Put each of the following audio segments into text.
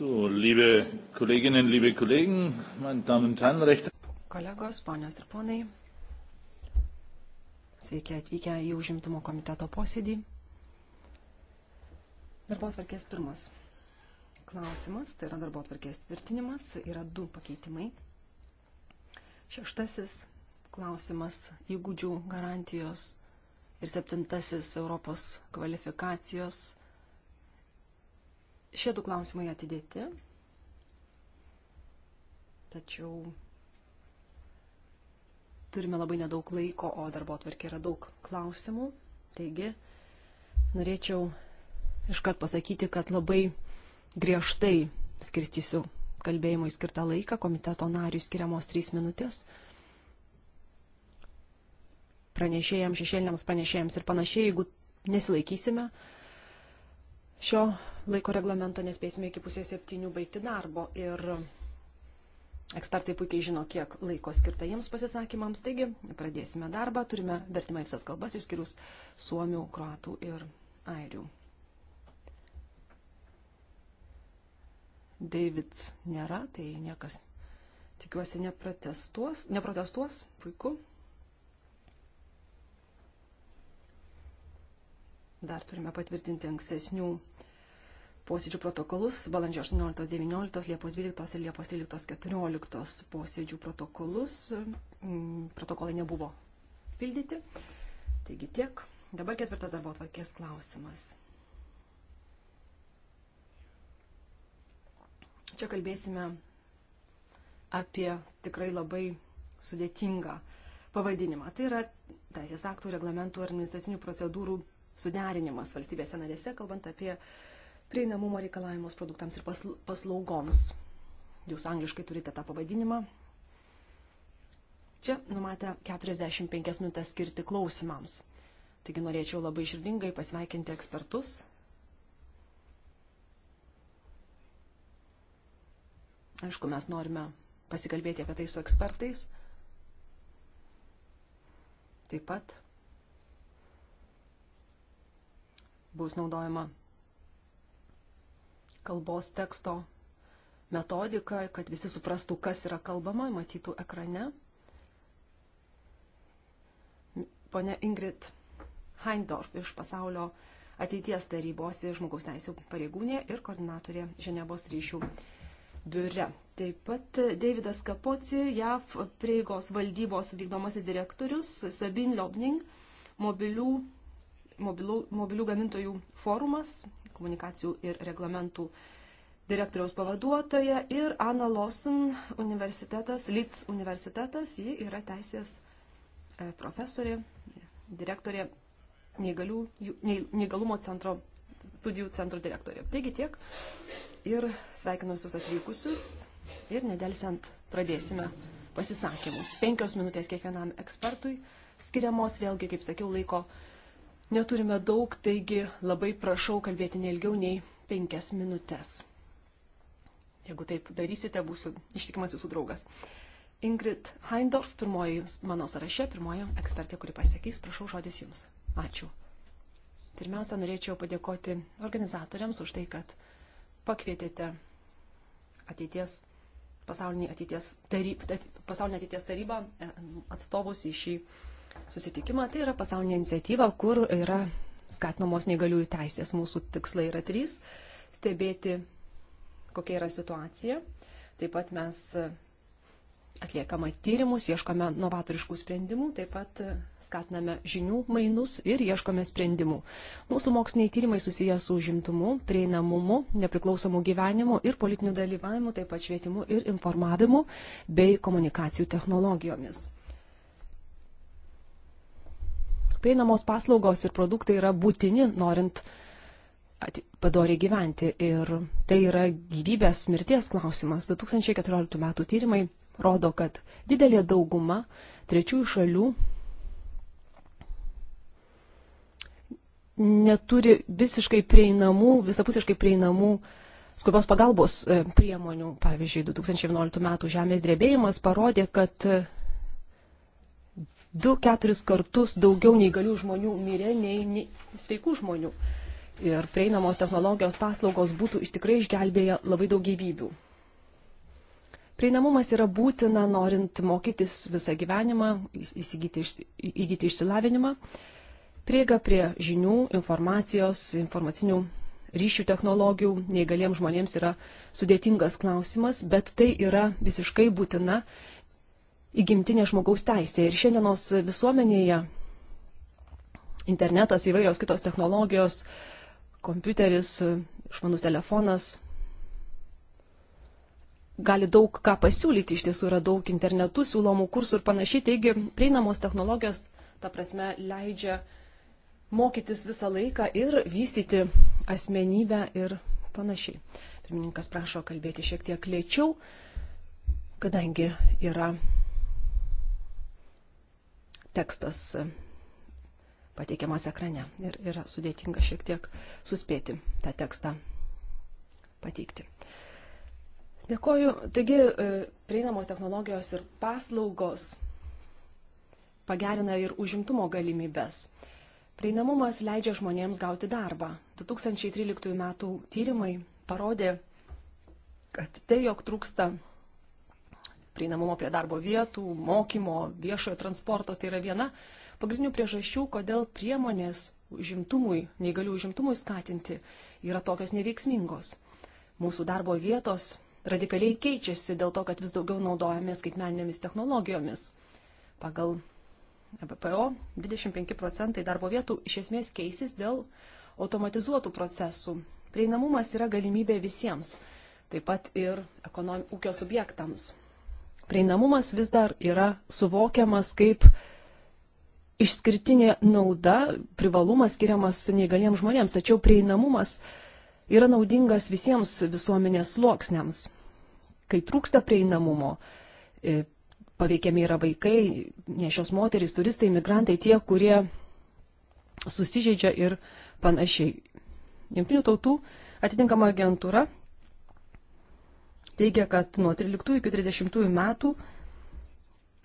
So, liebe Kolleginnen, liebe Kollegen, meine Damen und Herren, recht. Kolegos, ponios ir ponai, sveiki atvykę į užimtumo komiteto posėdį. Darbos varkės pirmas klausimas, tai yra darbo atvarkės tvirtinimas, yra du pakeitimai. Šeštasis klausimas įgūdžių garantijos ir septintasis Europos kvalifikacijos Šie du klausimai atidėti, tačiau turime labai nedaug laiko, o darbo atvarkė yra daug klausimų. Taigi, norėčiau iškart pasakyti, kad labai griežtai skirstysiu kalbėjimui skirtą laiką, komiteto nariui skiriamos trys minutės, pranešėjams, šešėliniams pranešėjams ir panašiai, jeigu nesilaikysime šio laiko reglamento nespėsime iki pusės septynių baigti darbo. Ir ekspertai puikiai žino, kiek laiko skirta jiems pasisakymams. Taigi, pradėsime darbą. Turime vertimą visas kalbas, išskyrus suomių, kroatų ir airių. Davids nėra, tai niekas, tikiuosi, neprotestuos. neprotestuos. Puiku. Dar turime patvirtinti ankstesnių posėdžių protokolus, balandžio 18, 19, Liepos 12 ir Liepos 13, 14 posėdžių protokolus. Mm, protokolai nebuvo pildyti. Taigi tiek. Dabar ketvirtas darbo atvarkės klausimas. Čia kalbėsime apie tikrai labai sudėtingą pavadinimą. Tai yra teisės aktų, reglamentų ir administracinių procedūrų suderinimas valstybėse narėse, kalbant apie uh, prieinamumo reikalavimus produktams ir paslaugoms. Jūs angliškai turite tą pavadinimą. Čia numatę 45 minutės skirti klausimams. Taigi norėčiau labai širdingai pasveikinti ekspertus. Aišku, mes norime pasikalbėti apie tai su ekspertais. Taip pat bus naudojama kalbos teksto metodiką, kad visi suprastų, kas yra kalbama, matytų ekrane. Pone Ingrid Heindorf iš pasaulio ateities tarybos žmogaus teisų pareigūnė ir koordinatorė Ženevos ryšių biure. Taip pat Davidas Kapoci, JAV prieigos valdybos vykdomasis direktorius, Sabin Lobning, mobilių, mobilių, mobilių gamintojų forumas, komunikacijų ir reglamentų direktoriaus pavaduotoja ir Anna Lawson universitetas, Leeds universitetas, ji yra teisės e, profesorė, direktorė neįgalių, neįgalumo centro, studijų centro direktorė. Taigi tiek ir sveikinu visus atvykusius ir nedelsiant pradėsime pasisakymus. Penkios minutės kiekvienam ekspertui skiriamos, vėlgi, kaip sakiau, laiko Neturime daug, taigi labai prašau kalbėti neilgiau nei penkias minutės. Jeigu taip darysite, būsiu ištikimas jūsų draugas. Ingrid Heindorf, pirmoji mano sąraše, pirmoji ekspertė, kuri pasakys, prašau žodis jums. Ačiū. Pirmiausia, norėčiau padėkoti organizatoriams už tai, kad pakvietėte ateities, pasaulinį ateities, taryb, pasaulinį ateities tarybą e, atstovus į šį susitikimą. Tai yra pasaulinė iniciatyva, kur yra skatinamos neįgaliųjų teisės. Mūsų tikslai yra trys - stebėti, kokia yra situacija. Taip pat mes atliekame tyrimus, ieškome novatoriškų sprendimų, taip pat skatiname žinių mainus ir ieškome sprendimų. Mūsų moksliniai tyrimai susiję su užimtumu, prieinamumu, nepriklausomu gyvenimu ir politiniu dalyvavimu, taip pat švietimu ir informavimu bei komunikacijų technologijomis prieinamos paslaugos ir produktai yra būtini, norint padoriai gyventi. Ir tai yra gyvybės mirties klausimas. 2014 metų tyrimai rodo, kad didelė dauguma trečiųjų šalių neturi visiškai prieinamų, visapusiškai prieinamų skubios pagalbos e, priemonių. Pavyzdžiui, 2011 m. žemės drebėjimas parodė, kad 2-4 kartus daugiau neįgalių žmonių mirė nei, nei sveikų žmonių. Ir prieinamos technologijos paslaugos būtų iš tikrai išgelbėję labai daug gyvybių. Prieinamumas yra būtina, norint mokytis visą gyvenimą, įsigyti, įgyti išsilavinimą, prieiga prie žinių, informacijos, informacinių ryšių technologijų neįgaliems žmonėms yra sudėtingas klausimas, bet tai yra visiškai būtina įgimtinė žmogaus teisė. Ir šiandienos visuomenėje internetas, įvairios kitos technologijos, kompiuteris, išmanus telefonas gali daug ką pasiūlyti, iš tiesų yra daug internetų siūlomų kursų ir panašiai, taigi prieinamos technologijos, ta prasme, leidžia mokytis visą laiką ir vystyti asmenybę ir panašiai. Pirmininkas prašo kalbėti šiek tiek lėčiau, kadangi yra tekstas pateikiamas ekrane ir yra sudėtinga šiek tiek suspėti tą tekstą pateikti. Dėkoju. Taigi, e, prieinamos technologijos ir paslaugos pagerina ir užimtumo galimybės. Prieinamumas leidžia žmonėms gauti darbą. 2013 m. tyrimai parodė, kad tai, jog trūksta prieinamumo prie darbo vietų, mokymo, viešojo transporto. Tai yra viena pagrindinių priežasčių, kodėl priemonės užimtumui, neįgalių užimtumui skatinti yra tokios neveiksmingos. Mūsų darbo vietos radikaliai keičiasi dėl to, kad vis daugiau naudojame skaitmeninėmis technologijomis. Pagal BPO e 25 procentai darbo vietų iš esmės keisis dėl automatizuotų procesų. Prieinamumas yra galimybė visiems, taip pat ir ūkio subjektams. Prieinamumas vis dar yra suvokiamas kaip išskirtinė nauda, privalumas skiriamas neįgaliems žmonėms, tačiau prieinamumas yra naudingas visiems visuomenės sluoksniams. Kai trūksta prieinamumo, e, paveikiami yra vaikai, nešios moterys, turistai, migrantai, tie, kurie susižeidžia ir panašiai. Junktinių tautų atitinkama agentūra teigia, kad nuo 13 iki 30 metų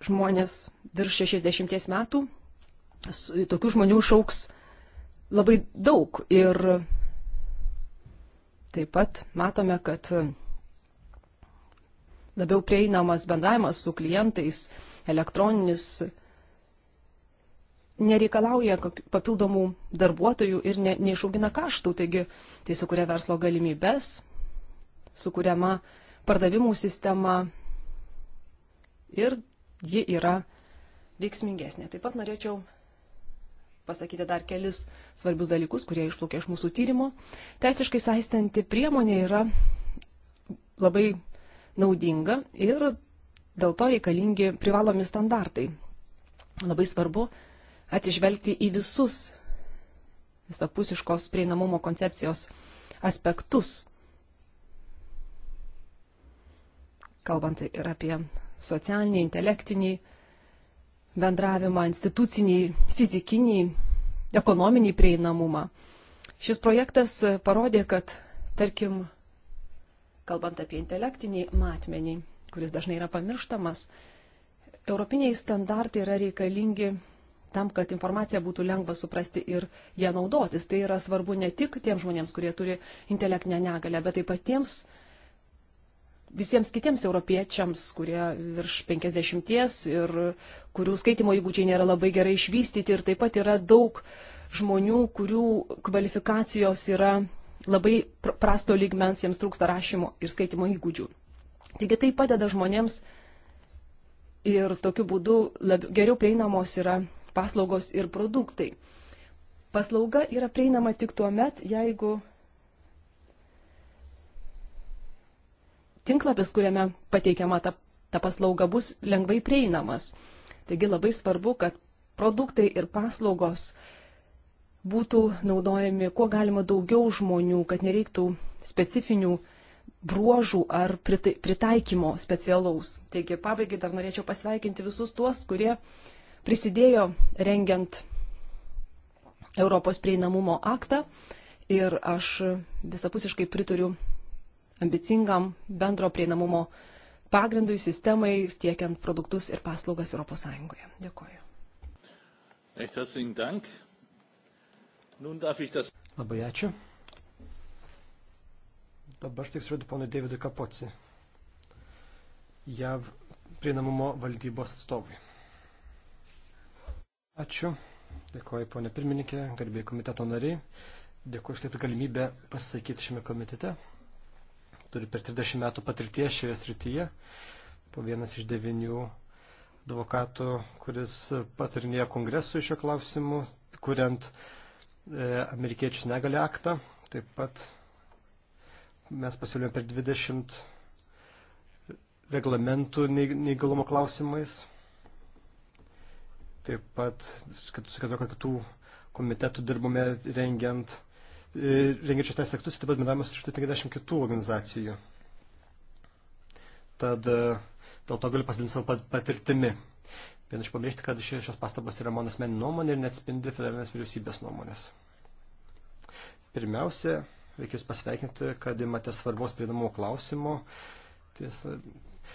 žmonės virš 60 metų, tokių žmonių šauks labai daug. Ir taip pat matome, kad labiau prieinamas bendravimas su klientais, elektroninis, nereikalauja papildomų darbuotojų ir ne, neišaugina kaštų, taigi tai sukuria verslo galimybės, sukuriama pardavimų sistemą ir ji yra veiksmingesnė. Taip pat norėčiau pasakyti dar kelis svarbius dalykus, kurie išplaukia iš mūsų tyrimo. Teisiškai saistanti priemonė yra labai naudinga ir dėl to reikalingi privalomi standartai. Labai svarbu atsižvelgti į visus visapusiškos prieinamumo koncepcijos aspektus kalbant ir apie socialinį, intelektinį bendravimą, institucinį, fizikinį, ekonominį prieinamumą. Šis projektas parodė, kad, tarkim, kalbant apie intelektinį matmenį, kuris dažnai yra pamirštamas, europiniai standartai yra reikalingi tam, kad informacija būtų lengva suprasti ir ją naudotis. Tai yra svarbu ne tik tiems žmonėms, kurie turi intelektinę negalę, bet taip pat tiems, kurie visiems kitiems europiečiams, kurie virš 50 ir kurių skaitimo įgūdžiai nėra labai gerai išvystyti ir taip pat yra daug žmonių, kurių kvalifikacijos yra labai prasto lygmens, jiems trūksta rašymo ir skaitimo įgūdžių. Taigi tai padeda žmonėms ir tokiu būdu labiau, geriau prieinamos yra paslaugos ir produktai. Paslauga yra prieinama tik tuo met, jeigu tinklapis, kuriame pateikiama ta, ta paslauga, bus lengvai prieinamas. Taigi labai svarbu, kad produktai ir paslaugos būtų naudojami kuo galima daugiau žmonių, kad nereiktų specifinių bruožų ar pritaikymo specialaus. Taigi pabaigai dar norėčiau pasveikinti visus tuos, kurie prisidėjo rengiant Europos prieinamumo aktą ir aš visapusiškai prituriu ambicingam bendro prieinamumo pagrindui, sistemai, tiekiant produktus ir paslaugas ES. Dėkuoju. Labai ačiū. Dabar tik surodu ponui Davidui Kapoci, JAV prieinamumo valdybos atstovui. Ačiū. Dėkuoju, ponė pirmininkė, garbėjai komiteto nariai. Dėkuoju už tai galimybę pasisakyti šiame komitete turi per 30 metų patirties šioje srityje. Po vienas iš devinių advokatų, kuris patarinėjo kongresui šio klausimu, kuriant e, amerikiečių negalį aktą. Taip pat mes pasiūlėme per 20 reglamentų neįgalumo klausimais. Taip pat su keturiolika kitų komitetų dirbome rengiant E, rengiančios teisės aktus, taip pat bendravimas su 150 kitų organizacijų. Tad e, dėl to galiu pasidalinti savo patirtimi. Vien iš pabrėžti, kad šios pastabos yra mano asmeninė nuomonė ir neatspindi federalinės vyriausybės nuomonės. Pirmiausia, reikia jūs pasveikinti, kad imate svarbos prieinamumo klausimo, tiesa, e,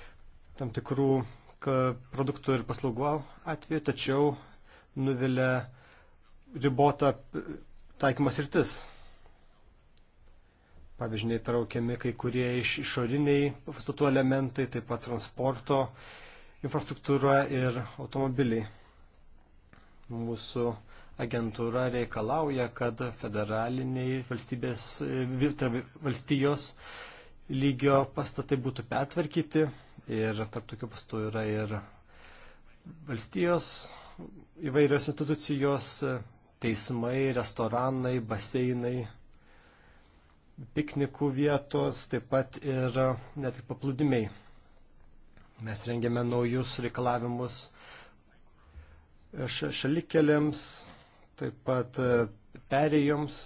tam tikrų produktų ir paslaugų atveju, tačiau nuvilia ribota taikymas rytis. Pavyzdžiui, įtraukiami kai kurie iš išoriniai pastatų elementai, taip pat transporto infrastruktūra ir automobiliai. Mūsų agentūra reikalauja, kad federaliniai valstybės, e, tai valstijos lygio pastatai būtų pertvarkyti ir tarp tokių pastatų yra ir valstijos įvairios institucijos, e, teismai, restoranai, baseinai piknikų vietos, taip pat ir e, net ir paplūdimiai. Mes rengiame naujus reikalavimus e, šalikeliams, taip pat e, perėjoms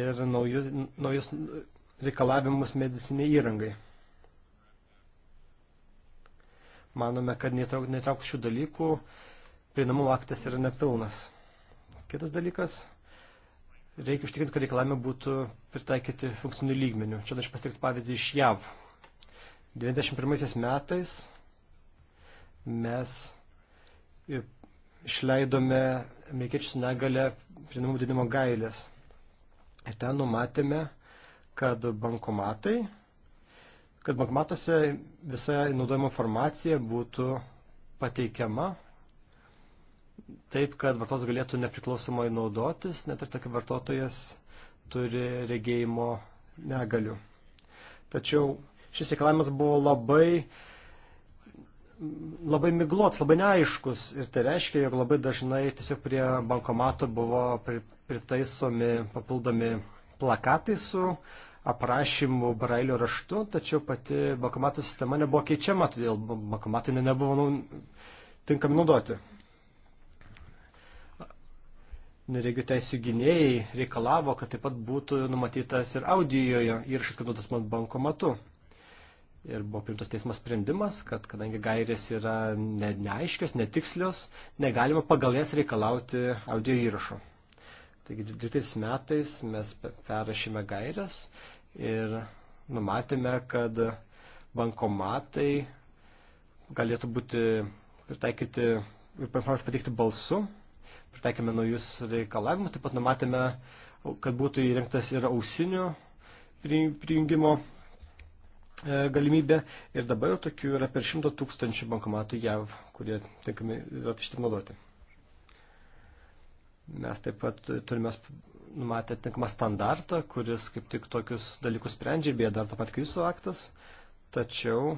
ir naujus, naujus reikalavimus mediciniai įrangai. Manome, kad neįtrauk šių dalykų prieinamumo aktas yra nepilnas. Kitas dalykas reikia užtikrinti, kad reikalavimai būtų pritaikyti funkcinių lygmenių. Čia aš pasirinkti pavyzdį iš JAV. 91 metais mes e, išleidome amerikiečių su negale prieinamų didinimo gailės. Ir ten numatėme, kad bankomatai, kad bankomatuose visa naudojama informacija būtų pateikiama taip, kad vartotojas galėtų nepriklausomai naudotis, net ir tokia tai, vartotojas turi regėjimo negalių. Tačiau šis reikalavimas buvo labai labai miglots, labai neaiškus ir tai reiškia, jog labai dažnai tiesiog prie bankomato buvo pritaisomi papildomi plakatai su aprašymų brailio raštu, tačiau pati bankomato sistema nebuvo keičiama, todėl bankomatai nebuvo nu, tinkami naudoti neregių teisų gynėjai reikalavo, kad taip pat būtų numatytas ir audijoje įrašas, kad duotas man banko matu. Ir buvo priimtas teismas sprendimas, kad kadangi gairės yra ne, neaiškios, netikslios, negalima pagal jas reikalauti audio įrašo. Taigi 12 metais mes perrašėme gairės ir numatėme, kad bankomatai galėtų būti pritaikyti ir performas pateikti balsu pritaikėme naujus reikalavimus, taip pat numatėme, kad būtų įrengtas ir ausinių prijungimo e, galimybė ir dabar tokių yra per 100 tūkstančių bankomatų JAV, kurie tinkami yra ištik naudoti. Mes taip pat turime numatę tinkamą standartą, kuris kaip tik tokius dalykus sprendžia, beje, dar tą pat kriusų aktas, tačiau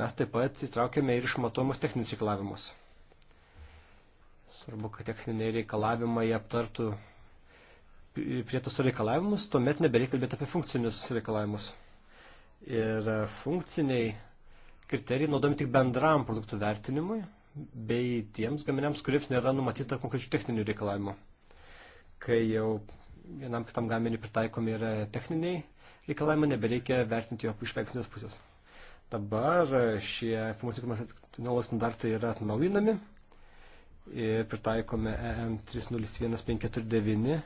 mes taip pat įtraukėme ir išmatuomus techninius reikalavimus. Svarbu, kad techniniai reikalavimai aptartų prietaso reikalavimus, tuomet nebereikia kalbėti apie funkcinius reikalavimus. Ir funkciniai kriterijai naudojami tik bendram produktų vertinimui bei tiems gaminiams, kuriems nėra numatyta konkrečių techninių reikalavimų. Kai jau vienam kitam gaminiui pritaikomi yra techniniai reikalavimai, nebereikia vertinti jo iš veiksminės pusės. Dabar šie informacinių technologijų standartai yra atnaujinami pritaikome e EN 301549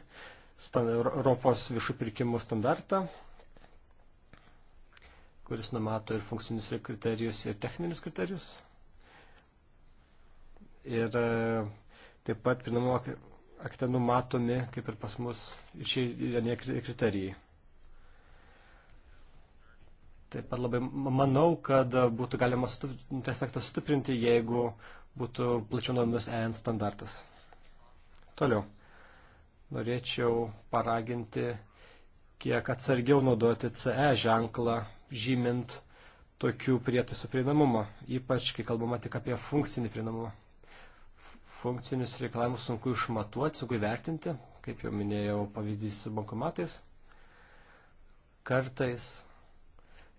Europos viešų pirkimų standartą, kuris numato ir funkcinius kriterijus, ir techninius kriterijus. Ir e, taip pat prinamumo akte numatomi, kaip ir pas mus, šie vienie kriterijai. Taip pat labai manau, kad būtų galima teisę aktą sustiprinti, jeigu būtų plačiau naudomis EN standartas. Toliau. Norėčiau paraginti kiek atsargiau naudoti CE ženklą, žymint tokių prietaisų prieinamumą, ypač kai kalbama tik apie funkcinį prieinamumą. Funkcinius reikalavimus sunku išmatuoti, sunku įvertinti, kaip jau minėjau pavyzdys su bankomatais. Kartais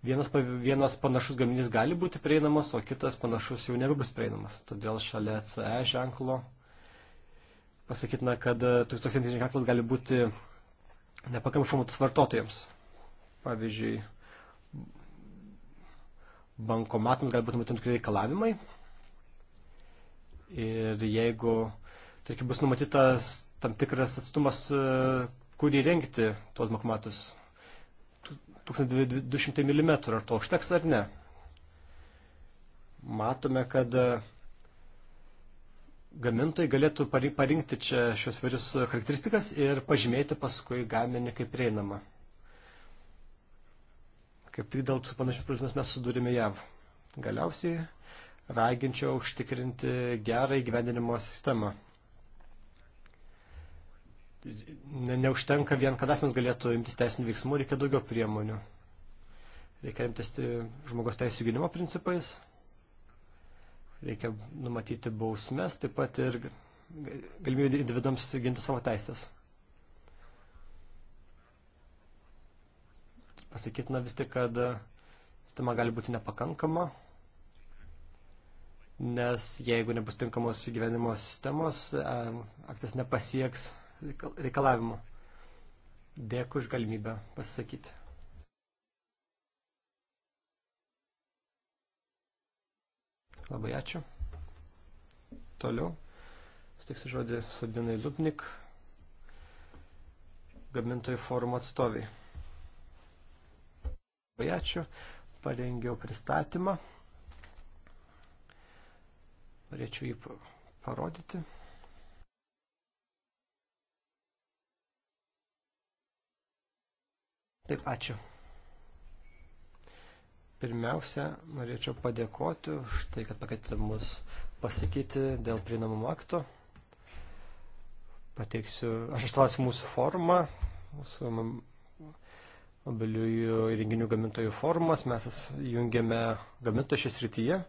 vienas, vienas panašus gaminys gali būti prieinamas, o kitas panašus jau nebebus prieinamas. Todėl šalia CE ženklo pasakytina, kad e, toks ženklas gali būti nepakankamai formatus vartotojams. Pavyzdžiui, bankomatams gali būti numatyti tikrai reikalavimai. Ir jeigu, tarkim, bus numatytas tam tikras atstumas, e, kurį rengti tuos bankomatus, 1200 mm. Ar to užteks ar ne? Matome, kad e, gamintojai galėtų parinkti čia šios varius charakteristikas ir pažymėti paskui gaminį kaip prieinamą. Kaip tik dėl su panašios problemas mes sudūrėme JAV. Galiausiai raginčiau užtikrinti gerą įgyvendinimo sistemą ne, neužtenka vien, kad asmens galėtų imtis teisinių veiksmų, reikia daugiau priemonių. Reikia imtis e, žmogaus teisų gynimo principais, reikia numatyti bausmes, taip pat ir galimybę individams ginti savo teisės. Pasakytina vis tik, kad e, sistema gali būti nepakankama, nes jeigu nebus tinkamos gyvenimo sistemos, e, aktas nepasieks reikalavimų. Dėkui už galimybę pasisakyti. Labai ačiū. Toliau. Sutiksiu žodį Sabinai Lubnik, gamintojų forumo atstoviai. Labai ačiū. Parengiau pristatymą. Norėčiau jį parodyti. Taip, ačiū. Pirmiausia, norėčiau padėkoti už tai, kad pakvietėte mus pasakyti dėl prieinamumo akto. Pateiksiu, aš atstovausiu mūsų formą, mūsų mobiliųjų įrenginių gamintojų formas, mes jungiame gamintojų šis rytyje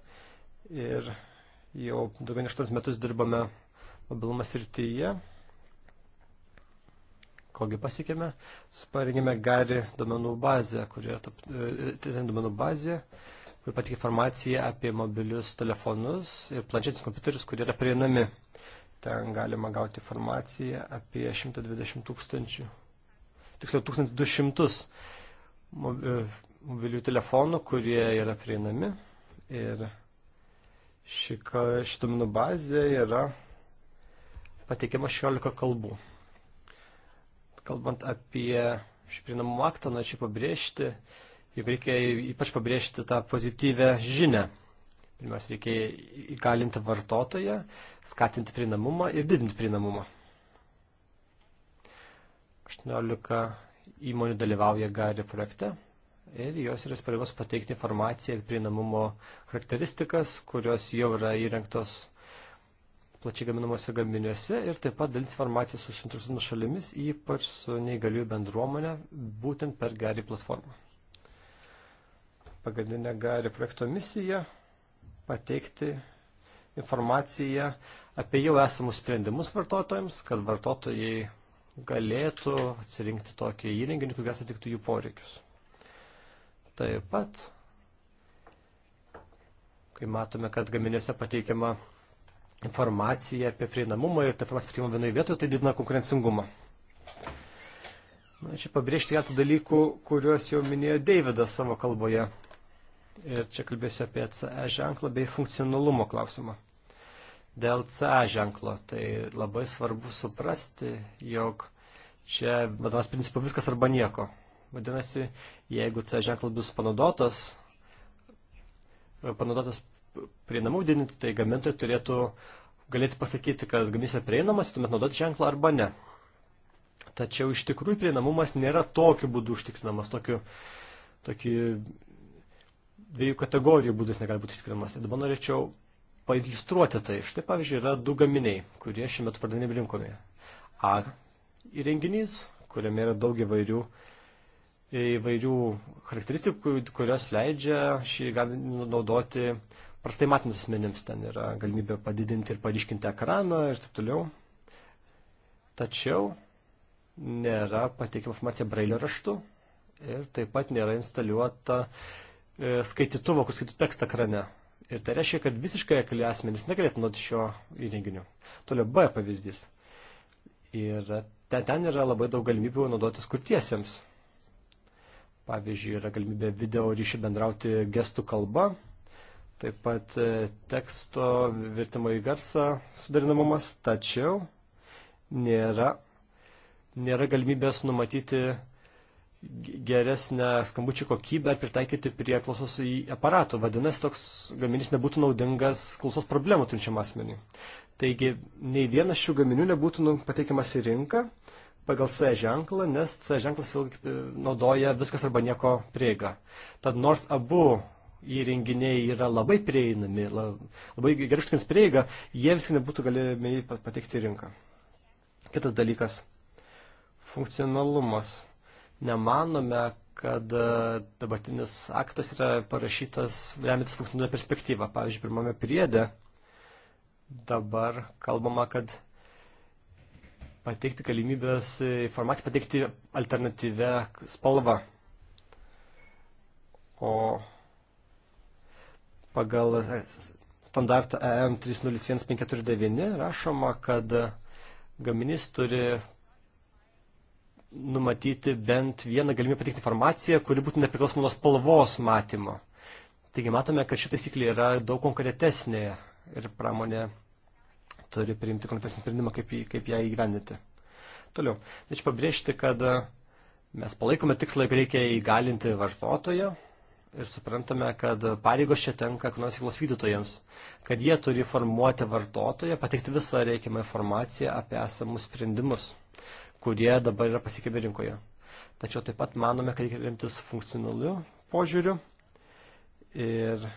ir jau daugiau nei 8 metus dirbame mobilumo srityje. Kogi pasiekėme? Parengėme GARI duomenų bazę, kuri yra tap, e, e, duomenų bazė, kuri patikė informaciją apie mobilius telefonus ir planšetinius kompiuterius, kurie yra prieinami. Ten galima gauti informaciją apie 120 tūkstančių, tiksliau 1200 e, mobilių telefonų, kurie yra prieinami. Ir ši, ši duomenų bazė yra pateikiama 16 kalbų. Kalbant apie šį prieinamumą aktą, norėčiau pabrėžti, jog reikia ypač pabrėžti tą pozityvę žinę. Pirmiausia, reikia įgalinti vartotoją, skatinti prieinamumą ir didinti prieinamumą. 18 įmonių dalyvauja GARI projekte ir jos yra spareigos pateikti informaciją ir prieinamumo charakteristikas, kurios jau yra įrengtos plačiai gaminamuose gaminiuose ir taip pat dalinti informaciją su suinteresuotomis šalimis, ypač su neįgaliųjų bendruomenė, būtent per gerį platformą. Pagrindinė gerį projekto misija - pateikti informaciją apie jau esamus sprendimus vartotojams, kad vartotojai galėtų atsirinkti tokį įrenginį, kuris atitiktų jų poreikius. Taip pat, kai matome, kad gaminiuose pateikiama informaciją apie prieinamumą ir tą informaciją patikimą vienoje vietoje, tai didina konkurencingumą. Na, čia pabrėžti keletą dalykų, kuriuos jau minėjo Deividas savo kalboje. Ir čia kalbėsiu apie CE ženklą bei funkcionalumo klausimą. Dėl CE ženklo, tai labai svarbu suprasti, jog čia, vadinasi, principu viskas arba nieko. Vadinasi, jeigu CE ženklas bus panaudotas, panaudotas prieinamumą didinti, tai gamintojai turėtų galėti pasakyti, kad gaminys yra prieinamas, tuomet naudoti ženklą arba ne. Tačiau iš tikrųjų prieinamumas nėra tokiu būdu užtikrinamas, tokiu, tokiu dviejų kategorijų būdas negali būti užtikrinamas. Ir dabar norėčiau pailistruoti tai. Štai pavyzdžiui yra du gaminiai, kurie šiuo metu pardavinėjami rinkoje. A įrenginys, kuriame yra daug įvairių, įvairių charakteristikų, kurios leidžia šį gaminį naudoti prastai matantis asmenims ten yra galimybė padidinti ir padiškinti ekraną ir taip toliau. Tačiau nėra pateikima informacija brailio raštu ir taip pat nėra instaliuota e, skaitytuvo, kur skaitų tekstą ekrane. Ir tai reiškia, kad visiškai akli asmenys negalėtų nuoti šio įrenginio. Toliau B pavyzdys. Ir ten, ten yra labai daug galimybių naudotis kurtiesiems. Pavyzdžiui, yra galimybė video ryšį bendrauti gestų kalba taip pat e, teksto vertimo į garsą sudarinamumas, tačiau nėra, nėra galimybės numatyti geresnę skambučių kokybę ar pritaikyti prie klausos į aparatų. Vadinasi, toks gaminys nebūtų naudingas klausos problemų turinčiam asmeniui. Taigi, nei vienas šių gaminių nebūtų nu, pateikiamas į rinką pagal C ženklą, nes C ženklas e, naudoja viskas arba nieko prieigą. Tad nors abu įrenginiai yra labai prieinami, labai gerai užtikrins prieigą, jie visgi nebūtų galėjami patekti į rinką. Kitas dalykas - funkcionalumas. Nemanome, kad e, dabartinis aktas yra parašytas remiantis funkcionalia perspektyva. Pavyzdžiui, pirmame priedė dabar kalbama, kad pateikti galimybės e, informaciją pateikti alternatyvę spalvą. O pagal standartą e EN 301549 rašoma, kad gaminys turi numatyti bent vieną galimybę pateikti informaciją, kuri būtų nepriklausoma nuo spalvos matymo. Taigi matome, kad ši taisyklė yra daug konkretesnė ir pramonė turi priimti konkretesnį sprendimą, kaip, jį, kaip ją įgyvendinti. Toliau, norėčiau pabrėžti, kad mes palaikome tikslą, jog reikia įgalinti vartotoją, ir suprantame, kad pareigos čia tenka ekonomikos veiklos vykdytojams, kad jie turi formuoti vartotoją, pateikti visą reikiamą informaciją apie esamus sprendimus, kurie dabar yra pasikėbė rinkoje. Tačiau taip pat manome, kad reikia rimtis funkcionaliu požiūriu ir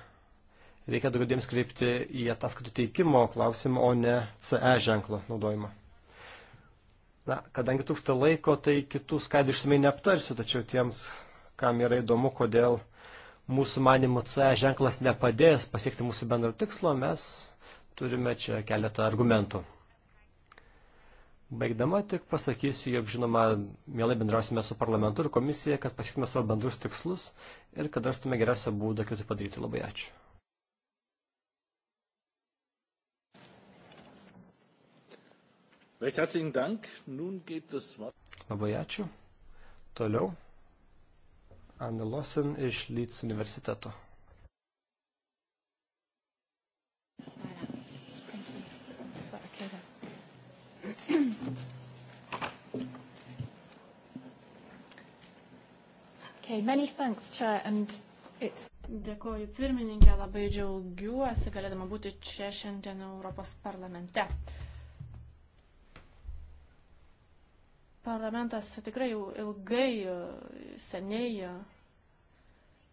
reikia daugiau dėmesio kreipti į ataskaitų teikimo klausimą, o ne CE ženklo naudojimą. Na, kadangi trūksta laiko, tai kitų skaidrų išsamei neaptarsiu, tačiau tiems, kam yra įdomu, kodėl mūsų manimų CE ženklas nepadės pasiekti mūsų bendro tikslo, mes turime čia keletą argumentų. Baigdama tik pasakysiu, jog žinoma, mielai bendrausime su parlamentu ir komisija, kad pasiektume savo bendrus tikslus ir kad rastume geriausią būdą, kaip tai padaryti. Labai ačiū. Labai ačiū. Toliau. Anna Lawson iš Leeds universiteto. Okay, many thanks, Chair, and it's... Dėkoju pirmininkė, labai džiaugiuosi galėdama būti čia šiandien Europos parlamente. Uh, Parlamentas tikrai jau ilgai, e, seniai e,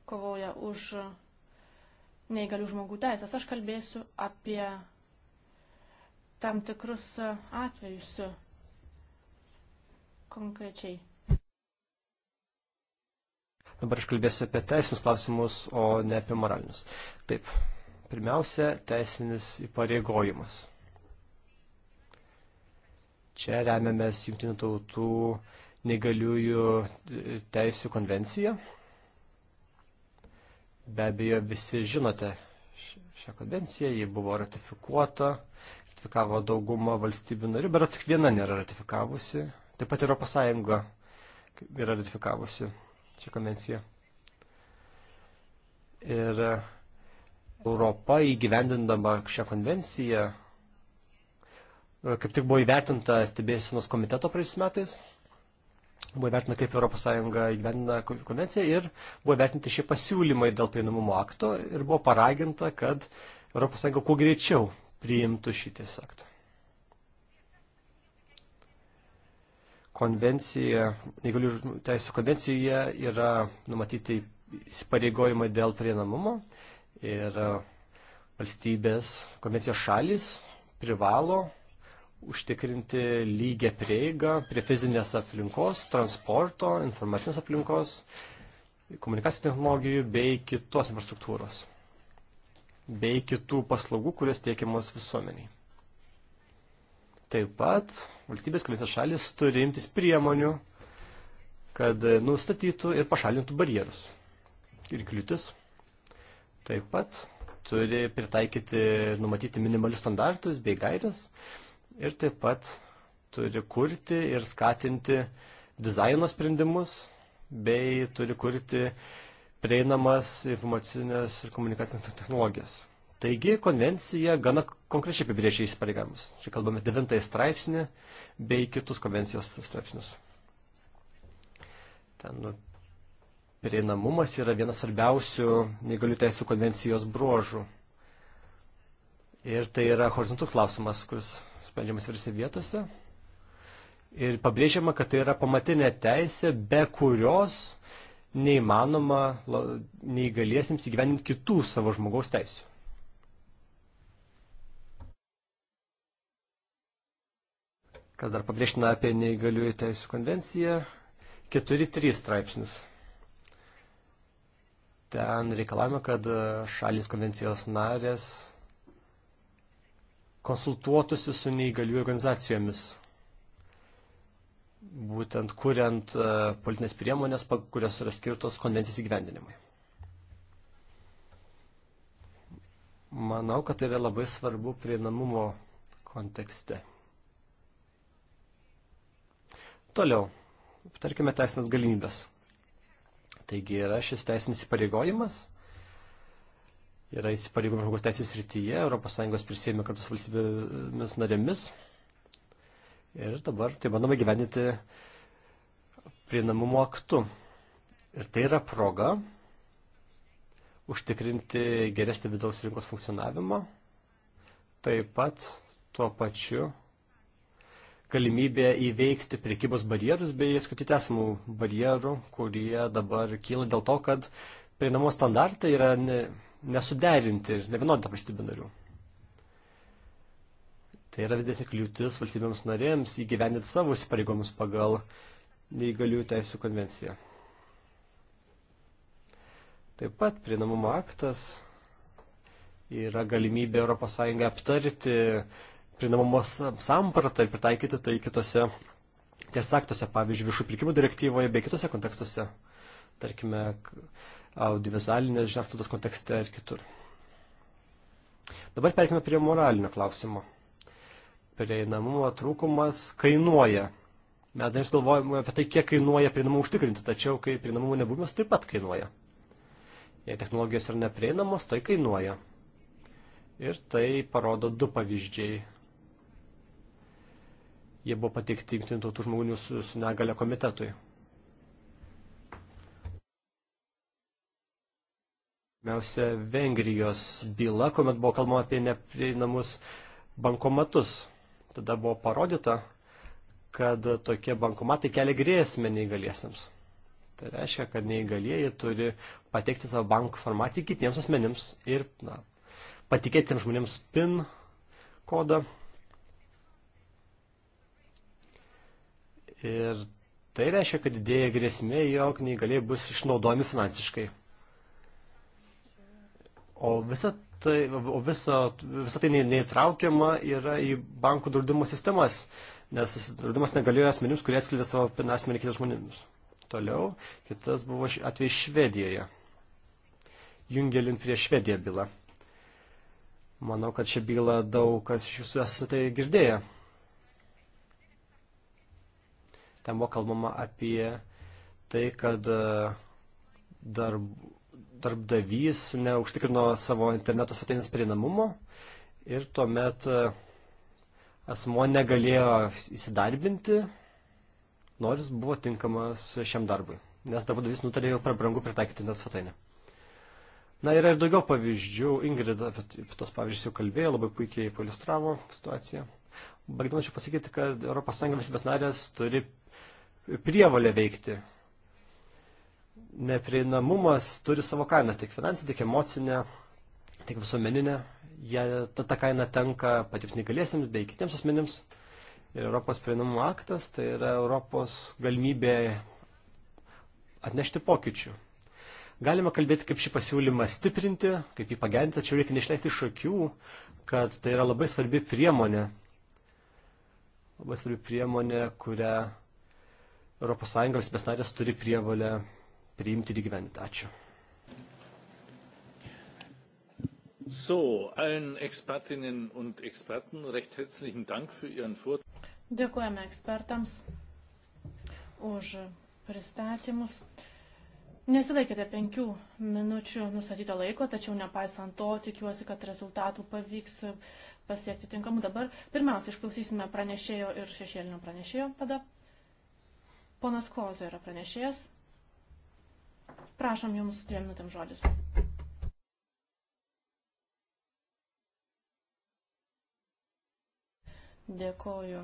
kovoja už neįgalių žmogų teisės. Aš kalbėsiu apie tam tikrus e, atvejus konkrečiai. Dabar aš kalbėsiu apie teisinius klausimus, o ne apie moralinius. Taip, pirmiausia, teisinis įpareigojimas. Čia remiamės Junktinių tautų negaliųjų e, teisų konvenciją. Be abejo, visi žinote šią konvenciją, ji buvo ratifikuota, ratifikavo daugumą valstybių narių, bet tik viena nėra ratifikavusi. Taip pat Europos Sąjunga yra ratifikavusi šią konvenciją. Ir Europa įgyvendindama šią konvenciją E, kaip tik buvo įvertinta stebėsinos komiteto praėjusiais metais, buvo įvertinta, kaip ES įgyvendina konvenciją ir buvo įvertinti šie pasiūlymai dėl prieinamumo akto ir buvo paraginta, kad ES kuo greičiau priimtų šį tiesiog aktą. Konvencija, neįgalių teisų konvencijoje yra numatyti įsipareigojimai dėl prieinamumo ir e, valstybės konvencijos šalis privalo užtikrinti lygę prieigą prie fizinės aplinkos, transporto, informacinės aplinkos, komunikacijų technologijų bei kitos infrastruktūros, bei kitų paslaugų, kurios teikiamos visuomeniai. Taip pat valstybės komisijos šalis turi imtis priemonių, kad nustatytų ir pašalintų barjerus ir kliūtis. Taip pat turi pritaikyti, numatyti minimalius standartus bei gairias, ir taip pat turi kurti ir skatinti dizaino sprendimus, bei turi kurti prieinamas informacinės ir komunikacinės technologijas. Taigi konvencija gana konkrečiai apibrėžia įsipareigavimus. Čia kalbame devintąjį straipsnį bei kitus konvencijos straipsnius. Ten nu, prieinamumas yra vienas svarbiausių negalių teisų konvencijos bruožų. Ir tai yra horizontus klausimas, kuris sprendžiamas virsi vietose. Ir pabrėžiama, kad tai yra pamatinė teisė, be kurios neįmanoma neįgaliesiams įgyveninti kitų savo žmogaus teisų. Kas dar pabrėžtina apie neįgaliųjų teisų konvenciją? 4.3 straipsnis. Ten reikalavime, kad šalis konvencijos narės konsultuotųsi su neįgalių organizacijomis, būtent kuriant e, politinės priemonės, kurios yra skirtos konvencijos įgyvendinimui. Manau, kad tai yra labai svarbu prieinamumo kontekste. Toliau, tarkime, teisinės galimybės. Taigi yra šis teisinis įpareigojimas yra įsipareigojami žmogaus teisės srityje, ES prisėmė kartu su valstybėmis narėmis. Ir dabar tai bandome gyveninti prieinamumo aktu. Ir tai yra proga užtikrinti geresnį vidaus rinkos funkcionavimą, taip pat tuo pačiu galimybė įveikti priekybos barjerus bei skatyti esamų barjerų, kurie dabar kyla dėl to, kad prieinamos standartai yra ne, nesuderinti ir nevienodą valstybių narių. Tai yra vis dėlto kliūtis valstybėms narėms įgyvendinti savo įsipareigomus pagal neįgaliųjų teisų konvenciją. Taip pat prieinamumo aktas yra galimybė ES aptarti prieinamumo sampratą ir pritaikyti tai kitose ties aktuose, pavyzdžiui, viešų pirkimų direktyvoje bei kitose kontekstuose. Tarkime, audiovizualinės žiniasklaidos kontekste ir kitur. Dabar perkime prie moralinio klausimo. Prieinamumo trūkumas kainuoja. Mes dažnai galvojame apie tai, kiek kainuoja prieinamumą užtikrinti, tačiau kai prieinamumo nebuvimas taip pat kainuoja. Jei technologijos yra neprieinamos, tai kainuoja. Ir tai parodo du pavyzdžiai. Jie buvo pateikti Junktinių tautų žmonių su, su negale komitetui. Pirmiausia, Vengrijos byla, kuomet buvo kalbama apie neprieinamus bankomatus. Tada buvo parodyta, kad tokie bankomatai kelia grėsmę neįgaliesiams. Tai reiškia, kad neįgalieji turi pateikti savo banko informaciją kitiems asmenims ir na, patikėti tiems žmonėms PIN kodą. Ir tai reiškia, kad didėja grėsmė, jog neįgaliai bus išnaudojami finansiškai. O visa tai, o visa, visa tai neįtraukiama yra į bankų draudimo sistemas, nes draudimas negalėjo asmenims, kurie atskleidė savo asmenį kitas žmonėms. Toliau, kitas buvo atvejai Švedijoje. Jungelin prie Švediją bylą. Manau, kad šią bylą daug kas iš jūsų esate tai girdėję. Ten buvo kalbama apie tai, kad e, darb, darbdavys neužtikrino savo interneto svetainės prieinamumo ir tuomet e, asmo negalėjo įsidarbinti, nors buvo tinkamas šiam darbui, nes darbdavys nutarė jau per brangu pritaikyti interneto svetainę. Na, yra ir daugiau pavyzdžių, Ingrid apie, apie tos pavyzdžius jau kalbėjo, labai puikiai pailustravo situaciją. Baigdama čia pasakyti, kad ES valstybės narės turi prievalę veikti neprieinamumas turi savo kainą, tiek finansinę, tiek emocinę, tiek visuomeninę. Jie, ta, ta kaina tenka patiems negalėsiams bei kitiems asmenims. Ir Europos prieinamumo aktas tai yra Europos galimybė atnešti pokyčių. Galima kalbėti, kaip šį pasiūlymą stiprinti, kaip jį pagerinti, tačiau reikia neišleisti iš akių, kad tai yra labai svarbi priemonė. Labai svarbi priemonė, kurią ES valstybės narės turi prievalę priimti ir gyventi. Ačiū. So, allen Expertinnen und Experten recht herzlichen Dank für Ihren Vortrag. Dėkojame ekspertams už pristatymus. Nesilaikėte penkių minučių nustatyto laiko, tačiau nepaisant to, tikiuosi, kad rezultatų pavyks pasiekti tinkamų. Dabar pirmiausia, išklausysime pranešėjo ir šešėlinio pranešėjo. Tada ponas Kozo yra pranešėjas, Prašom jums dviem minutėm žodis. Dėkoju,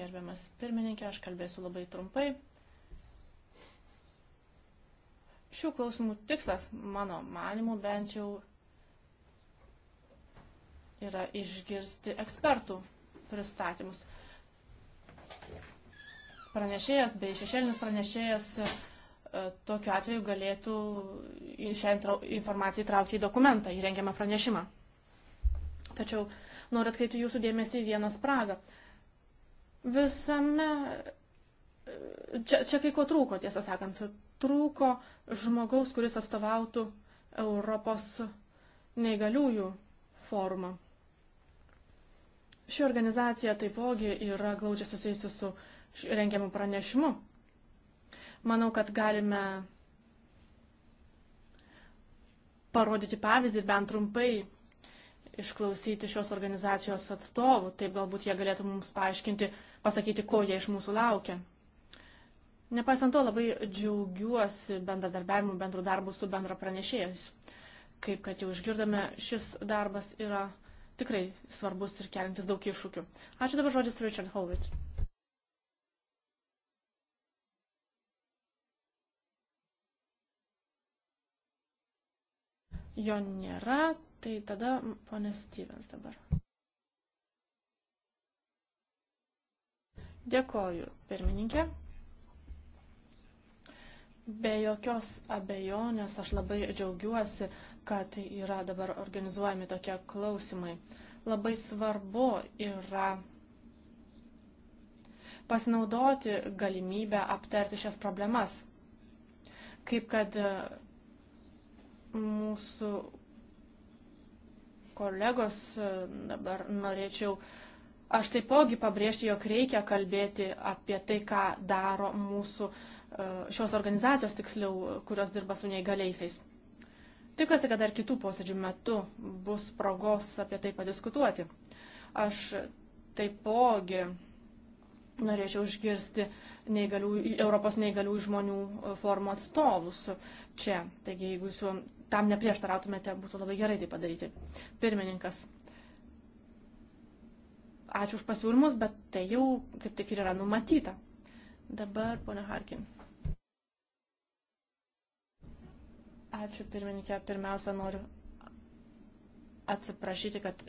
gerbiamas pirmininkė, aš kalbėsiu labai trumpai. Šių klausimų tikslas, mano manimu, bent jau yra išgirsti ekspertų pristatymus. Pranešėjas bei šešėlinis pranešėjas pranešėjas E, tokiu atveju galėtų šią informaciją įtraukti į dokumentą, į rengiamą pranešimą. Tačiau noriu atkreipti jūsų dėmesį į vieną spragą. Visame. E, čia, čia kai ko trūko, tiesą sakant. Trūko žmogaus, kuris atstovautų Europos neįgaliųjų forumą. Ši organizacija taipogi yra glaudžiai susijusi su rengiamu pranešimu Manau, kad galime parodyti pavyzdį bent trumpai išklausyti šios organizacijos atstovų, taip galbūt jie galėtų mums paaiškinti, pasakyti, ko jie iš mūsų laukia. Nepaisant to, labai džiaugiuosi bendradarbiavimu, bendru darbu su bendra pranešėjais. Kaip kad jau išgirdome, šis darbas yra tikrai svarbus ir kelintis daug iššūkių. Ačiū dabar žodis Richard Howitt. Jo nėra, tai tada ponė Stevens dabar. Dėkoju, pirmininkė. Be jokios abejonės aš labai džiaugiuosi, kad tai yra dabar organizuojami tokie klausimai. Labai svarbu yra pasinaudoti galimybę aptarti šias problemas. Kaip kad mūsų kolegos e, dabar norėčiau aš taipogi pabrėžti, jog reikia kalbėti apie tai, ką daro mūsų e, šios organizacijos, tiksliau, kurios dirba su neįgaliaisiais. Tikiuosi, kad dar kitų posėdžių metu bus progos apie tai padiskutuoti. Aš taipogi norėčiau išgirsti neįgalių, Europos neįgalių žmonių e, forumo atstovus čia. Taigi, jeigu jūs tam neprieštarautumėte, būtų labai gerai tai padaryti. Pirmininkas. Ačiū už pasiūlymus, bet tai jau kaip tik ir yra numatyta. Dabar, ponia Harkin. Ačiū pirmininkė. Pirmiausia, noriu atsiprašyti, kad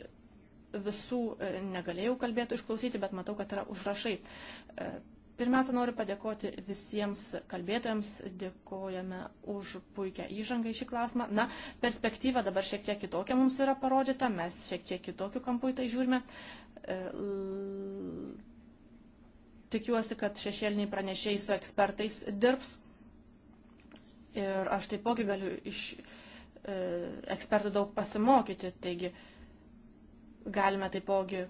visų e, negalėjau kalbėtų išklausyti, bet matau, kad yra užrašai e, Pirmiausia, noriu padėkoti visiems kalbėtojams, dėkojame už puikią įžangą į šį klausimą. Na, perspektyva dabar šiek tiek kitokia mums yra parodyta, mes šiek tiek kitokiu kampu į tai žiūrime. E, tikiuosi, kad šešėliniai pranešėjai su ekspertais dirbs. Ir aš taipogi galiu iš e, ekspertų daug pasimokyti, taigi galime taipogi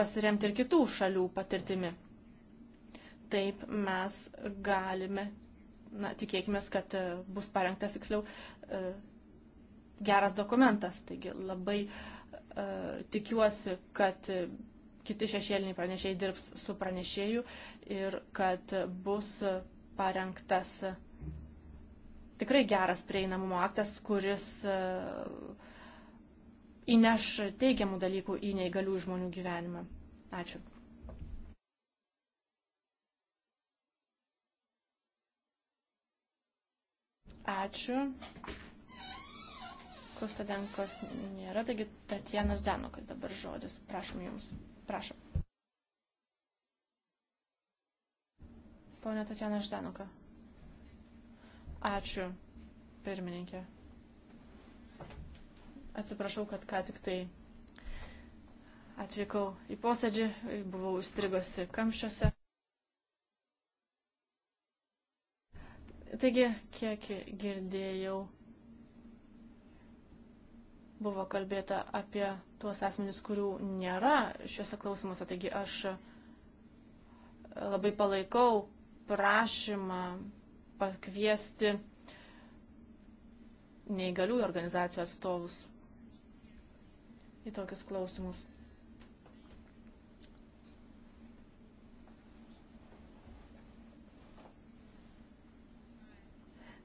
pasiremti ir kitų šalių patirtimi. Taip mes galime, na, tikėkime, kad e, bus parengtas, tiksliau, e, geras dokumentas. Taigi labai e, tikiuosi, kad kiti šešėliniai pranešėjai dirbs su pranešėju ir kad bus parengtas tikrai geras prieinamumo aktas, kuris įneš teigiamų dalykų į neįgalių žmonių gyvenimą. Ačiū. Ačiū. Kostadenkos nėra, taigi Tatjanas Danokai dabar žodis. Prašom jums. Prašom. Pone Tatjana Ždanoka. Ačiū, pirmininkė. Atsiprašau, kad ką tik tai atvykau į posėdį, buvau įstrigusi kamščiuose. Taigi, kiek girdėjau, buvo kalbėta apie tuos asmenys, kurių nėra šiuose klausimuose. Taigi aš labai palaikau prašymą pakviesti neįgaliųjų organizacijų atstovus į tokius klausimus.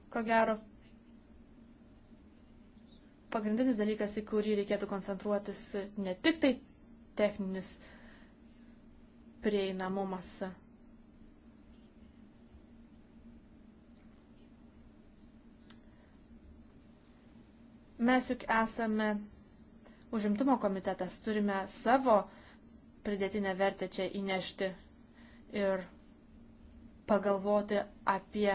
ko gero, pagrindinis dalykas, į kurį reikėtų koncentruotis, ne tik tai techninis prieinamumas. Mes juk esame užimtumo komitetas, turime savo pridėtinę vertę čia įnešti ir pagalvoti apie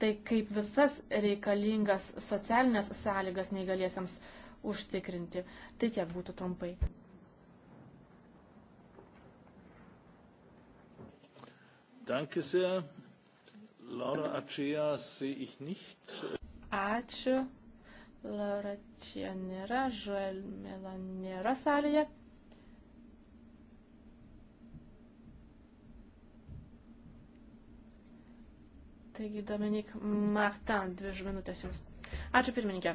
tai kaip visas reikalingas socialinės sąlygas neįgaliesiams užtikrinti. Tai tiek būtų trumpai. Danke sehr. Laura Acea sehe ich nicht. Ačiū. Laura čia nėra, Žuel Mela nėra salėje. Taigi Dominik Martin, dvi minutės jums. Ačiū pirmininkė.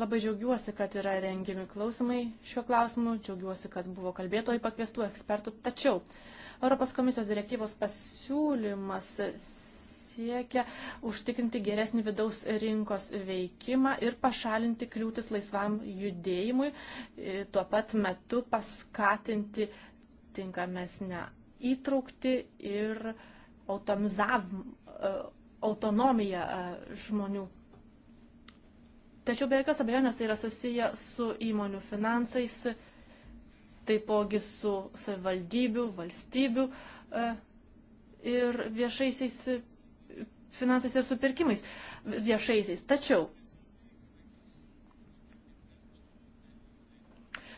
Labai džiaugiuosi, kad yra rengiami klausimai šiuo klausimu, džiaugiuosi, kad buvo kalbėtojai pakviestų ekspertų, tačiau Europos komisijos direktyvos pasiūlymas siekia užtikrinti geresnį vidaus rinkos veikimą ir pašalinti kliūtis laisvam judėjimui, e, tuo pat metu paskatinti tinkamesnę įtraukti ir e, autonomiją e, žmonių. Tačiau be jokios abejonės tai yra susiję su įmonių finansais, taipogi su savivaldybių, valstybių e, ir viešaisiais finansais ir supirkimais viešaisiais. Tačiau,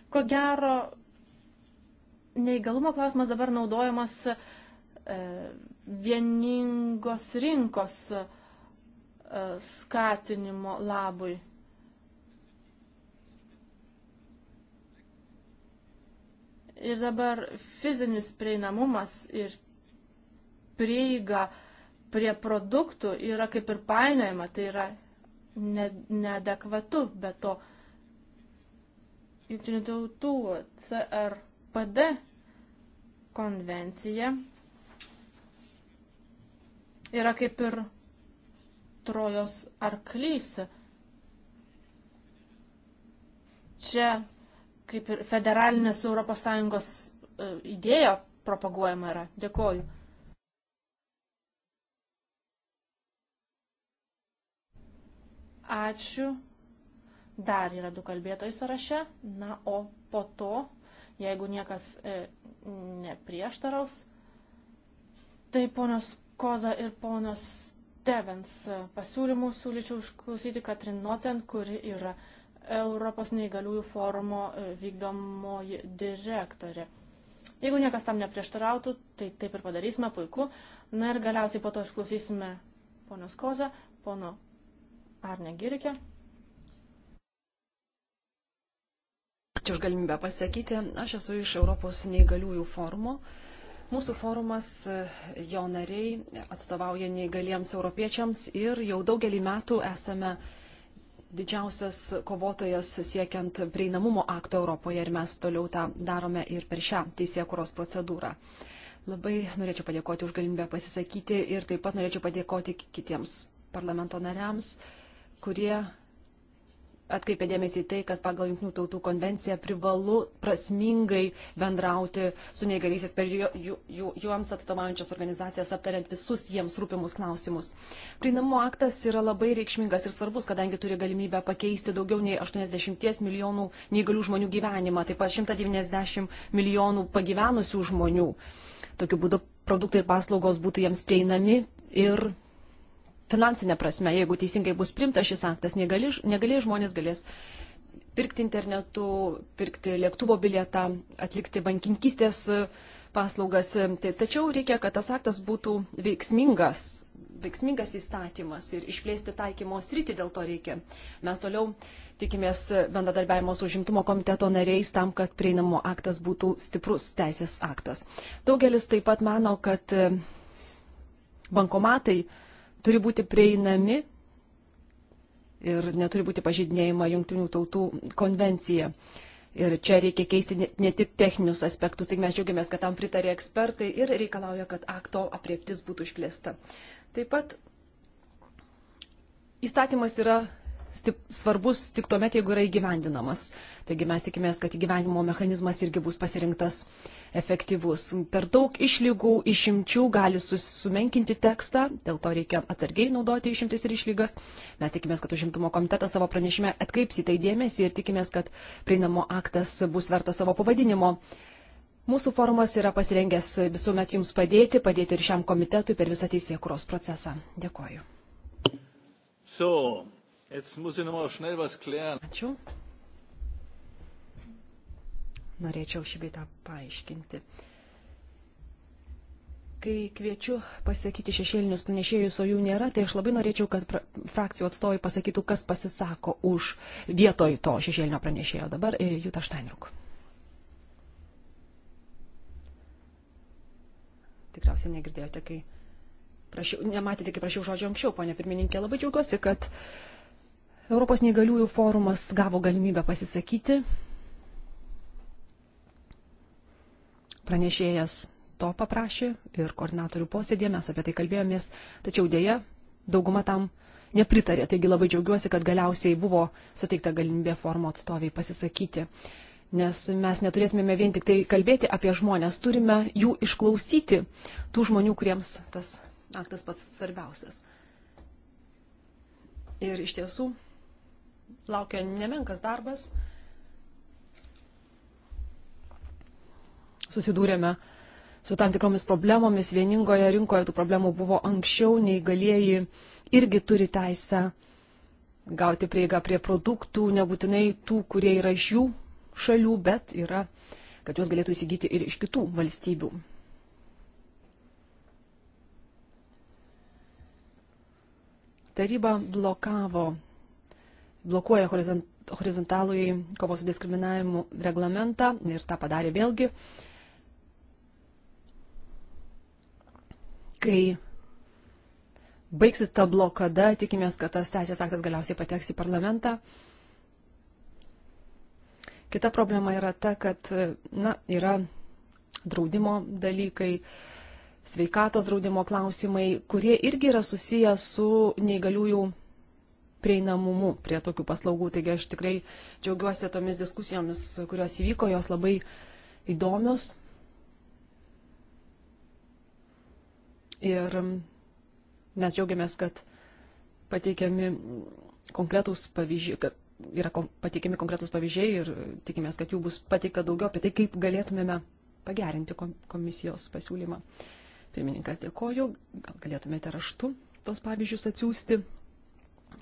ko gero, neįgalumo klausimas dabar naudojamas e, vieningos rinkos e, skatinimo labui. Ir dabar fizinis prieinamumas ir prieiga prie produktų yra kaip ir painojama, tai yra ne, neadekvatu, bet to jungtinių tautų CRPD konvencija yra kaip ir trojos arklys. Čia kaip ir federalinės ES e, idėja propaguojama yra. Dėkoju. Ačiū. Dar yra du kalbėtojai sąraše. Na, o po to Jeigu niekas e, neprieštaraus, tai ponios Koza ir ponios Stevens e, pasiūlymų siūlyčiau išklausyti Katrin Noten, kuri yra Europos neįgaliųjų forumo e, vykdomoji direktorė. Jeigu niekas tam neprieštarautų, tai taip ir padarysime, puiku. Na ir galiausiai po to išklausysime ponios Kozą, pono Arne Girikė. Ačiū už galimybę pasakyti. Aš esu iš Europos neįgaliųjų forumo. Mūsų forumas, jo nariai atstovauja neįgaliems europiečiams ir jau daugelį metų esame didžiausias kovotojas siekiant prieinamumo akto Europoje ir mes toliau tą darome ir per šią teisėkuros procedūrą. Labai norėčiau padėkoti už galimybę pasisakyti ir taip pat norėčiau padėkoti kitiems parlamento nariams, kurie atkreipė dėmesį į tai, kad pagal Junktinių tautų konvenciją privalu prasmingai bendrauti su neįgalysiais per ju, ju, ju, juoms atstovaujančias organizacijas, aptariant visus jiems rūpimus klausimus. Prieinamumo aktas yra labai reikšmingas ir svarbus, kadangi turi galimybę pakeisti daugiau nei 80 milijonų neįgalių žmonių gyvenimą, taip pat 190 milijonų pagyvenusių žmonių. Tokiu būdu produktai ir paslaugos būtų jiems prieinami ir finansinė prasme, jeigu teisingai bus primtas šis aktas, negalės negali žmonės galės pirkti internetu, pirkti lėktuvo bilietą, atlikti bankinkystės paslaugas. Tai, tačiau reikia, kad tas aktas būtų veiksmingas, veiksmingas įstatymas ir išplėsti taikymo sritį dėl to reikia. Mes toliau tikimės bendradarbiavimo su užimtumo komiteto nariais tam, kad prieinamo aktas būtų stiprus teisės aktas. Daugelis taip pat mano, kad bankomatai turi būti prieinami ir neturi būti pažydinėjama jungtinių tautų konvencija. Ir čia reikia keisti ne tik techninius aspektus, tai mes džiaugiamės, kad tam pritarė ekspertai ir reikalauja, kad akto apriektis būtų išplėsta. Taip pat įstatymas yra stip, svarbus tik tuomet, jeigu yra įgyvendinamas. Taigi mes tikimės, kad įgyvenimo mechanizmas irgi bus pasirinktas efektyvus. Per daug išlygų, išimčių gali sumenkinti tekstą, dėl to reikia atsargiai naudoti išimtis ir išlygas. Mes tikimės, kad užimtumo komitetas savo pranešime atkreips į tai dėmesį ir tikimės, kad prieinamo aktas bus vertas savo pavadinimo. Mūsų forumas yra pasirengęs visuomet jums padėti, padėti ir šiam komitetui per visą teisėkuros procesą. Dėkoju. So, Ačiū norėčiau šį beitą paaiškinti. Kai kviečiu pasakyti šešėlinius pranešėjus, o jų nėra, tai aš labai norėčiau, kad frakcijų atstovai pasakytų, kas pasisako už vietoj to šešėlinio pranešėjo. Dabar e, Jūta Štainruk. Tikriausiai negirdėjote, kai prašiau, nematėte, kai prašiau žodžio anksčiau, ponė pirmininkė. Labai džiaugiuosi, kad Europos neįgaliųjų forumas gavo galimybę pasisakyti Pranešėjas to paprašė ir koordinatorių posėdėje mes apie tai kalbėjomės, tačiau dėja dauguma tam nepritarė. Taigi labai džiaugiuosi, kad galiausiai buvo suteikta galimybė formo atstoviai pasisakyti. Nes mes neturėtumėme vien tik tai kalbėti apie žmonės, turime jų išklausyti, tų žmonių, kuriems tas aktas pats svarbiausias. Ir iš tiesų laukia nemenkas darbas susidūrėme su tam tikromis problemomis vieningoje rinkoje, tų problemų buvo anksčiau, neįgalieji irgi turi teisę gauti prieigą prie produktų, nebūtinai tų, kurie yra iš jų šalių, bet yra, kad juos galėtų įsigyti ir iš kitų valstybių. Taryba blokavo, blokuoja horizontalųjį kovos su diskriminavimu reglamentą ir tą padarė vėlgi. Uh, kai baigsis ta blokada, tikimės, kad tas teisės aktas galiausiai pateks į parlamentą. Kita problema yra ta, kad na, yra draudimo dalykai, sveikatos draudimo klausimai, kurie irgi yra susiję su neįgaliųjų prieinamumu prie tokių paslaugų. Taigi aš tikrai džiaugiuosi tomis diskusijomis, kurios įvyko, jos labai įdomios. Ir mes džiaugiamės, kad pateikiami konkretūs pavyzdžiai, kad yra pateikiami konkretūs pavyzdžiai ir tikimės, kad jų bus pateikta daugiau apie tai, kaip galėtumėme pagerinti komisijos pasiūlymą. Pirmininkas dėkoju, gal galėtumėte raštu tos pavyzdžius atsiųsti.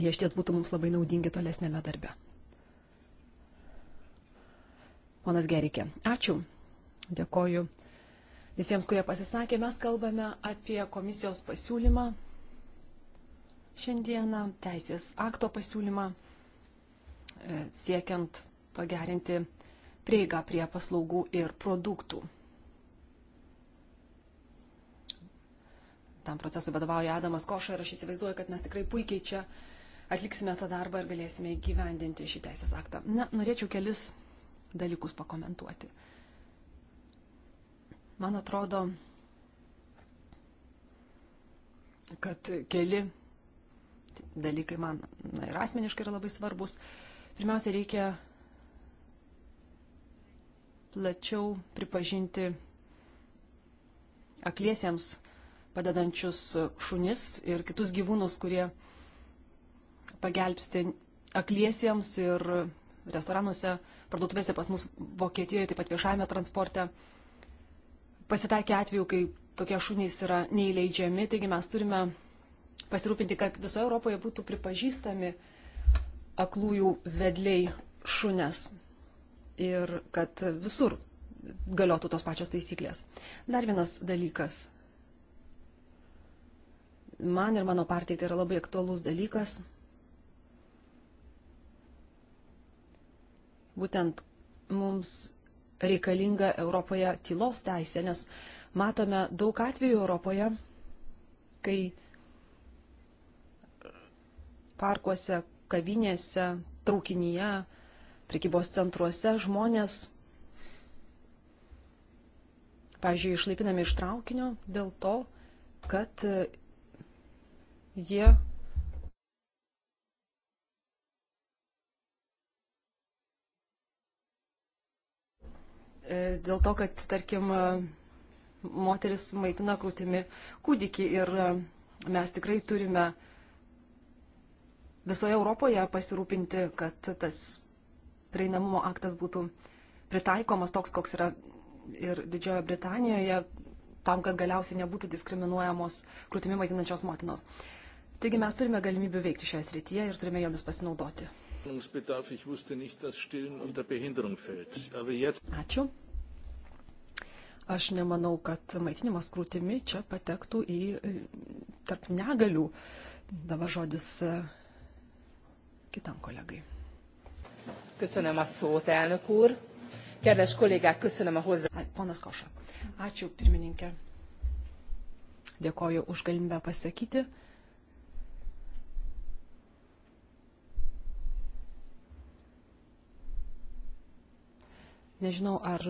Jie iš ties būtų mums labai naudingi tolesnėme darbe. Ponas Gerikė, ačiū. Dėkoju visiems, kurie pasisakė. Mes kalbame apie komisijos pasiūlymą šiandieną, teisės akto pasiūlymą, e, siekiant pagerinti prieigą prie paslaugų ir produktų. Tam procesui vadovauja Adamas Koša ir aš įsivaizduoju, kad mes tikrai puikiai čia atliksime tą darbą ir galėsime įgyvendinti šį teisės aktą. Na, norėčiau kelis dalykus pakomentuoti. Man atrodo, kad keli dalykai man na, ir asmeniškai yra labai svarbus. Pirmiausia, reikia plačiau pripažinti akliesiems padedančius šunis ir kitus gyvūnus, kurie pagelbsti akliesiems ir restoranuose, parduotuvėse pas mus Vokietijoje, taip pat viešajame transporte pasitaikė atveju, kai tokie šunys yra neįleidžiami, taigi mes turime pasirūpinti, kad visoje Europoje būtų pripažįstami aklųjų vedliai šunės ir kad visur galiotų tos pačios taisyklės. Dar vienas dalykas. Man ir mano partijai tai yra labai aktualus dalykas. Būtent mums reikalinga Europoje tylos teisė, nes matome daug atvejų Europoje, kai parkuose, kavinėse, traukinyje, prekybos centruose žmonės, pažiūrėjau, išlaipinami iš traukinio dėl to, kad jie E, dėl to, kad, tarkim, e, moteris maitina krūtimi kūdikį ir e, mes tikrai turime visoje Europoje pasirūpinti, kad tas prieinamumo aktas būtų pritaikomas toks, koks yra ir Didžiojo Britanijoje, tam, kad galiausiai nebūtų diskriminuojamos krūtimi maitinančios motinos. Taigi mes turime galimybių veikti šioje srityje ir turime jomis pasinaudoti. Ordnungsbedarf. Ich wusste nicht, dass Stillen unter Behinderung fällt. Aber jetzt. Ačiū. Aš nemanau, kad maitinimas krūtimi čia patektų į tarp negalių. Dabar žodis e, kitam kolegai. Köszönöm a szót, elnök úr. Kedves kollégák, köszönöm a hozzá... Ponas Koša. Ačiū, pirmininkė. Dėkoju už galimybę pasakyti. Nežinau, ar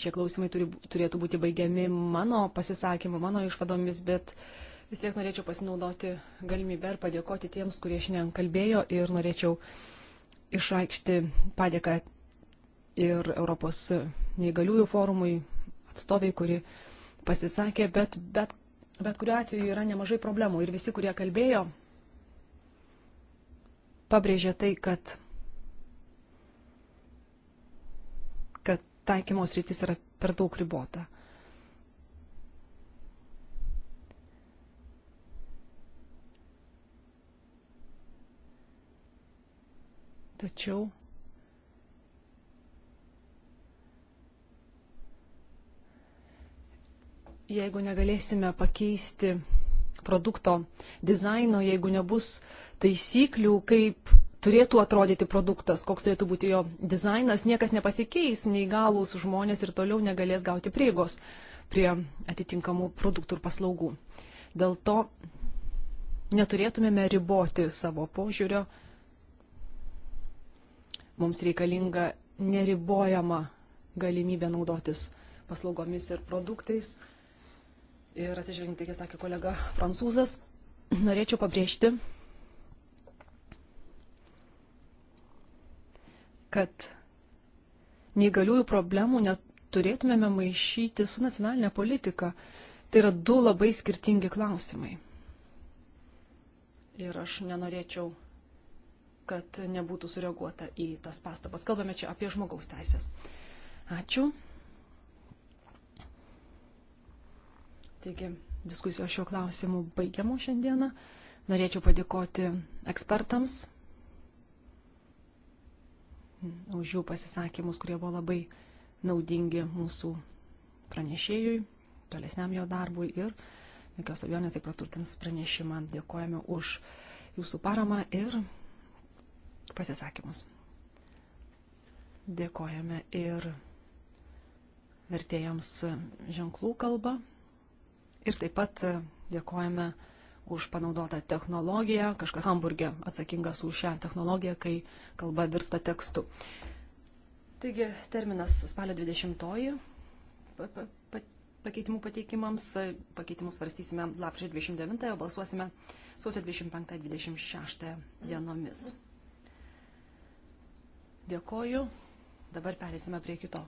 šie klausimai turi, turėtų būti baigiami mano pasisakymu, mano išvadomis, bet vis tiek norėčiau pasinaudoti galimybę ir padėkoti tiems, kurie šiandien kalbėjo ir norėčiau išreikšti padėką ir Europos neįgaliųjų forumui atstoviai, kuri pasisakė, bet, bet, bet kuriuo atveju yra nemažai problemų ir visi, kurie kalbėjo, pabrėžė tai, kad taikymos rytis yra per daug ribota. Tačiau jeigu negalėsime pakeisti produkto dizaino, jeigu nebus taisyklių, kaip turėtų atrodyti produktas, koks turėtų būti jo dizainas, niekas nepasikeis, neįgalus žmonės ir toliau negalės gauti prieigos prie atitinkamų produktų ir paslaugų. Dėl to neturėtumėme riboti savo požiūrio. Mums reikalinga neribojama galimybė naudotis paslaugomis ir produktais. Ir atsižvelgiant tai, ką sakė kolega prancūzas, norėčiau pabrėžti, kad neįgaliųjų problemų neturėtumėme maišyti su nacionalinė politika. Tai yra du labai skirtingi klausimai. Ir aš nenorėčiau, kad nebūtų sureaguota į tas pastabas. Kalbame čia apie žmogaus teisės. Ačiū. Taigi, diskusijos šiuo klausimu baigiamu šiandieną. Norėčiau padėkoti ekspertams, už jų pasisakymus, kurie buvo labai naudingi mūsų pranešėjui, tolesniam jo darbui ir, jokios abejonės, tai praturtins pranešimą. Dėkojame už jūsų paramą ir pasisakymus. Dėkojame ir vertėjams ženklų kalbą ir taip pat dėkojame už panaudotą technologiją, kažkas Hamburgė atsakingas už šią technologiją, kai kalba virsta tekstu. Taigi terminas spalio 20-oji pakeitimų pateikimams, pakeitimus svarstysime lapkričio 29-ąją, balsuosime sausio 25-26 dienomis. Dėkoju. Dabar perėsime prie kito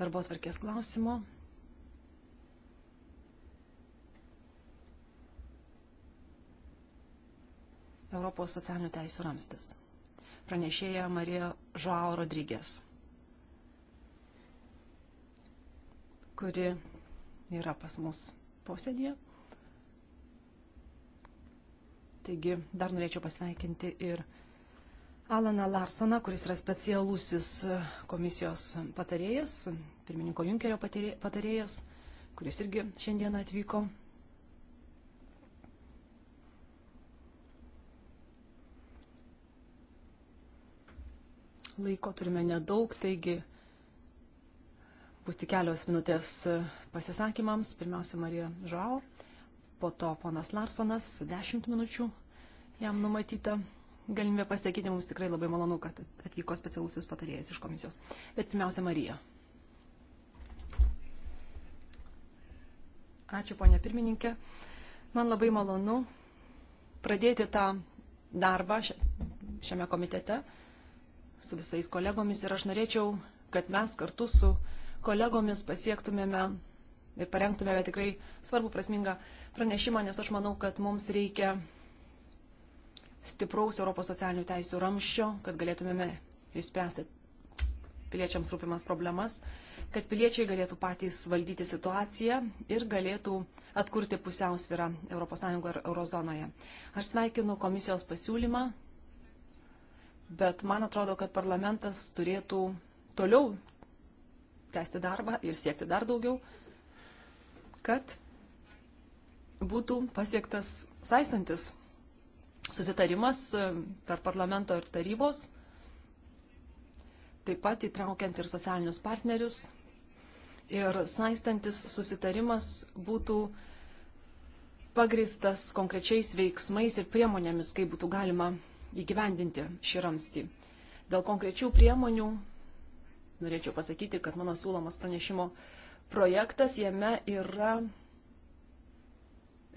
darbo tvarkės klausimo. Europos socialinių teisų ramstis. Pranešėja Marija Žao Rodrygės, kuri yra pas mus posėdėje. Taigi dar norėčiau pasveikinti ir Alaną Larsoną, kuris yra specialusis komisijos patarėjas, pirmininko Junkerio patarėjas, kuris irgi šiandien atvyko laiko turime nedaug, taigi bus tik kelios minutės pasisakymams. Pirmiausia, Marija Žao, po to ponas Larsonas, 10 minučių jam numatyta. Galimybė pasakyti, mums tikrai labai malonu, kad atvyko specialusis patarėjas iš komisijos. Bet pirmiausia, Marija. Ačiū, ponė pirmininkė. Man labai malonu pradėti tą darbą šiame komitete su visais kolegomis ir aš norėčiau, kad mes kartu su kolegomis pasiektumėme ir parengtumėme tikrai svarbų prasmingą pranešimą, nes aš manau, kad mums reikia stipraus Europos socialinių teisų ramščio, kad galėtumėme išspręsti piliečiams rūpimas problemas, kad piliečiai galėtų patys valdyti situaciją ir galėtų atkurti pusiausvyrą ES ir Eurozonoje. Aš sveikinu komisijos pasiūlymą bet man atrodo, kad parlamentas turėtų toliau tęsti darbą ir siekti dar daugiau, kad būtų pasiektas saistantis susitarimas e, tarp parlamento ir tarybos, taip pat įtraukiant ir socialinius partnerius. Ir saistantis susitarimas būtų pagristas konkrečiais veiksmais ir priemonėmis, kaip būtų galima įgyvendinti šį ramstį. Dėl konkrečių priemonių norėčiau pasakyti, kad mano siūlomas pranešimo projektas jame yra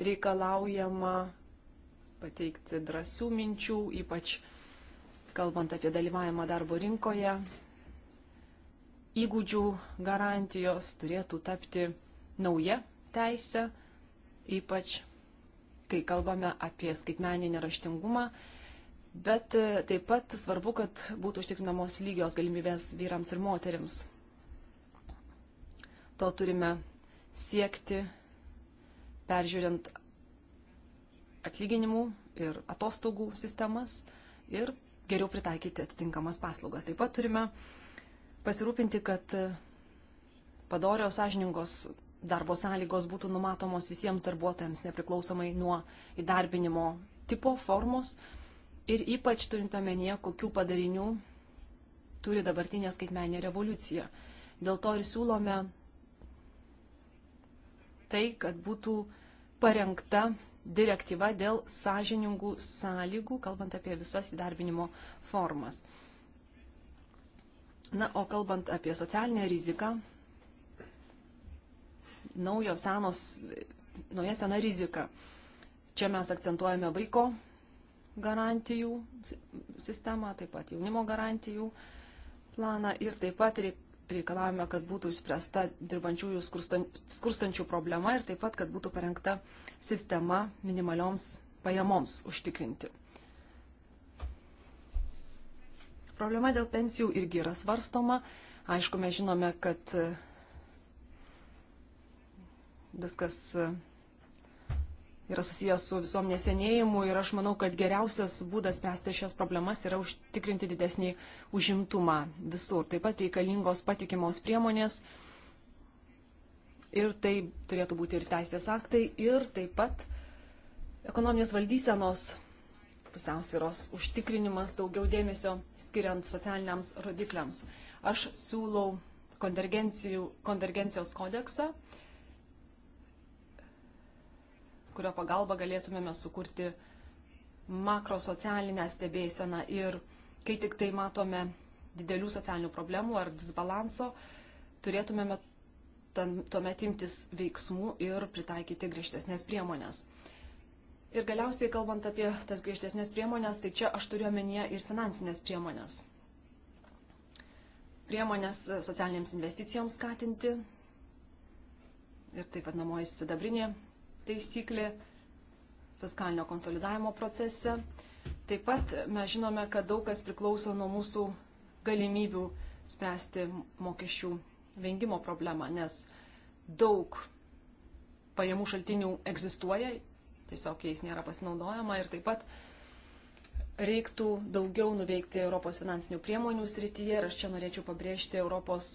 reikalaujama pateikti drąsių minčių, ypač kalbant apie dalyvavimą darbo rinkoje. Įgūdžių garantijos turėtų tapti nauja teisė, ypač kai kalbame apie skaitmeninį raštingumą bet e, taip pat svarbu, kad būtų užtikrinamos lygios galimybės vyrams ir moterims. To turime siekti, peržiūrint atlyginimų ir atostogų sistemas ir geriau pritaikyti atitinkamas paslaugas. Taip pat turime pasirūpinti, kad padorios sąžiningos darbo sąlygos būtų numatomos visiems darbuotojams, nepriklausomai nuo įdarbinimo tipo formos ir ypač turint omenyje, kokių padarinių turi dabartinė skaitmeninė revoliucija. Dėl to ir siūlome tai, kad būtų parengta direktyva dėl sąžiningų sąlygų, kalbant apie visas įdarbinimo formas. Na, o kalbant apie socialinę riziką, naujo senos, nauja sena rizika. Čia mes akcentuojame vaiko garantijų sistemą, taip pat jaunimo garantijų planą ir taip pat reikalavome, kad būtų išspręsta dirbančiųjų skurstančių problema ir taip pat, kad būtų parengta sistema minimalioms pajamoms užtikrinti. Problema dėl pensijų irgi yra svarstoma. Aišku, mes žinome, kad viskas yra susijęs su visuomenės senėjimu ir aš manau, kad geriausias būdas spręsti šias problemas yra užtikrinti didesnį užimtumą visur. Taip pat reikalingos patikimos priemonės ir tai turėtų būti ir teisės aktai ir taip pat ekonominės valdysenos pusiausvyros užtikrinimas daugiau dėmesio skiriant socialiniams rodikliams. Aš siūlau konvergencijos kodeksą kurio pagalba galėtumėme sukurti makrosocialinę stebėseną ir kai tik tai matome didelių socialinių problemų ar disbalanso, turėtumėme tuomet imtis veiksmų ir pritaikyti griežtesnės priemonės. Ir galiausiai, kalbant apie tas griežtesnės priemonės, tai čia aš turiu omenyje ir finansinės priemonės. Priemonės socialinėms investicijoms skatinti ir taip pat namoji sidabrinė taisyklė fiskalinio konsolidavimo procese. Taip pat mes žinome, kad daug kas priklauso nuo mūsų galimybių spręsti mokesčių vengimo problemą, nes daug pajamų šaltinių egzistuoja, tiesiog jais nėra pasinaudojama ir taip pat reiktų daugiau nuveikti Europos finansinių priemonių srityje ir aš čia norėčiau pabrėžti Europos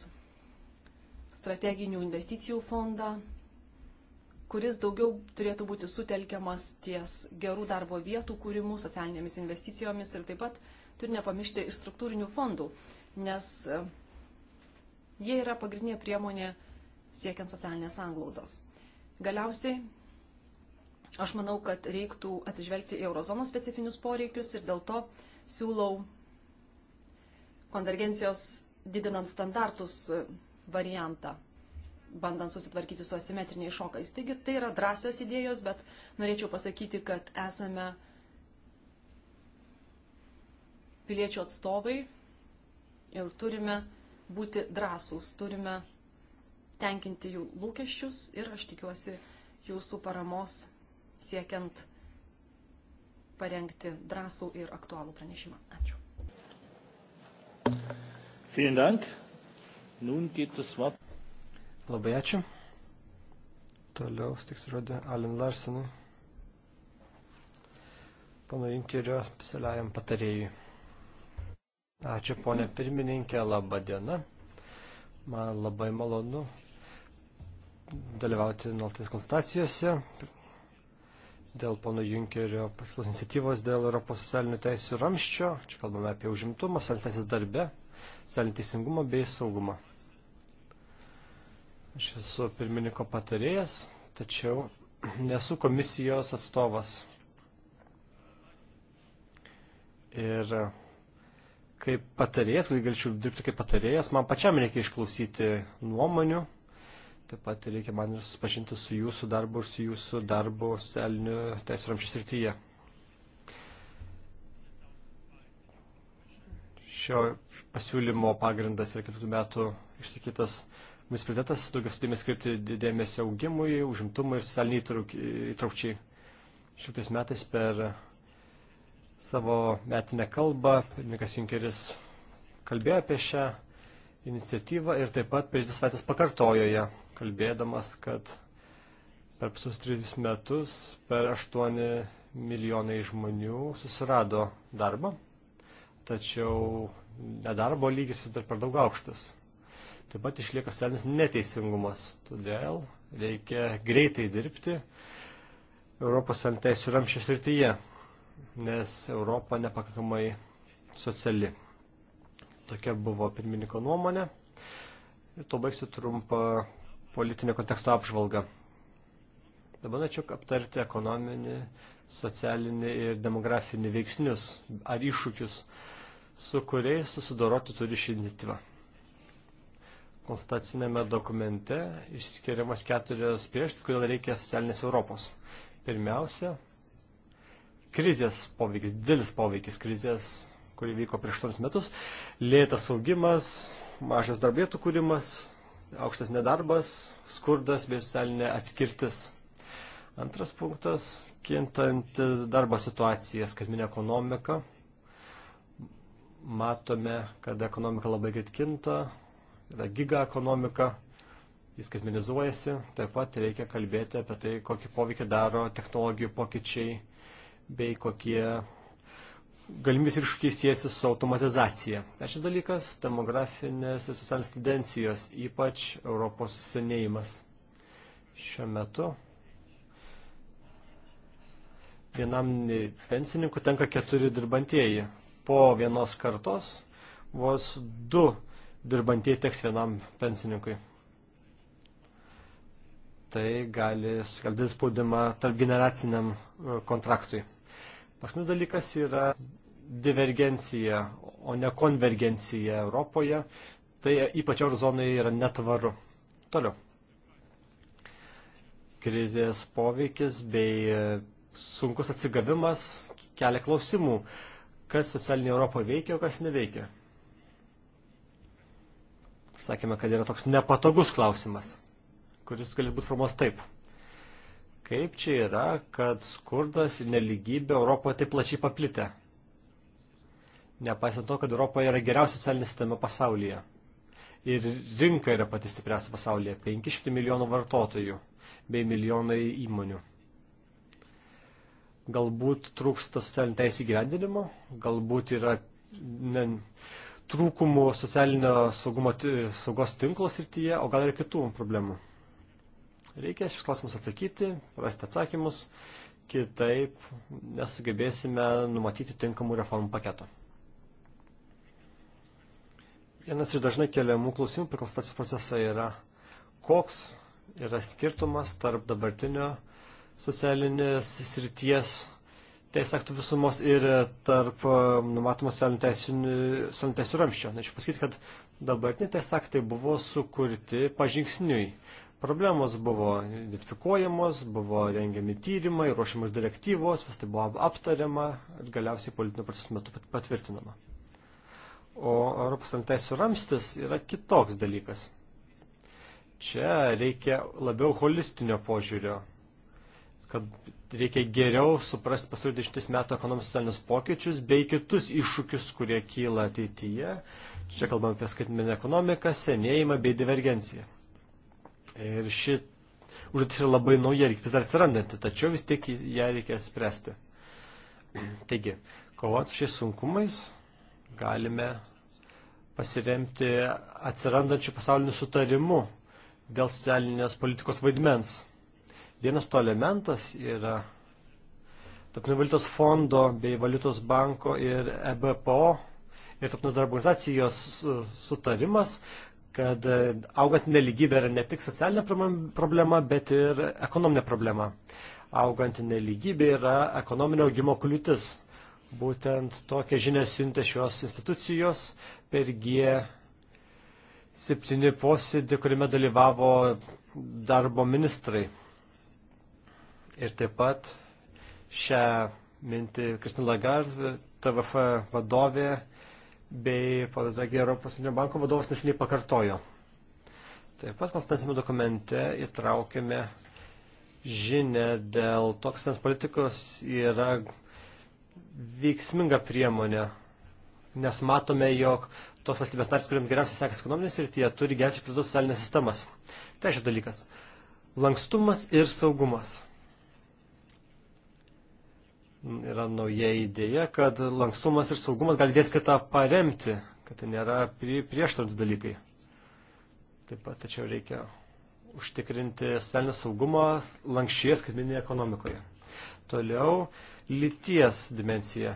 strateginių investicijų fondą, kuris daugiau turėtų būti sutelkiamas ties gerų darbo vietų kūrimu, socialinėmis investicijomis ir taip pat turi nepamiršti ir struktūrinių fondų, nes e, jie yra pagrindinė priemonė siekiant socialinės anglaudos. Galiausiai aš manau, kad reiktų atsižvelgti į eurozonos specifinius poreikius ir dėl to siūlau konvergencijos didinant standartus e, variantą bandant susitvarkyti su asimetriniais šokais. Taigi tai yra drąsios idėjos, bet norėčiau pasakyti, kad esame piliečių atstovai ir turime būti drąsūs, turime tenkinti jų lūkesčius ir aš tikiuosi jūsų paramos siekiant parengti drąsų ir aktualų pranešimą. Ačiū. Vielen Dank. Nun geht es weiter. Labai ačiū. Toliau stiks rodė Alin Larsenui, pano Junkerio specialiajam patarėjui. Ačiū ponė pirmininkė, laba diena. Man labai malonu dalyvauti nuolatinės konsultacijose dėl pono Junkerio paskos iniciatyvos dėl Europos socialinių teisų ramščio. Čia kalbame apie užimtumą, socialinės darbę, socialinį teisingumą bei saugumą. Aš esu pirmininko patarėjas, tačiau nesu komisijos atstovas. Ir kaip patarėjas, kai galčiau dirbti kaip patarėjas, man pačiam reikia išklausyti nuomonių, taip pat reikia man ir susipažinti su jūsų darbu ir su jūsų darbu socialinių teisų ramščių srityje. Šio pasiūlymo pagrindas yra kitų metų išsakytas Mums prioritetas daugiausia dėmesio skirti dėmesio augimui, užimtumui ir socialiniai įtraukčiai. Šitais metais per savo metinę kalbą pirmininkas Junkeris kalbėjo apie šią iniciatyvą ir taip pat prieš dvi savaitės pakartojo ją, kalbėdamas, kad per pasus trijus metus per 8 milijonai žmonių susirado darbą, tačiau nedarbo lygis vis dar per daug aukštas. Taip pat išlieka socialinis neteisingumas. Todėl reikia greitai dirbti Europos teisų ramšės rytyje, nes Europa nepakankamai sociali. Tokia buvo pirmininko nuomonė. Ir to baigsiu trumpą politinio konteksto apžvalgą. Dabar norėčiau aptarti ekonominį, socialinį ir demografinį veiksnius ar iššūkius, su kuriais susidoroti turi ši iniciatyva konstatacinėme dokumente išskiriamas keturias priežastis, kodėl reikia socialinės Europos. Pirmiausia, krizės poveikis, didelis poveikis krizės, kuri vyko prieš 8 metus, lėtas augimas, mažas darbėtų kūrimas, aukštas nedarbas, skurdas bei socialinė atskirtis. Antras punktas - kintanti darbo situacija, skaitminė ekonomika. Matome, kad ekonomika labai greit kinta, yra giga ekonomika, jis skaitmenizuojasi, taip pat reikia kalbėti apie tai, kokį poveikį daro technologijų pokyčiai bei kokie galimybės ir iššūkiai siejasi su automatizacija. Trečias dalykas - demografinės ir socialinės tendencijos, ypač Europos senėjimas. Šiuo metu vienam pensininkui tenka keturi dirbantieji. Po vienos kartos vos du dirbantieji teks vienam pensininkui. Tai gali sukelti spaudimą tarp generaciniam e, kontraktui. Paskutinis dalykas yra divergencija, o ne konvergencija Europoje. Tai ypač eurozonai yra netvaru. Toliau. Krizės poveikis bei e, sunkus atsigavimas kelia klausimų, kas socialinė Europoje veikia, o kas neveikia sakėme, kad yra toks nepatogus klausimas, kuris gali būti formos taip. Kaip čia yra, kad skurdas ir neligybė Europoje taip plačiai paplitę? Nepaisant to, kad Europoje yra geriausia socialinė sistema pasaulyje. Ir rinka yra pati stipriausia pasaulyje - 500 milijonų vartotojų bei milijonai įmonių. Galbūt trūksta socialinių teisų gyvendinimo, galbūt yra ne, trūkumų socialinio saugumo, saugos tinklo srityje, o gal ir kitų problemų. Reikia šis klausimus atsakyti, rasti atsakymus, kitaip nesugebėsime numatyti tinkamų reformų paketo. Vienas iš dažnai keliamų klausimų per konsultacijų procesą yra, koks yra skirtumas tarp dabartinio socialinės srities teisės aktų visumos ir e, tarp e, numatomų socialinių teisų ramščio. Norėčiau pasakyti, kad dabartiniai teisės aktai buvo sukurti pažingsniui. Problemos buvo identifikuojamos, buvo rengiami tyrimai, ruošiamas direktyvos, vis tai buvo aptariama ir galiausiai politinio proceso metu patvirtinama. O Europos teisų ramstis yra kitoks dalykas. Čia reikia labiau holistinio požiūrio kad reikia geriau suprasti pastarųjų dešimties metų ekonominius socialinius pokyčius bei kitus iššūkius, kurie kyla ateityje. Čia kalbam apie skaitmeninę ekonomiką, senėjimą bei divergenciją. Ir ši užduotis yra labai nauja ir vis dar atsirandanti, tačiau vis tiek ją reikia spręsti. Taigi, kovant su šiais sunkumais galime pasiremti atsirandančių pasaulinių sutarimų dėl socialinės politikos vaidmens Vienas to elementas yra Tarptautinio valiutos fondo bei valiutos banko ir EBPO ir Tarptautinės darbo organizacijos sutarimas, kad e, augant neligybė yra ne tik socialinė problema, bet ir ekonominė problema. Augant neligybė yra ekonominio augimo kliūtis. Būtent tokią žinę siuntė šios institucijos per G7 posėdį, kuriame dalyvavo darbo ministrai Ir taip pat šią mintį Kristin Lagarde, TVF vadovė bei panas Dragi Europos Centrinio banko vadovas nesiniai pakartojo. Taip pat konstantame dokumente įtraukėme žinę dėl to, kas politikos yra veiksminga priemonė, nes matome, jog tos valstybės narės, kuriam geriausiai sekasi ekonominės rytyje, turi geriausiai plėtos socialinės sistemas. Trečias dalykas - lankstumas ir saugumas yra nauja idėja, kad lankstumas ir saugumas gali viens kitą paremti, kad tai nėra prieštarus dalykai. Taip pat, tačiau reikia užtikrinti socialinį saugumą lankščiai skaitmeninėje ekonomikoje. Toliau, lyties dimencija.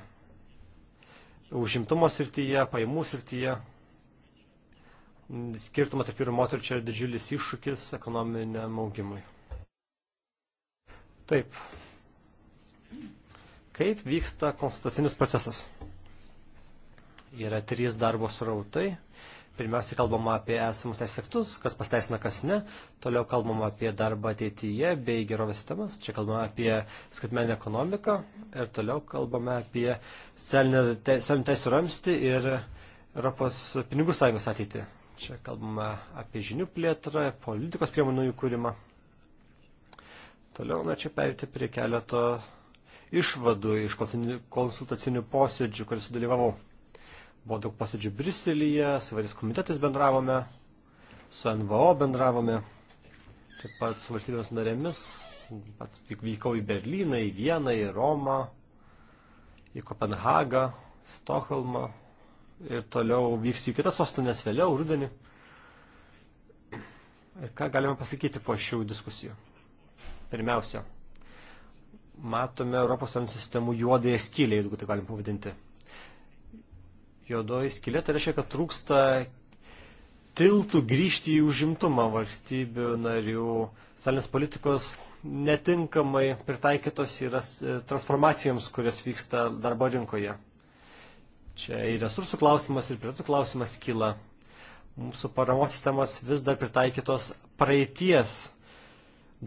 Užimtumo srityje, pajamų srityje. Skirtumą tarp vyrų ir moterų čia yra didžiulis iššūkis ekonominiam augimui. Taip, Kaip vyksta konsultacinis procesas? Yra trys darbo srautai. Pirmiausia, kalbama apie esamus teisės aktus, kas pasteisina, kas ne. Toliau kalbama apie darbą ateityje bei gerovės sistemas. Čia kalbama apie skaitmeninę ekonomiką. Ir toliau kalbame apie socialinių teisų ramstį ir Europos pinigų sąjungos ateitį. Čia kalbama apie žinių plėtrą, politikos priemonių jų kūrimą. Toliau norėčiau perėti prie keleto išvadų iš konsultacinių posėdžių, kuris sudalyvavau. Buvo daug posėdžių Briselyje, su varis komitetais bendravome, su NVO bendravome, taip pat su valstybės narėmis. Pats vykau į Berliną, į Vieną, į Romą, į Kopenhagą, Stokholmą ir toliau vyksiu į kitas sostinės vėliau, rudenį. Ir ką galime pasakyti po šių diskusijų? Pirmiausia, matome Europos Sąjungos sistemų juodąją skylę, jeigu tai galim pavadinti. Juodoji skylė tai reiškia, kad trūksta tiltų grįžti į užimtumą valstybių narių. Salinės politikos netinkamai pritaikytos yra e, transformacijoms, kurios vyksta darbo rinkoje. Čia ir resursų klausimas, ir privatų klausimas kyla. Mūsų paramos sistemos vis dar pritaikytos praeities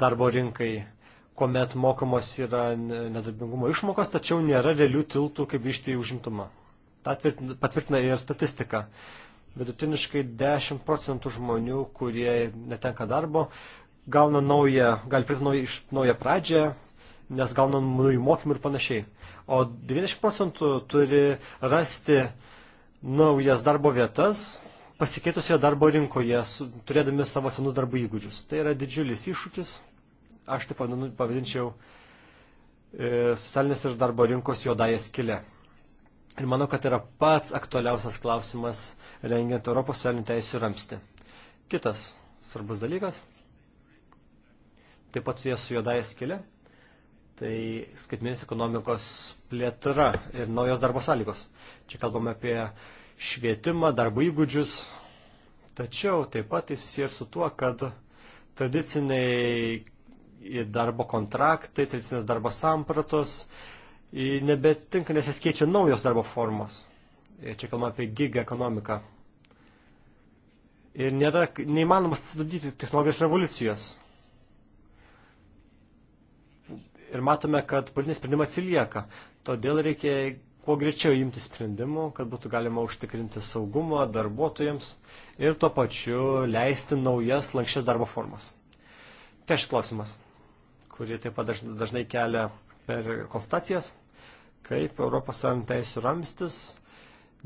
darbo rinkai kuomet mokamos yra nedarbingumo išmokos, tačiau nėra realių tiltų, kaip grįžti į užimtumą. Ta patvirtina ir statistika. Vidutiniškai 10 procentų žmonių, kurie netenka darbo, gauna naują, gali pridėti iš naują pradžią, nes gauna naujų mokymų ir panašiai. O 90 procentų turi rasti naujas darbo vietas, pasikeitusioje darbo rinkoje, turėdami savo senus darbo įgūdžius. Tai yra didžiulis iššūkis aš tai pavadinčiau e, socialinės ir darbo rinkos juodąją skilę. Ir manau, kad yra pats aktualiausias klausimas rengiant Europos socialinių teisų ramsti. Kitas svarbus dalykas, taip pat su jie su juodąją skilę, tai skaitminės ekonomikos plėtra ir naujos darbo sąlygos. Čia kalbame apie švietimą, darbo įgūdžius, tačiau taip pat tai susijęs su tuo, kad tradiciniai ir darbo kontraktai, tradicinės darbo sampratos nebetinka, nes jas keičia naujos darbo formos. Ir čia kalbama apie gigą ekonomiką. Ir nėra, neįmanomas atsistabdyti technologijos revoliucijos. Ir matome, kad politiniai sprendimai atsilieka. Todėl reikia kuo greičiau imti sprendimų, kad būtų galima užtikrinti saugumą darbuotojams ir tuo pačiu leisti naujas lankščias darbo formas. Tai aš klausimas kuri taip pat dažnai kelia per konstacijas, kaip ES teisų ramstis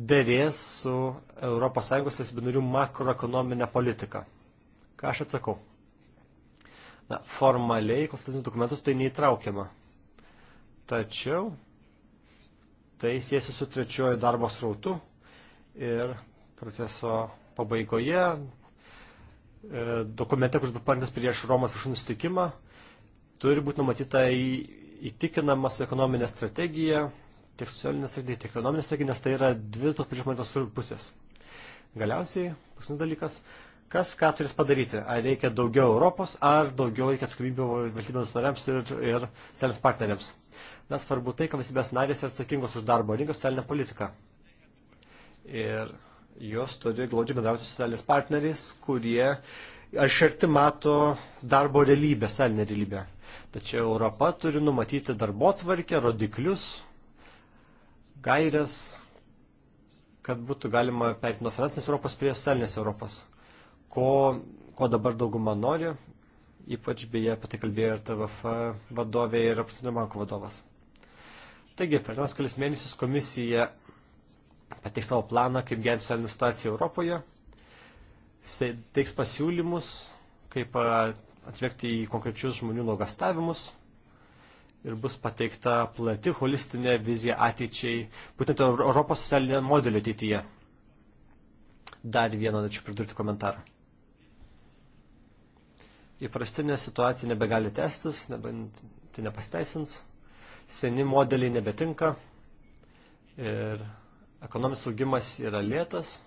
dėrės su ES valstybinarių makroekonominė politika. Ką aš atsakau? Na, formaliai konstitucinius dokumentus tai neįtraukiama. Tačiau tai siesi su trečiojo darbo srautu ir proceso pabaigoje e, dokumente, kuris buvo parengtas prieš Romos viršūnų sutikimą, turi būti numatyta į, įtikinama su ekonominė strategija, tiek socialinė strategija, tiek ekonominė strategija, nes tai yra dvi tos pačios monetos pusės. Galiausiai, paskutinis dalykas, kas ką turės padaryti. Ar reikia daugiau Europos, ar daugiau reikia atsakomybių valstybėms nariams ir, ir socialiniams partneriams. Na, svarbu tai, kad valstybės narės yra atsakingos už darbo rinkos socialinę politiką. Ir jos turi glaudžiai bendrauti su socialiniais partneriais, kurie Aš arti mato darbo realybę, salinę realybę. Tačiau Europa turi numatyti darbo tvarkę, rodiklius, gairias, kad būtų galima perėti nuo finansinės Europos prie socialinės Europos. Ko, ko dabar dauguma nori, ypač beje apie tai kalbėjo ir TVF vadovė ir apstinio banko vadovas. Taigi, per nors kelis mėnesius komisija pateiks savo planą, kaip gerinti socialinę situaciją Europoje teiks pasiūlymus, kaip atvekti į konkrečius žmonių nuogastavimus ir bus pateikta plati holistinė vizija ateičiai, būtent Europos socialinio modelio ateityje. Dar vieną norėčiau pridurti komentarą. Įprastinė situacija nebegali tęstis, nebent tai nepasteisins, seni modeliai nebetinka ir ekonominis augimas yra lėtas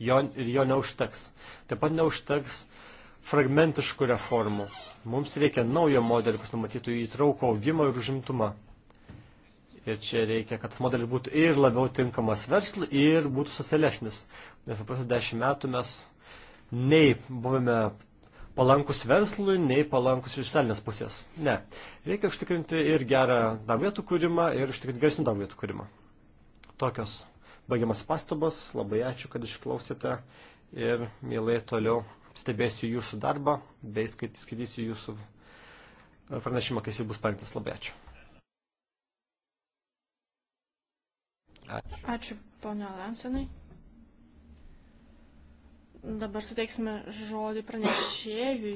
jo, ir jo neužteks. Taip pat neužteks fragmentiškų reformų. Mums reikia naujo modelio, kas numatytų įtraukų augimą ir užimtumą. Ir čia reikia, kad tas modelis būtų ir labiau tinkamas verslui, ir būtų socialesnis. Nes per pasą dešimt metų mes nei buvome palankus verslui, nei palankus iš socialinės pusės. Ne. Reikia užtikrinti ir gerą darbo vietų kūrimą, ir užtikrinti geresnių darbo vietų kūrimą. Tokios baigiamas pastabas. Labai ačiū, kad išklausėte ir mielai toliau stebėsiu jūsų darbą bei skaitysiu jūsų pranešimą, kai jis bus parengtas. Labai ačiū. Ačiū, ačiū ponia Lansonai. Dabar suteiksime žodį pranešėjui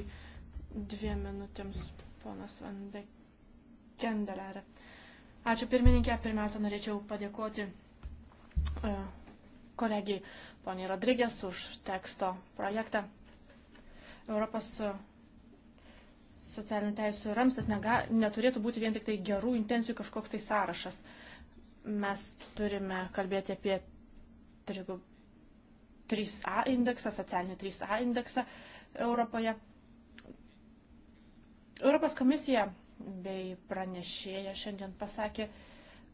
dviem minutėms, ponas Vandekendelerė. Ačiū pirmininkė, pirmiausia norėčiau padėkoti E, kolegijai poniai Rodrygės už teksto projektą. Europos e, socialinių teisų ramstas nega, neturėtų būti vien tik tai gerų intencijų kažkoks tai sąrašas. Mes turime kalbėti apie 3A indeksą, socialinį 3A indeksą Europoje. Europos komisija bei pranešėja šiandien pasakė,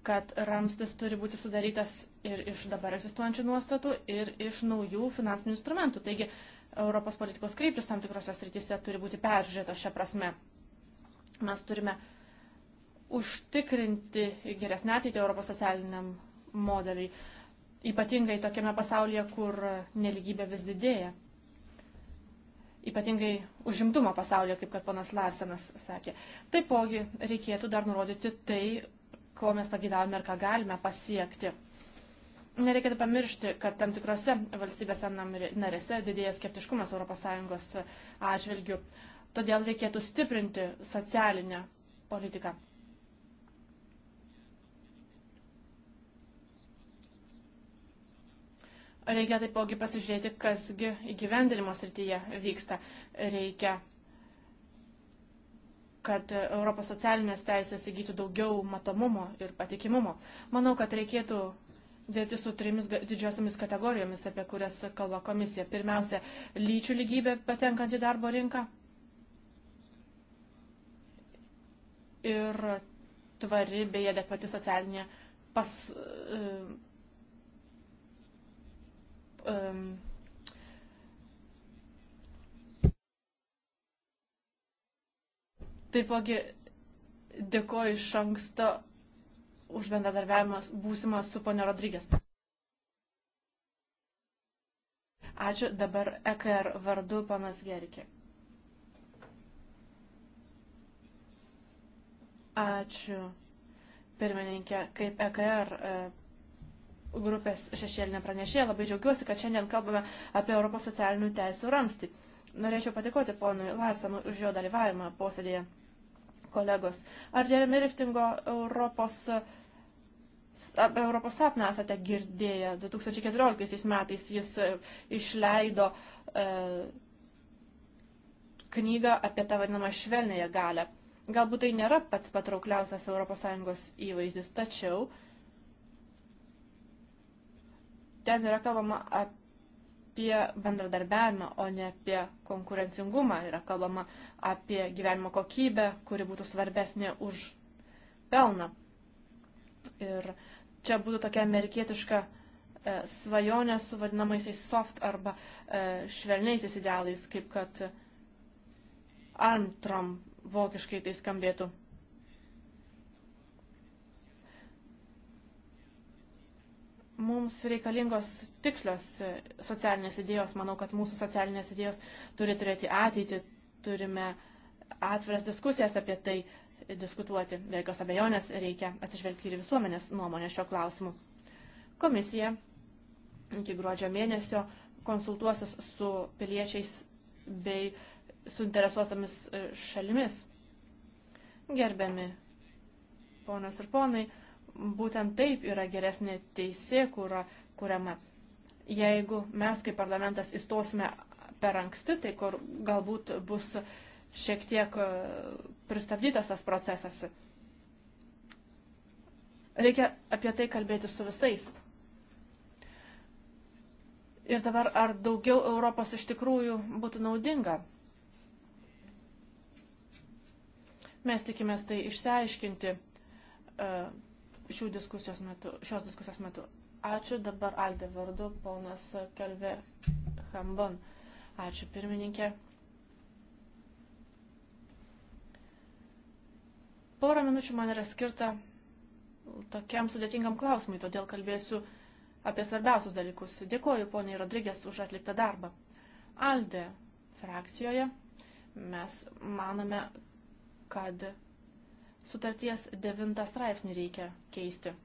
kad ramstis turi būti sudarytas ir iš dabar egzistuojančių nuostatų, ir iš naujų finansinių instrumentų. Taigi Europos politikos kryptis tam tikrose srityse turi būti peržiūrėtos šią prasme. Mes turime užtikrinti geresnę ateitį Europos socialiniam modeliai, ypatingai tokiame pasaulyje, kur neligybė vis didėja. Ypatingai užimtumo pasaulyje, kaip kad ponas Larsenas sakė. Taipogi reikėtų dar nurodyti tai, ko mes pagidavome ir ką galime pasiekti. Nereikėtų pamiršti, kad tam tikrose valstybėse narėse didėja skeptiškumas ES atžvilgių. Todėl reikėtų stiprinti socialinę politiką. Reikia taipogi pasižiūrėti, kasgi įgyvendinimo srityje vyksta. Reikia, kad Europos socialinės teisės įgytų daugiau matomumo ir patikimumo. Manau, kad reikėtų dirbti su trimis didžiosiomis kategorijomis, apie kurias kalba komisija. Pirmiausia, lyčių lygybė patenkant į darbo rinką ir tvari bei adekvati socialinė pas, um, um, Taipogi dėkoju iš anksto už bendradarbiavimas būsimas su ponio Rodrygės. Ačiū. Dabar EKR vardu panas Gerikė. Ačiū. Pirmininkė, kaip EKR e, grupės šešėlinė pranešėja, labai džiaugiuosi, kad šiandien kalbame apie Europos socialinių teisų ramstį. Norėčiau patikoti ponui Larsenui už jo dalyvavimą posėdėje kolegos. Ar Jeremy Riftingo Europos uh, apie Europos sapną esate girdėję. 2014 metais jis e, išleido e, knygą apie tą vadinamą švelnėje galę. Galbūt tai nėra pats patraukliausias ES įvaizdis, tačiau ten yra kalbama apie bendradarbiavimą, o ne apie konkurencingumą. Yra kalbama apie gyvenimo kokybę, kuri būtų svarbesnė už pelną. Ir čia būtų tokia amerikietiška e, svajonė su vadinamaisiais soft arba e, švelniaisiais idealais, kaip kad Armtrom vokiškai tai skambėtų. mums reikalingos tikslios e, socialinės idėjos. Manau, kad mūsų socialinės idėjos turi turėti ateitį, turime atviras diskusijas apie tai, diskutuoti. Be jokios abejonės reikia atsižvelgti ir visuomenės nuomonę šio klausimu. Komisija iki gruodžio mėnesio konsultuosis su piliečiais bei suinteresuotomis e, šalimis. Gerbiami ponios ir ponai, būtent taip yra geresnė teisė, kura, kuriama. Jeigu mes kaip parlamentas įstosime per anksti, tai kur galbūt bus uh, šiek tiek e, pristabdytas tas procesas. Reikia apie tai kalbėti su visais. Ir dabar ar daugiau Europos iš tikrųjų būtų naudinga? Mes tikimės tai išsiaiškinti e, diskusijos metu, šios diskusijos metu. Ačiū dabar Alde vardu, ponas Kalvė Hambon. Ačiū pirmininkė. Porą minučių man yra skirta tokiam sudėtingam klausimui, todėl kalbėsiu apie svarbiausius dalykus. Dėkoju poniai Rodrygės už atliktą darbą. Alde frakcijoje mes manome, kad sutarties devintą straipsnį reikia keisti.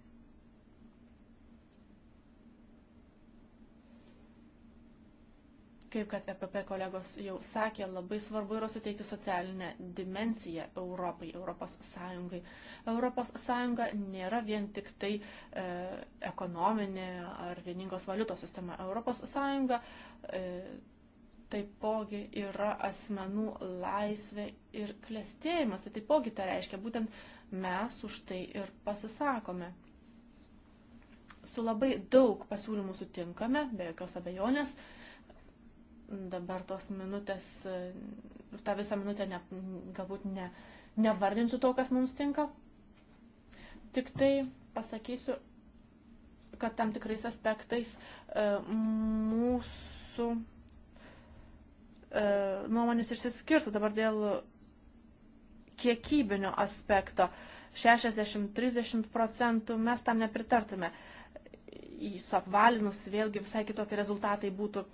Kaip kad EPP kolegos jau sakė, labai svarbu yra suteikti socialinę dimenciją Europai, Europos Sąjungai. Europos Sąjunga nėra vien tik tai e, ekonominė ar vieningos valiutos sistema. Europos Sąjunga e, taipogi yra asmenų laisvė ir klėstėjimas. Tai taipogi tai reiškia, būtent mes už tai ir pasisakome. Su labai daug pasiūlymų sutinkame, be jokios abejonės. E, dabar tos minutės, tą visą minutę ne, galbūt ne, nevardinsiu to, kas mums tinka. Tik tai pasakysiu, kad tam tikrais aspektais e, mūsų e, nuomonės išsiskirtų dabar dėl kiekybinio aspekto. 60-30 procentų mes tam nepritartume. Suapvalinus vėlgi visai kitokie rezultatai būtų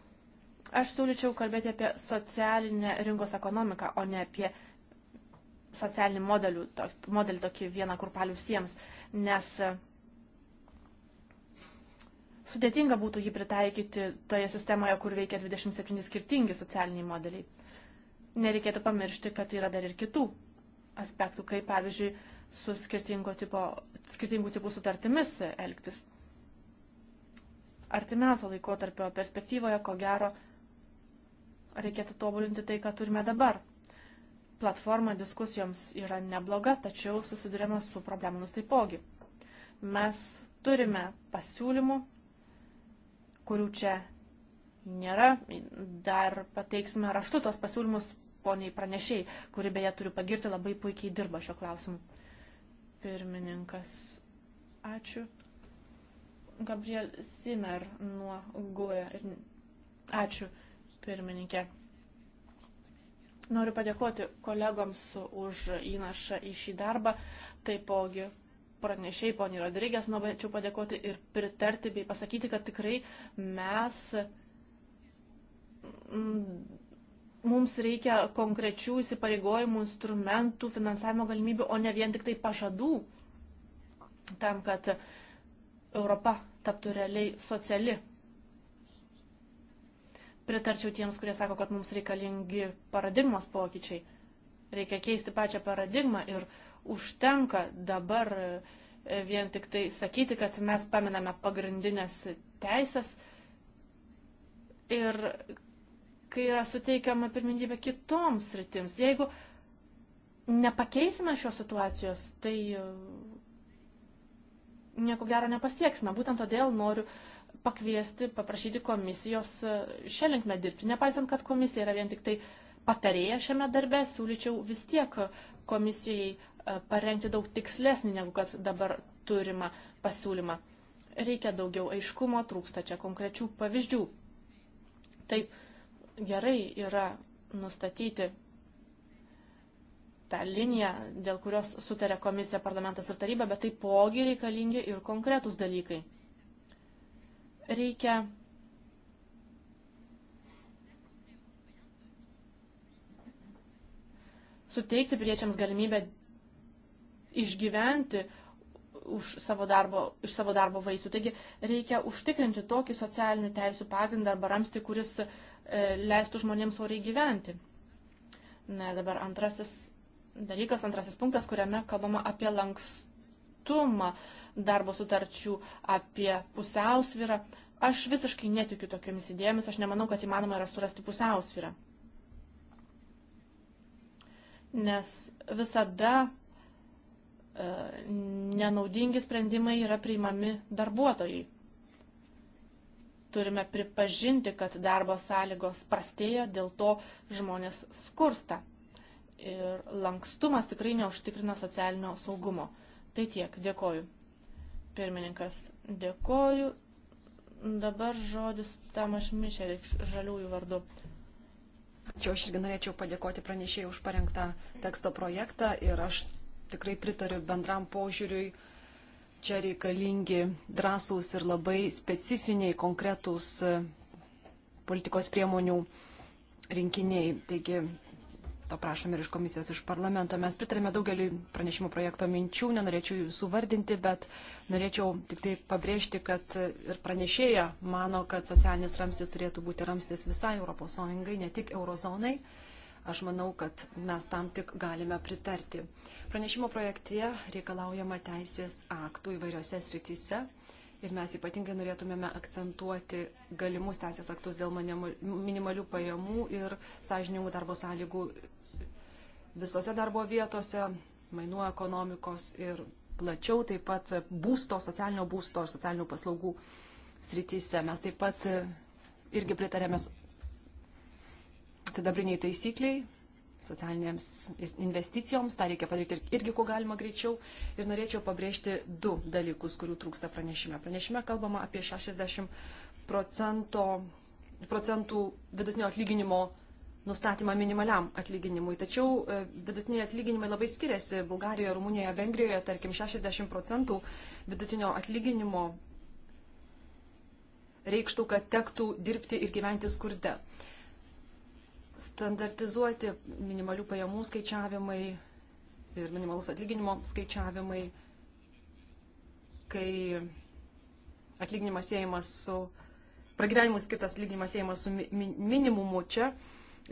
Aš siūlyčiau kalbėti apie socialinę rinkos ekonomiką, o ne apie socialinį modelių, to, modelį tokį vieną kurpalių visiems, nes e, sudėtinga būtų jį pritaikyti toje sistemoje, kur veikia 27 skirtingi socialiniai modeliai. Nereikėtų pamiršti, kad yra dar ir kitų aspektų, kaip pavyzdžiui su tipo, skirtingų tipų sutartimis elgtis. Artimiausio laikotarpio perspektyvoje, ko gero, reikėtų tobulinti tai, ką turime dabar. Platforma diskusijoms yra nebloga, tačiau susidurėme su problemomis taipogi. Mes turime pasiūlymų, kurių čia nėra. Dar pateiksime raštu tuos pasiūlymus poniai pranešiai, kuri beje turiu pagirti, labai puikiai dirba šio klausimu. Pirmininkas, ačiū. Gabriel Zimmer nuo GUE. Ačiū pirmininkė. Noriu padėkoti kolegoms už įnašą į šį darbą, taipogi pranešiai poniai Rodrygės, norėčiau padėkoti ir pritarti bei pasakyti, kad tikrai mes, mm, mums reikia konkrečių įsipareigojimų, instrumentų, finansavimo galimybių, o ne vien tik tai pažadų tam, kad Europa taptų realiai sociali pritarčiau tiems, kurie sako, kad mums reikalingi paradigmos pokyčiai. Reikia keisti pačią paradigmą ir užtenka dabar e, vien tik tai sakyti, kad mes paminame pagrindinės teisės ir kai yra suteikiama pirmindybė kitoms rytims. Jeigu nepakeisime šios situacijos, tai e, nieko gero nepasieksime. Būtent todėl noriu uh, pakviesti, paprašyti komisijos e, šią linkmę dirbti. Nepaisant, kad komisija yra vien tik tai patarėja šiame darbe, siūlyčiau vis tiek komisijai e, parengti daug tikslesnį negu kad dabar turimą pasiūlymą. Reikia daugiau aiškumo, trūksta čia konkrečių pavyzdžių. Taip, gerai yra nustatyti tą liniją, dėl kurios sutarė komisija, parlamentas ir taryba, bet taipogi reikalingi ir konkretūs dalykai reikia suteikti piliečiams galimybę išgyventi už savo darbo, iš savo darbo vaisių. Taigi reikia užtikrinti tokį socialinių teisų pagrindą arba ramsti, kuris e, leistų žmonėms oriai gyventi. Na, dabar antrasis dalykas, antrasis punktas, kuriame kalbama apie lankstumą darbo sutarčių, apie pusiausvyrą. E, Aš visiškai netikiu tokiamis idėjomis, aš nemanau, kad įmanoma yra surasti pusiausvyrą. Nes visada e, nenaudingi sprendimai yra priimami darbuotojai. Turime pripažinti, kad darbo sąlygos prastėja, dėl to žmonės skursta. Ir lankstumas tikrai neužtikrina socialinio saugumo. Tai tiek, dėkoju pirmininkas. Dėkoju Dabar žodis Tamas Mišelis žaliųjų vardu. Ačiū, aš irgi norėčiau padėkoti pranešėjai už parengtą teksto projektą ir aš tikrai pritariu bendram požiūriui. Čia reikalingi drąsūs ir labai specifiniai konkretūs politikos priemonių rinkiniai. Taigi to prašome ir iš komisijos, iš parlamento. Mes pritarėme daugeliu pranešimo projekto minčių, nenorėčiau jų suvardinti, bet norėčiau tik tai pabrėžti, kad ir pranešėja mano, kad socialinis ramstis turėtų būti ramstis visai ES, ne tik eurozonai. Aš manau, kad mes tam tik galime pritarti. Pranešimo projekte reikalaujama teisės aktų įvairiose srityse ir mes ypatingai norėtumėme akcentuoti galimus teisės aktus dėl minimalių pajamų ir sąžiningų darbo sąlygų visose darbo vietose, mainų ekonomikos ir plačiau taip pat būsto, socialinio būsto ir socialinių paslaugų srityse. Mes taip pat e, irgi pritarėme sidabriniai taisykliai, socialinėms investicijoms, tą reikia padaryti irgi kuo galima greičiau. Ir norėčiau pabrėžti du dalykus, kurių trūksta pranešime. Pranešime kalbama apie 60 procento, procentų vidutinio atlyginimo nustatymą minimaliam atlyginimui. Tačiau e, vidutiniai atlyginimai labai skiriasi. Bulgarijoje, Rumunijoje, Vengrijoje, tarkim, 60 procentų vidutinio atlyginimo reikštų, kad tektų dirbti ir gyventi skurde. Standartizuoti minimalių pajamų skaičiavimai ir minimalus atlyginimo skaičiavimai, kai atlyginimas siejamas su pragyvenimus kitas lyginimas siejamas su minimumu čia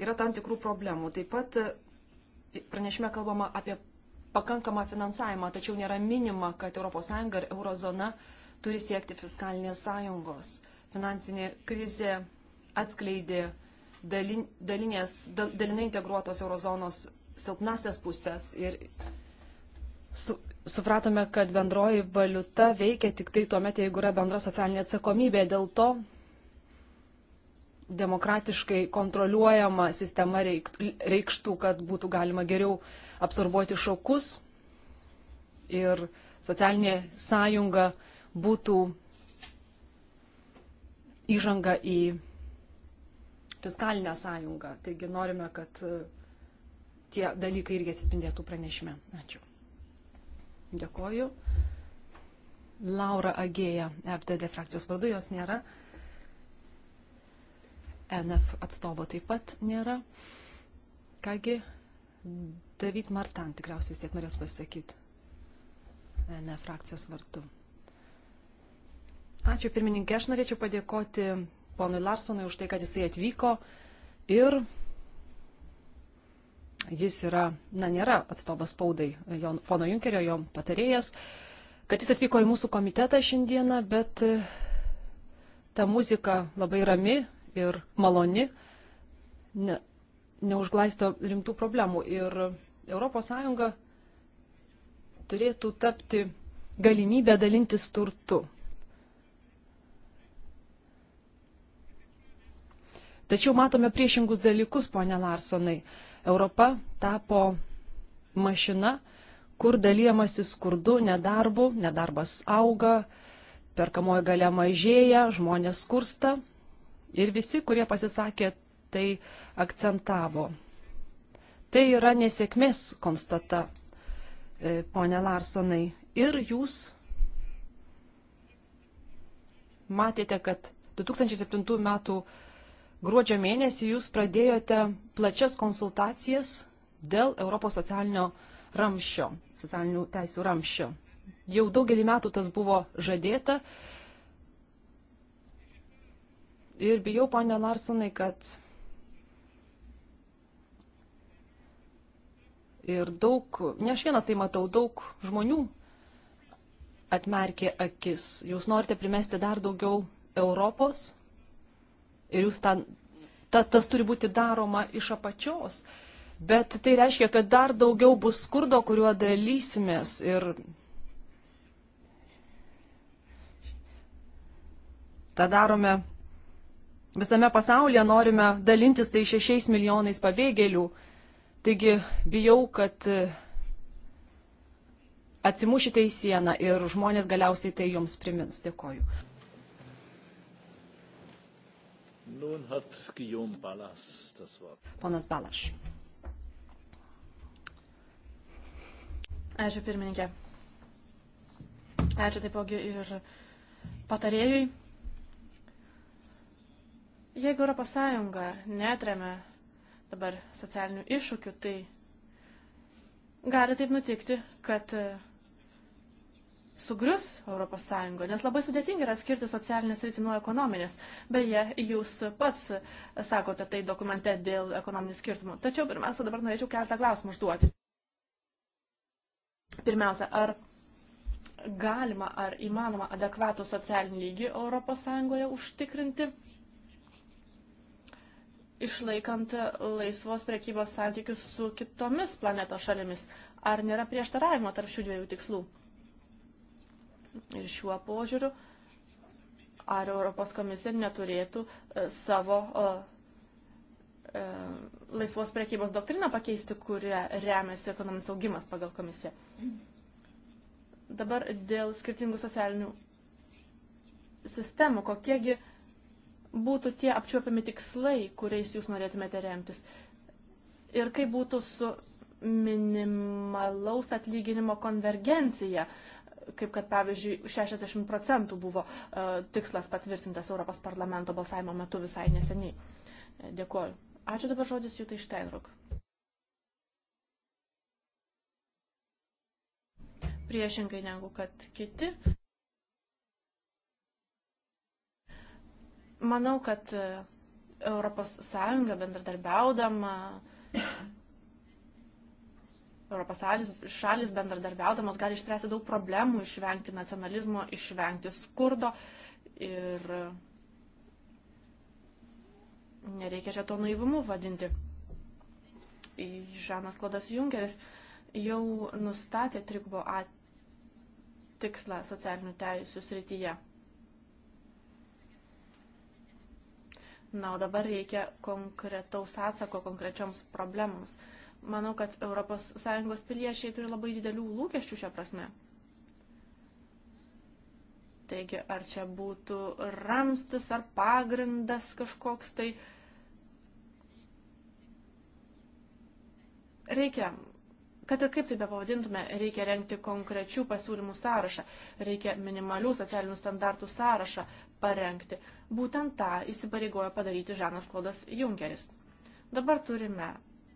yra tam tikrų problemų. Taip pat e, pranešime kalbama apie pakankamą finansavimą, tačiau nėra minima, kad ES ir eurozona turi siekti fiskalinės sąjungos. Finansinė krizė atskleidė dalin, dalinės, dal, dalinai integruotos eurozonos silpnasias pusės ir su, supratome, kad bendroji valiuta veikia tik tai tuomet, jeigu yra bendra socialinė atsakomybė. Dėl to demokratiškai kontroliuojama sistema reikštų, kad būtų galima geriau absorbuoti šokus ir socialinė sąjunga būtų įžanga į fiskalinę sąjungą. Taigi norime, kad e, tie dalykai irgi atsispindėtų pranešime. Ačiū. Dėkoju. Laura Agėja, FDD frakcijos vardu, jos nėra. NF atstovo taip pat nėra. Kągi, David Martan tikriausiai vis tiek norės pasakyti NF frakcijos vartu. Ačiū pirmininkė, aš norėčiau padėkoti ponui Larsonui už tai, kad jisai atvyko ir jis yra, na, nėra atstovas spaudai, jo, pono Junkerio, jo patarėjas, kad jis atvyko į mūsų komitetą šiandieną, bet ta muzika labai rami, ir maloni, ne, neužglaisto rimtų problemų. Ir ES turėtų tapti galimybę dalintis turtu. Tačiau matome priešingus dalykus, ponė Larsonai. Europa tapo mašina, kur dalyjamasi skurdu, nedarbu, nedarbas auga, perkamoji galia mažėja, žmonės skursta, Ir visi, kurie pasisakė, tai akcentavo. Tai yra nesėkmės konstata, e, ponė Larsonai. Ir jūs matėte, kad 2007 metų gruodžio mėnesį jūs pradėjote plačias konsultacijas dėl Europos socialinio ramščio, socialinių teisų ramščio. Jau daugelį metų tas buvo žadėta, Ir bijau, ponė Larsonai, kad ir daug, ne aš vienas tai matau, daug žmonių atmerkė akis. Jūs norite primesti dar daugiau Europos ir jūs ten, ta, tas turi būti daroma iš apačios. Bet tai reiškia, kad dar daugiau bus skurdo, kuriuo dalysimės. Ir tą darome visame pasaulyje norime dalintis tai šešiais milijonais pabėgėlių. Taigi bijau, kad e, atsimušite į sieną ir žmonės galiausiai tai jums primins. Dėkoju. Ponas Balaš. Ačiū pirmininkė. Ačiū taipogi ir patarėjui. Jeigu ES netremia dabar socialinių iššūkių, tai gali taip nutikti, kad e, sugrius ES, nes labai sudėtinga yra skirti socialinės rytį nuo ekonominės. Beje, jūs pats sakote tai dokumente dėl ekonominių skirtumų. Tačiau pirmiausia, dabar norėčiau keletą klausimų užduoti. Pirmiausia, ar galima ar įmanoma adekvatų socialinį lygį ES užtikrinti? išlaikant laisvos prekybos santykius su kitomis planetos šalimis. Ar nėra prieštaravimo tarp šių dviejų tikslų? Ir šiuo požiūriu, ar Europos komisija neturėtų e, savo o, e, laisvos prekybos doktriną pakeisti, kuria remiasi ekonominis augimas pagal komisiją? Dabar dėl skirtingų socialinių sistemų, kokiegi uh, būtų tie apčiuopiami tikslai, kuriais jūs norėtumėte remtis? Ir kaip būtų su minimalaus atlyginimo konvergencija, kaip kad pavyzdžiui 60 procentų buvo uh, tikslas patvirtintas Europos parlamento balsavimo metu visai neseniai. E, dėkuoju. Ačiū dabar žodis Jūtai Steinruk. Priešingai negu kad kiti. Manau, kad ES bendradarbiaudama, ES šalis bendradarbiaudamos gali išspręsti daug problemų, išvengti nacionalizmo, išvengti skurdo ir nereikia čia to naivumu vadinti. Žanas Klodas Junkeris jau nustatė trigubo A tikslą socialinių teisų srityje. Na, o dabar reikia konkretaus atsako konkrečioms problemams. Manau, kad ES piliečiai turi labai didelių lūkesčių šią prasme. Taigi, ar čia būtų ramstis ar pagrindas kažkoks, tai reikia, kad ir kaip tai bepavadintume, reikia renkti konkrečių pasiūlymų sąrašą, reikia minimalių socialinių standartų sąrašą, parengti. Būtent tą įsipareigojo padaryti Žanas Klodas Junkeris. Dabar turime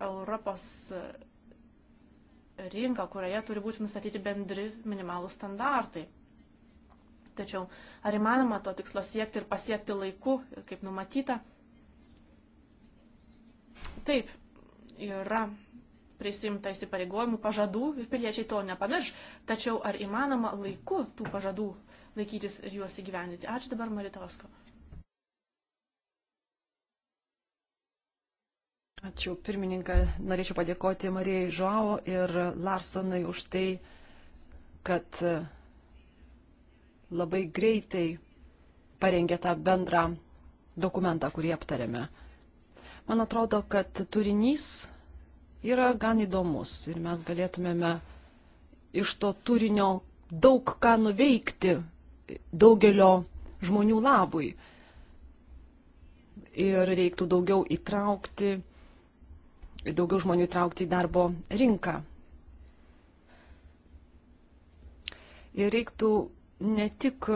Europos rinką, kurioje turi būti nustatyti bendri minimalų standartai. Tačiau ar įmanoma to tikslo siekti ir pasiekti laiku, kaip numatyta? Taip, yra prisimta įsipareigojimų pažadų ir piliečiai to nepamirš, tačiau ar įmanoma laiku tų pažadų uh, laikytis ir juos įgyvendyti. Ačiū dabar Maritasko. Ačiū pirmininką. Norėčiau padėkoti Marijai Žuavo ir Larsonui už tai, kad e, labai greitai parengė tą bendrą dokumentą, kurį aptarėme. Man atrodo, kad turinys yra gan įdomus ir mes galėtumėme iš to turinio daug ką nuveikti daugelio žmonių labui. Ir reiktų daugiau įtraukti, daugiau žmonių įtraukti į darbo rinką. Ir reiktų ne tik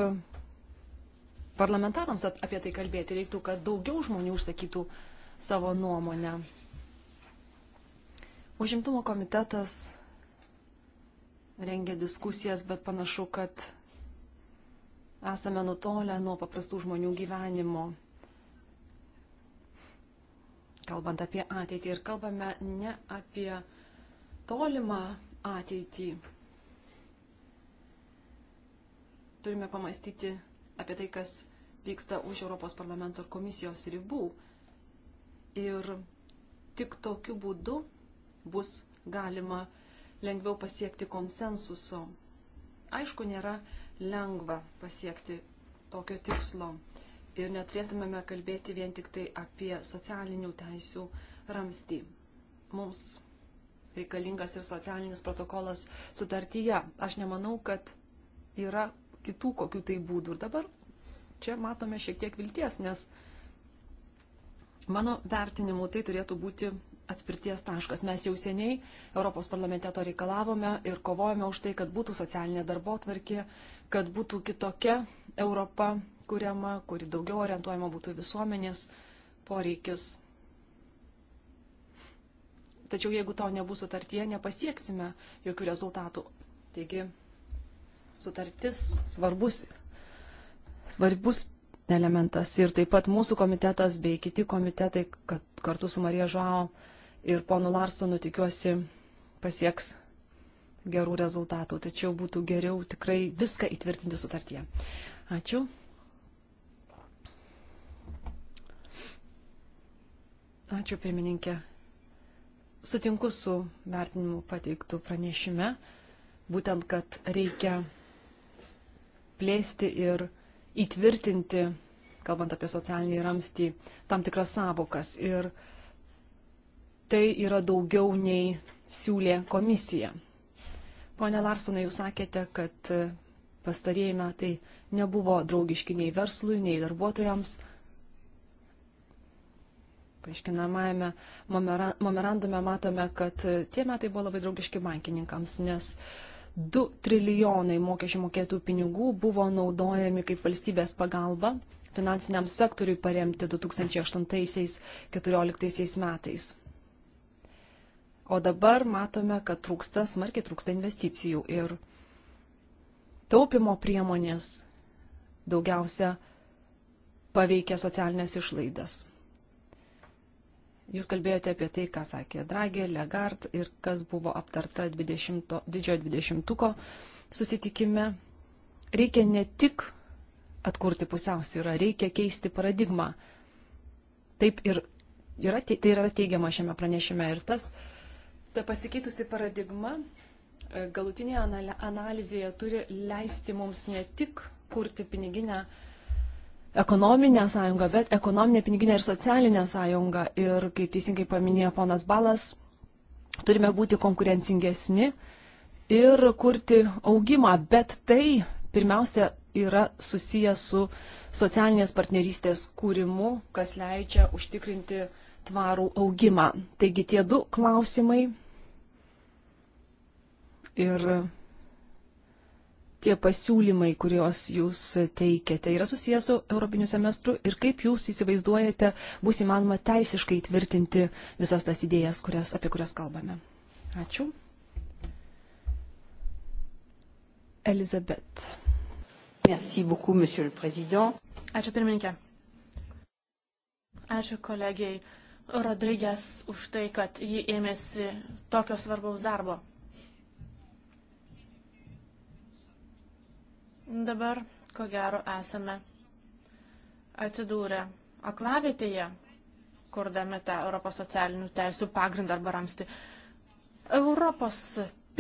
parlamentarams apie tai kalbėti, reiktų, kad daugiau žmonių užsakytų savo nuomonę. Užimtumo komitetas rengia diskusijas, bet panašu, kad esame nutolę nuo paprastų žmonių gyvenimo. Kalbant apie ateitį ir kalbame ne apie tolimą ateitį. Turime pamastyti apie tai, kas vyksta už Europos parlamento ir komisijos ribų. Ir tik tokiu būdu bus galima lengviau pasiekti konsensuso. Aišku, nėra lengva pasiekti tokio tikslo. Ir neturėtumėme kalbėti vien tik tai apie socialinių teisių ramstį. Mums reikalingas ir socialinis protokolas sutartyje. Aš nemanau, kad yra kitų kokių tai būdų. Ir dabar čia matome šiek tiek vilties, nes mano vertinimu tai turėtų būti atspirties taškas. Mes jau seniai Europos parlamente to reikalavome ir kovojame už tai, kad būtų socialinė darbo tvarkė, kad būtų kitokia Europa kuriama, kuri daugiau orientuojama būtų visuomenės poreikis. Tačiau jeigu to nebus sutartie, nepasieksime jokių rezultatų. Taigi sutartis svarbus, svarbus elementas ir taip pat mūsų komitetas bei kiti komitetai, kad kartu su Marija Žuo ir ponu Larsonu tikiuosi pasieks gerų rezultatų, tačiau būtų geriau tikrai viską įtvirtinti sutartyje. Ačiū. Ačiū, pirmininkė. Sutinku su vertinimu pateiktų pranešime, būtent, kad reikia plėsti ir įtvirtinti, kalbant apie socialinį ramstį, tam tikras savokas. Ir uh, tai yra daugiau nei siūlė komisija. Pone Larsonai, jūs sakėte, kad pastarėjai metai nebuvo draugiški nei verslui, nei darbuotojams. Paaiškinamajame memorandume matome, kad tie metai buvo labai draugiški bankininkams, nes 2 trilijonai mokesčių mokėtų pinigų buvo naudojami kaip valstybės pagalba finansiniam sektoriui paremti 2008-2014 metais. O dabar matome, kad trūksta, smarkiai trūksta investicijų ir taupimo priemonės daugiausia paveikia socialinės išlaidas. Jūs kalbėjote apie tai, ką sakė Dragė, Legard ir kas buvo aptarta 20, didžiojo dvidešimtuko susitikime. Reikia ne tik atkurti pusiausvyrą, reikia keisti paradigmą. Taip ir yra, tai yra teigiama šiame pranešime ir tas uh, ta pasikeitusi paradigma e, galutinėje analizėje turi leisti mums ne tik kurti piniginę ekonominę sąjungą, bet ekonominę, piniginę ir socialinę sąjungą. Ir kaip teisingai paminėjo ponas Balas, turime būti konkurencingesni ir kurti augimą, bet tai pirmiausia yra susijęs su socialinės partnerystės kūrimu, kas leidžia užtikrinti uh, tvarų augimą. Taigi tie du klausimai ir tie pasiūlymai, kuriuos jūs teikiate, yra susijęs su Europiniu semestru ir kaip jūs įsivaizduojate, bus įmanoma teisiškai tvirtinti visas tas idėjas, kurias, apie kurias kalbame. Ačiū. Elizabeth. Merci beaucoup, monsieur le président. Ačiū pirmininkė. Ačiū kolegijai Rodrygės už tai, kad ji ėmėsi tokio svarbaus darbo. Dabar, ko gero, esame atsidūrę aklavietėje, kurdami tą Europos socialinių teisų pagrindą arba ramsti. Europos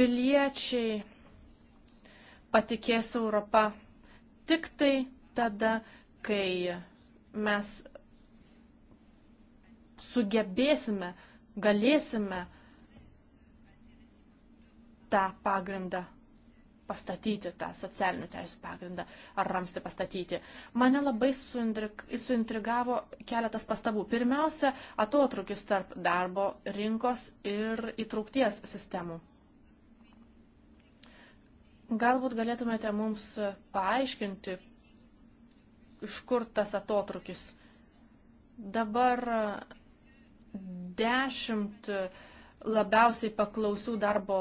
piliečiai patikės Europą tik tai tada, kai mes sugebėsime, galėsime tą pagrindą pastatyti, tą socialinių teisų pagrindą ar ramstį pastatyti. Mane labai suintrigavo keletas pastabų. Pirmiausia, atotrukis tarp darbo rinkos ir įtraukties sistemų. Galbūt galėtumėte mums paaiškinti, iš kur tas atotrukis. Dabar dešimt labiausiai paklausių darbo,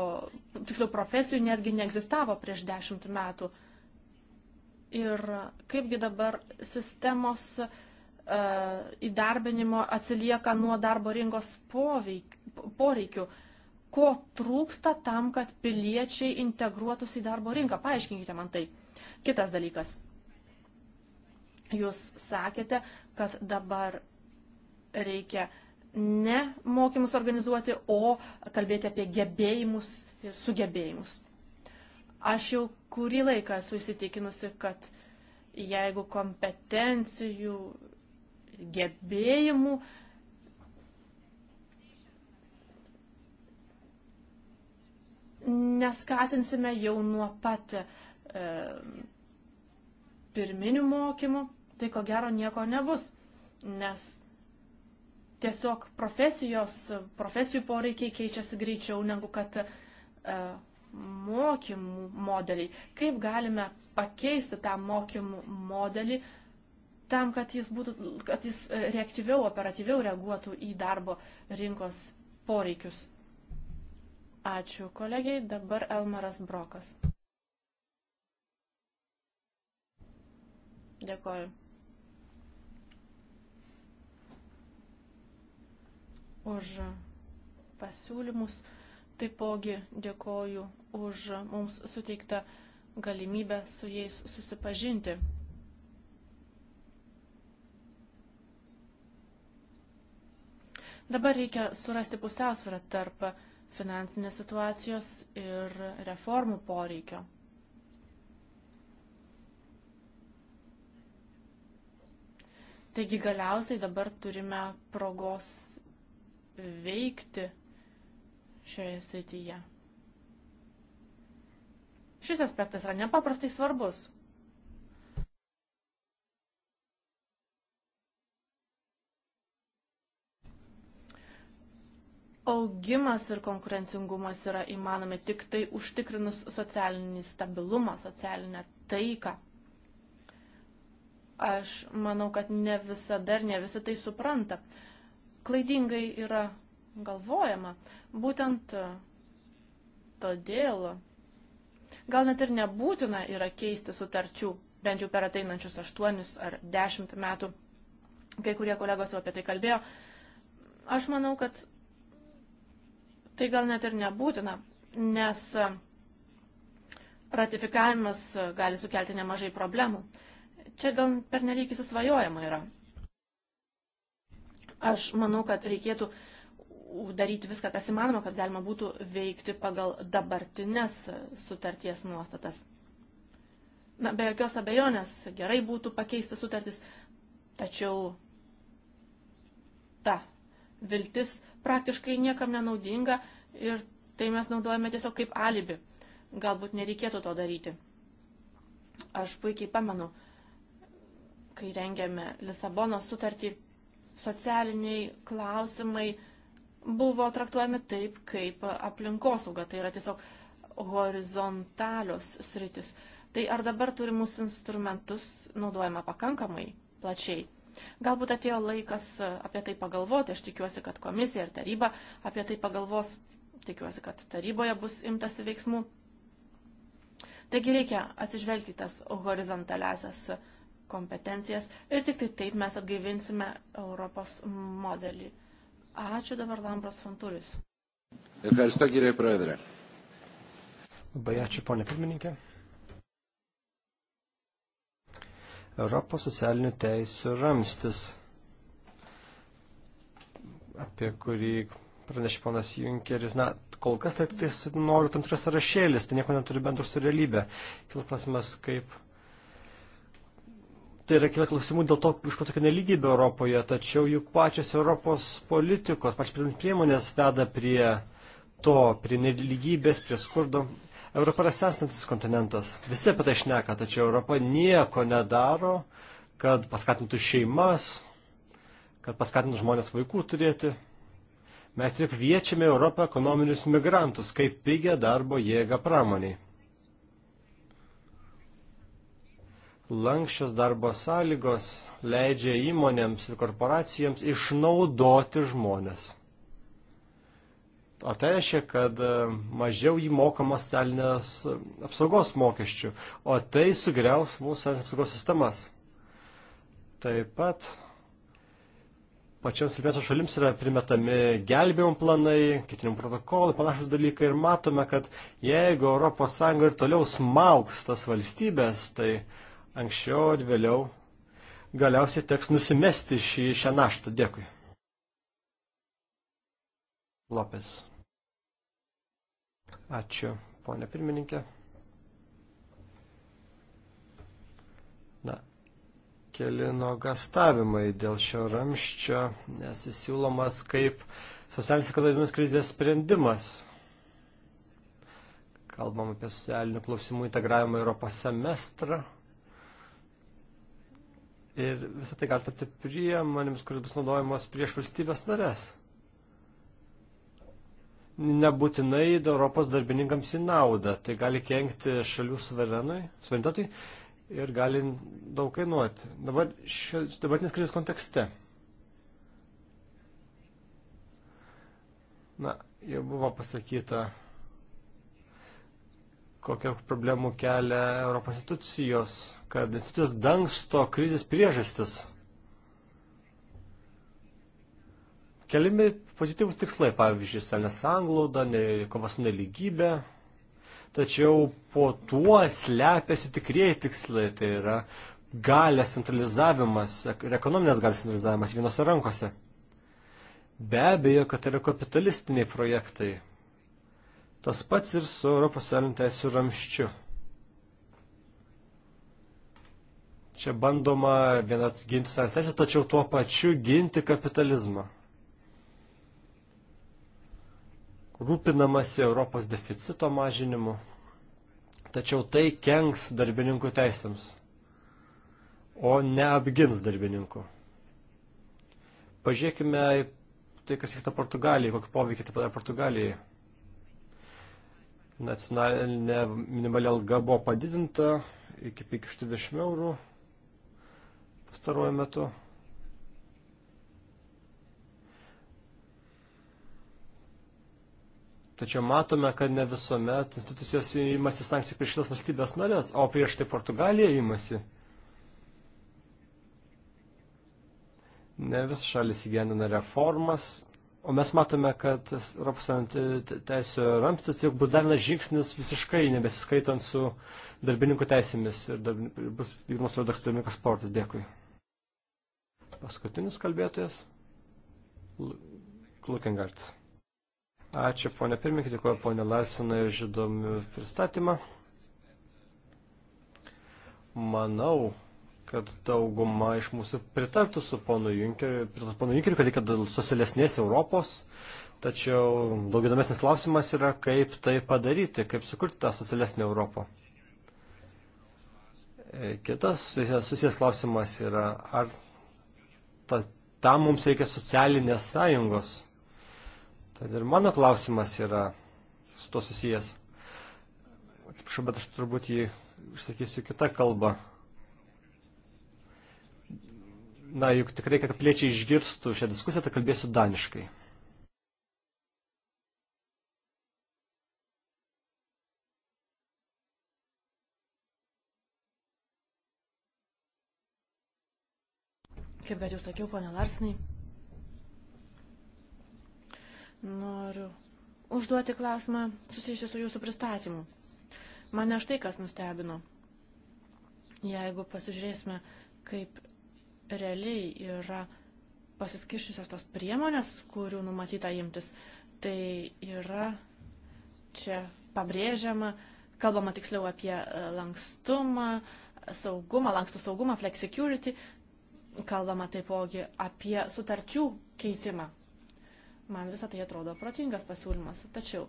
tiksliau profesijų netgi neegzistavo prieš dešimt metų. Ir kaipgi dabar sistemos uh, įdarbinimo atsilieka nuo darbo rinkos poveik, poreikių. Ko trūksta tam, kad piliečiai integruotųsi į darbo rinką? Paaiškinkite man tai. Kitas dalykas. Jūs sakėte, kad dabar reikia uh, ne mokymus organizuoti, o kalbėti apie gebėjimus ir sugebėjimus. Aš jau kurį laiką esu įsitikinusi, kad jeigu kompetencijų, gebėjimų neskatinsime jau nuo pat e, pirminių mokymų, tai ko gero nieko nebus, nes tiesiog profesijos, profesijų poreikiai keičiasi greičiau negu kad e, mokymų modeliai. Kaip galime pakeisti tą mokymų modelį tam, kad jis, būtų, kad jis e, reaktyviau, operatyviau reaguotų į darbo rinkos poreikius. Ačiū kolegiai, dabar Elmaras Brokas. Dėkuoju. už pasiūlymus. Taipogi dėkoju už mums suteiktą galimybę su jais susipažinti. Dabar reikia surasti pusiausvyrą tarp finansinės situacijos ir reformų poreikio. Taigi galiausiai dabar turime progos veikti šioje srityje. Šis aspektas yra nepaprastai svarbus. Augimas ir konkurencingumas yra įmanomi tik tai užtikrinus socialinį stabilumą, socialinę taiką. Aš manau, kad ne visada ir ne visi tai supranta. Uh, klaidingai yra galvojama. Būtent e, todėl gal net ir nebūtina yra keisti sutarčių, bent jau per ateinančius 8 ar 10 metų. Kai kurie kolegos jau apie tai kalbėjo. Aš manau, kad tai gal net ir nebūtina, nes e, ratifikavimas e, gali sukelti nemažai problemų. Čia gal pernelyg įsisvajojama yra. Aš manau, kad reikėtų daryti viską, kas įmanoma, kad galima būtų veikti pagal dabartinės sutarties nuostatas. Na, be jokios abejonės, gerai būtų pakeisti sutartis, tačiau ta viltis praktiškai niekam nenaudinga ir tai mes naudojame tiesiog kaip alibi. Galbūt nereikėtų to daryti. Aš puikiai pamenu, kai rengėme Lisabono sutartį socialiniai klausimai buvo traktuojami taip, kaip aplinkosauga. Tai yra tiesiog horizontalios sritis. Tai ar dabar turimus instrumentus naudojama pakankamai plačiai? Galbūt atėjo laikas apie tai pagalvoti. Aš tikiuosi, kad komisija ir taryba apie tai pagalvos. Tikiuosi, kad taryboje bus imtasi veiksmų. Taigi reikia atsižvelgti tas horizontaliasias sritis kompetencijas ir tik tai taip mes atgaivinsime Europos modelį. Ačiū dabar Lambros Fantulis. Ευχαριστώ κύριε Πρόεδρε. Labai ačiū ponė pirmininkė. Europos socialinių teisų ramstis, apie kurį pranešė ponas Junkeris, na, kol kas tai, tai noriu tam tikras rašėlis, tai nieko neturi bendro su realybė. Kila klausimas, kaip tai yra kila klausimų dėl to, iš ko tokia nelygybė Europoje, tačiau juk pačios Europos politikos, pačios priemonės veda prie to, prie nelygybės, prie skurdo. Europa yra senstantis kontinentas. Visi apie tai šneka, tačiau Europa nieko nedaro, kad paskatintų šeimas, kad paskatintų žmonės vaikų turėti. Mes tik kviečiame Europą ekonominius migrantus kaip pigę darbo jėgą pramoniai. Lankščios darbo sąlygos leidžia įmonėms ir korporacijoms išnaudoti žmonės. O tai reiškia, kad e, mažiau įmokamos socialinės e, apsaugos mokesčių, o tai sugriaus mūsų apsaugos sistemas. Taip pat pačiams silpniausiams šalims yra primetami gelbėjimo planai, ketinimų protokolai, panašus dalykai ir matome, kad jeigu ES ir toliau smaugs tas valstybės, tai anksčiau ar vėliau galiausiai teks nusimesti šį, šią naštą. Dėkui. Lopes. Ačiū, ponė pirmininkė. Na, keli nuogastavimai dėl šio ramščio, nes jis siūlomas kaip socialinis ekonominis krizės sprendimas. Kalbam apie socialinių klausimų integravimą Europos semestrą Ir visą tai gali tapti priemonėmis, kuris bus naudojamos prieš valstybės narės. Nebūtinai Europos darbininkams į naudą. Tai gali kenkti šalių suverenui, suverenitetui ir gali daug kainuoti. Dabar dabartinės krizės kontekste. Na, jau buvo pasakyta kokią problemų kelia Europos institucijos, kad institucijos dangsto krizės priežastis. Keliami pozityvus tikslai, pavyzdžiui, senės anglauda, kovas neligybė, tačiau po tuo slepiasi tikrieji tikslai, tai yra galės centralizavimas ir ekonominės galės centralizavimas vienose rankose. Be abejo, kad tai yra kapitalistiniai projektai, Tas pats ir su Europos socialinių teisų ramščiu. Čia bandoma vienas ginti socialinės teisės, tačiau tuo pačiu ginti kapitalizmą. Rūpinamasi Europos deficito mažinimu, tačiau tai kenks darbininkų teisėms, o neapgins darbininkų. Pažiūrėkime tai, kas vyksta Portugalijai, kokį poveikį tai padarė Portugalijai. Nacionalinė minimali alga buvo padidinta iki 540 eurų pastaruoju metu. Tačiau matome, kad ne visuomet institucijos įmasi sankcijų prieš kitas valstybės narės, o prieš tai Portugalija įmasi. Ne vis šalis įgendina reformas, O mes matome, kad Europos teisų ramstis jau bus dar vienas žingsnis visiškai nebesiskaitant su darbininkų teisėmis ir darb... bus vykdomas rodas darbininkas sportas. Dėkui. Paskutinis kalbėtojas. Klukengart. Ačiū, ponė pirmininkė, dėkuoju ponė Larsinai už įdomių pristatymą. Manau, kad dauguma iš mūsų pritartų su ponu Junkeriu, pritartų ponu Junkeriu, kad reikia socialesnės Europos, tačiau daug įdomesnis klausimas yra, kaip tai padaryti, kaip sukurti tą socialesnę Europą. E, kitas susijęs klausimas yra, ar ta, tam mums reikia socialinės sąjungos. Tad ir mano klausimas yra su to susijęs. Atsiprašau, bet aš turbūt jį išsakysiu kitą kalbą. Na, juk tikrai, kad piliečiai išgirstų šią diskusiją, tai kalbėsiu daniškai. Kaip kad jau sakiau, ponia Larsnai, noriu užduoti klausimą susijusiu su jūsų pristatymu. Mane štai kas nustebino. Jeigu pasižiūrėsime, kaip realiai yra pasiskiršusios tos priemonės, kurių numatyta imtis, tai yra čia pabrėžiama, kalbama tiksliau apie e, lankstumą, saugumą, lankstų saugumą, flexicurity, kalbama taipogi apie sutarčių keitimą. Man visą tai atrodo protingas pasiūlymas, tačiau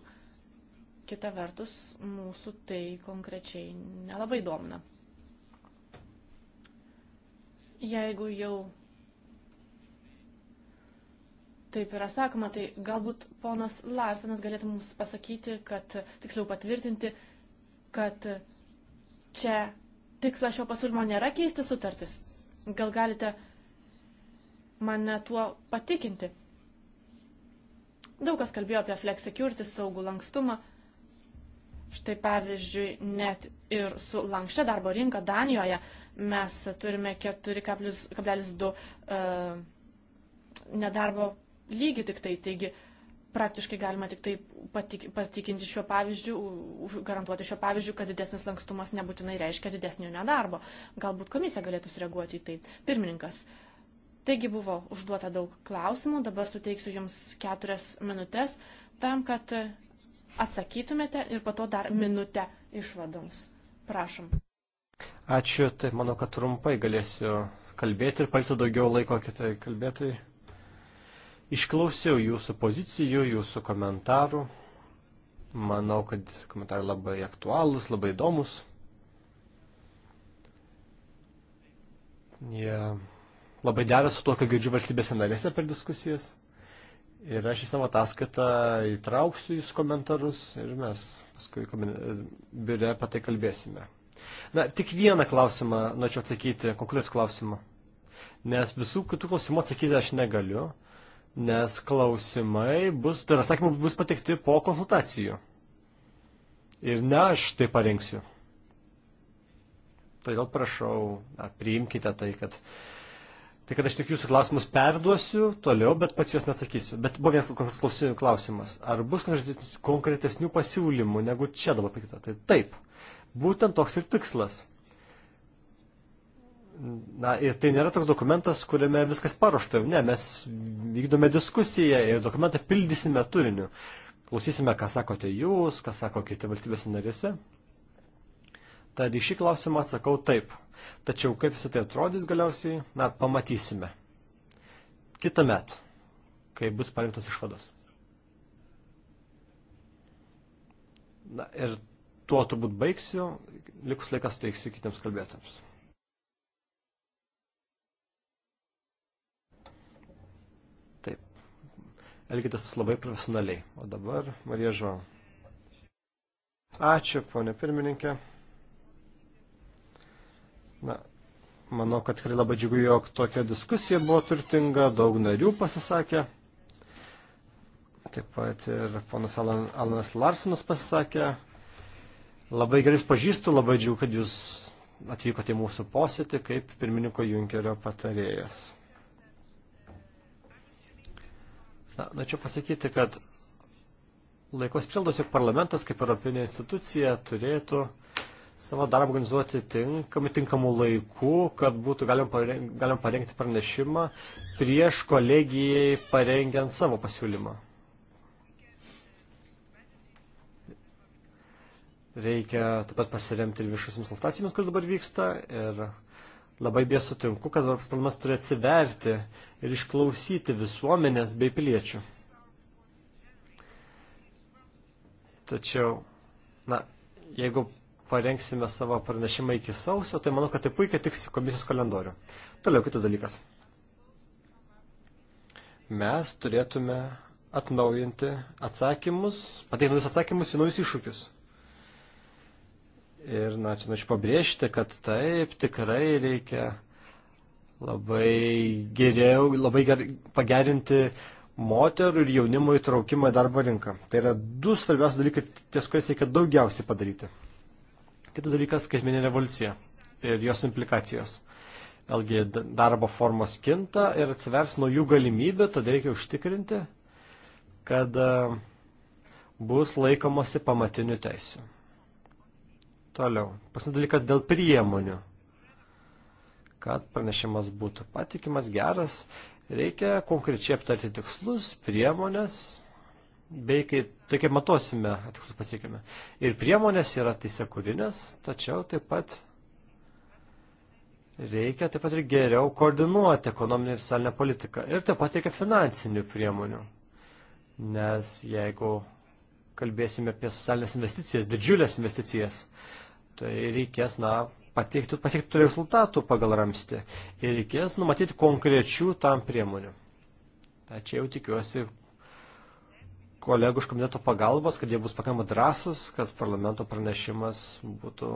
kita vertus mūsų tai konkrečiai nelabai domina. Jeigu jau taip yra sakoma, tai galbūt ponas Larsenas galėtų mums pasakyti, kad tiksliau patvirtinti, kad čia tikslas šio pasiūlymo nėra keisti sutartis. Gal galite mane tuo patikinti? Daug kas kalbėjo apie flexicurity, saugų lankstumą. Štai pavyzdžiui, net ir su lankščia darbo rinka Danijoje mes turime 4,2 e, nedarbo lygį tik tai, taigi praktiškai galima tik tai patik, patikinti šiuo pavyzdžiu, garantuoti šiuo pavyzdžiu, kad didesnis lankstumas nebūtinai reiškia didesnio nedarbo. Galbūt komisija galėtų sureaguoti į tai. Pirmininkas. Taigi buvo užduota daug klausimų, dabar suteiksiu Jums keturias minutės tam, kad atsakytumėte ir po to dar minutę išvadoms. Prašom. Ačiū, tai manau, kad trumpai galėsiu kalbėti ir palikti daugiau laiko kitai kalbėtojai. Išklausiau jūsų pozicijų, jūsų komentarų. Manau, kad komentarai labai aktualūs, labai įdomus. Jie ja. labai dera su to, ką girdžiu valstybėse narėse per diskusijas. Ir aš į savo ataskaitą įtrauksiu jūsų komentarus ir mes paskui biure apie tai kalbėsime. Na, tik vieną klausimą norėčiau atsakyti, konkretų klausimą. Nes visų kitų klausimų atsakyti aš negaliu, nes klausimai bus, tai yra atsakymai bus patikti po konsultacijų. Ir ne aš tai parinksiu. Todėl prašau, na, priimkite tai, kad, tai, kad aš tik jūsų klausimus perduosiu toliau, bet pats juos neatsakysiu. Bet buvo vienas klausimas. Ar bus konkretesnių pasiūlymų negu čia dabar pikta? Tai taip. Būtent toks ir tikslas. Na ir tai nėra toks dokumentas, kuriame viskas paruošta. Ne, mes vykdome diskusiją ir dokumentą pildysime turiniu. Klausysime, ką sakote jūs, ką sako kiti valstybės narėse. Tad į šį klausimą atsakau taip. Tačiau kaip visą tai atrodys galiausiai, na, pamatysime. Kita met, kai bus parinktos išvados. Na ir tuo turbūt baigsiu, likus laikas teiksiu kitiems kalbėtams. Taip, elgitės labai profesionaliai. O dabar Marija Žuo. Ačiū, ponė pirmininkė. Na, manau, kad tikrai labai džiugu, jog tokia diskusija buvo turtinga, daug narių pasisakė. Taip pat ir ponas Alanas Larsonas pasisakė, Labai gerai pažįstu, labai džiaugiu, kad jūs atvykote į mūsų posėdį kaip pirmininko Junkerio patarėjas. Na, norėčiau pasakyti, kad laikos prildos, jog parlamentas kaip europinė institucija turėtų savo darbą organizuoti tinkamai, tinkamų laikų, kad būtų galima parengti, galima parengti pranešimą prieš kolegijai parengiant savo pasiūlymą. reikia taip pat pasiremti ir viešusiams konsultacijomis, kur dabar vyksta. Ir labai bė sutinku, kad Europos parlamentas turi atsiverti ir išklausyti visuomenės bei piliečių. Tačiau, na, jeigu parengsime savo pranešimą iki sausio, tai manau, kad tai puikiai tiks į komisijos kalendorių. Toliau kitas dalykas. Mes turėtume atnaujinti atsakymus, pateikti naujus atsakymus į naujus iššūkius. Ir, na, čia norėčiau pabrėžti, kad taip, tikrai reikia labai geriau, labai ger, pagerinti moterų ir jaunimo įtraukimą į darbo rinką. Tai yra du svarbiausi dalykai, ties kuriais reikia daugiausiai padaryti. Kitas dalykas - skaitmeninė revoliucija ir jos implikacijos. Vėlgi darbo formos kinta ir atsivers naujų galimybių, todėl reikia užtikrinti, kad bus laikomasi pamatinių teisų. Toliau. Paskutinis dalykas dėl priemonių. Kad pranešimas būtų patikimas, geras, reikia konkrečiai aptarti tikslus, priemonės, bei kaip, tai kaip matosime, tikslus pasiekime. Ir priemonės yra teisėkūrinės, tačiau taip pat reikia taip pat ir geriau koordinuoti ekonominę ir socialinę politiką. Ir taip pat reikia finansinių priemonių. Nes jeigu kalbėsime apie socialinės investicijas, didžiulės investicijas, tai reikės, na, pateikti, pasiekti rezultatų pagal ramstį ir reikės numatyti konkrečių tam priemonių. Tačiau jau tikiuosi kolegų iš komiteto pagalbos, kad jie bus pakankamai drąsus, kad parlamento pranešimas būtų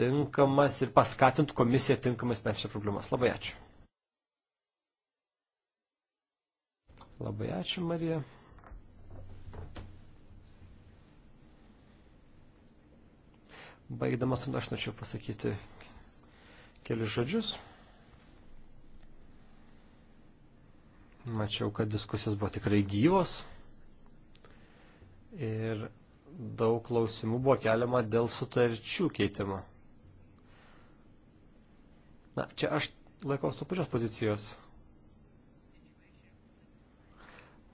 tinkamas ir paskatintų komisiją tinkamai spręsti šią problemas. Labai ačiū. Labai ačiū, Marija. Baigdamas, aš norėčiau pasakyti kelius žodžius. Mačiau, kad diskusijos buvo tikrai gyvos ir daug klausimų buvo keliama dėl sutarčių keitimo. Na, čia aš laikaus to pačios pozicijos.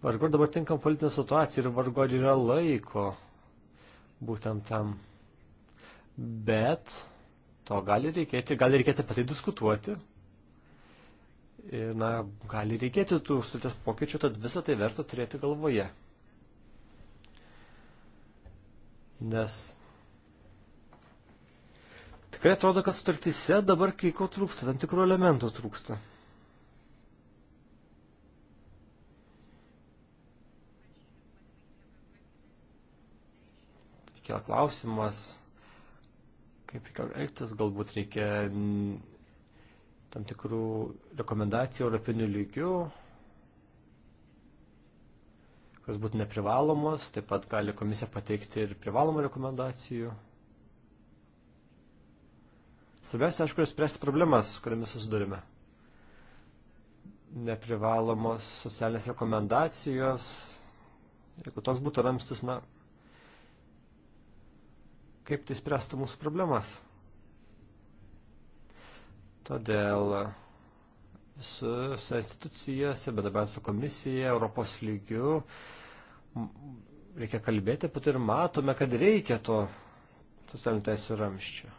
Vargu dabar tinkam politinę situaciją ir vargu ar yra laiko būtent tam bet to gali reikėti, gali reikėti apie tai diskutuoti. Ir, na, gali reikėti tų sutarties pokyčių, tad visą tai verta turėti galvoje. Nes tikrai atrodo, kad sutartyse dabar kai ko trūksta, tam tikrų elementų trūksta. Kėl klausimas, kaip elgtis, galbūt reikia tam tikrų rekomendacijų europinių lygių, kurios būtų neprivalomos, taip pat gali komisija pateikti ir privalomų rekomendacijų. Svarbiausia, aišku, yra spręsti problemas, kuriamis susidurime. Neprivalomos socialinės rekomendacijos, jeigu toks būtų ramstis, na, kaip tai spręstų mūsų problemas. Todėl visose institucijose, bedarbiant su komisija, Europos lygiu, reikia kalbėti apie tai ir matome, kad reikia to socialinių teisų ramščio.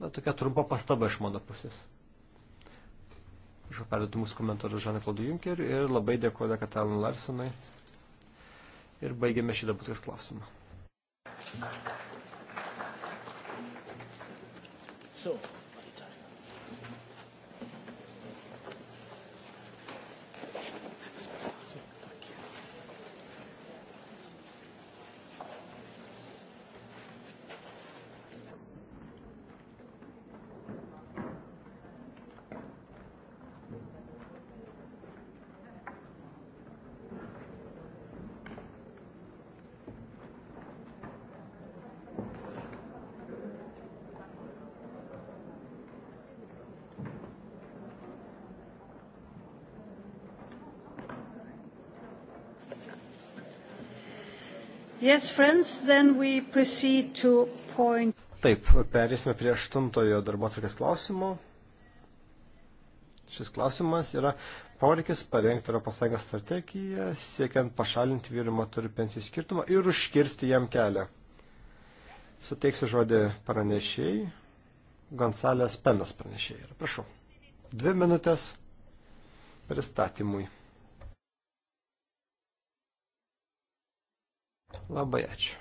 Na, tokia trumpa pastaba iš mano pusės. Aš perduodu mūsų komentarus Žanai Klaudui Junkeriu ir labai dėkoju Katalinui Larsonui. Ir baigiame šį dabartės klausimą. Thank you. So, Yes, friends, then we proceed to point. Taip, perėsime prie aštuntojo darbo atvarkės klausimo. Šis klausimas yra poreikis parengti ES strategiją, siekiant pašalinti vyrų moterų pensijų skirtumą ir užkirsti jam kelią. Suteiksiu žodį pranešėjai. Gonsalės Penas pranešėjai. Prašau. Dvi minutės pristatymui. Labai ačiū.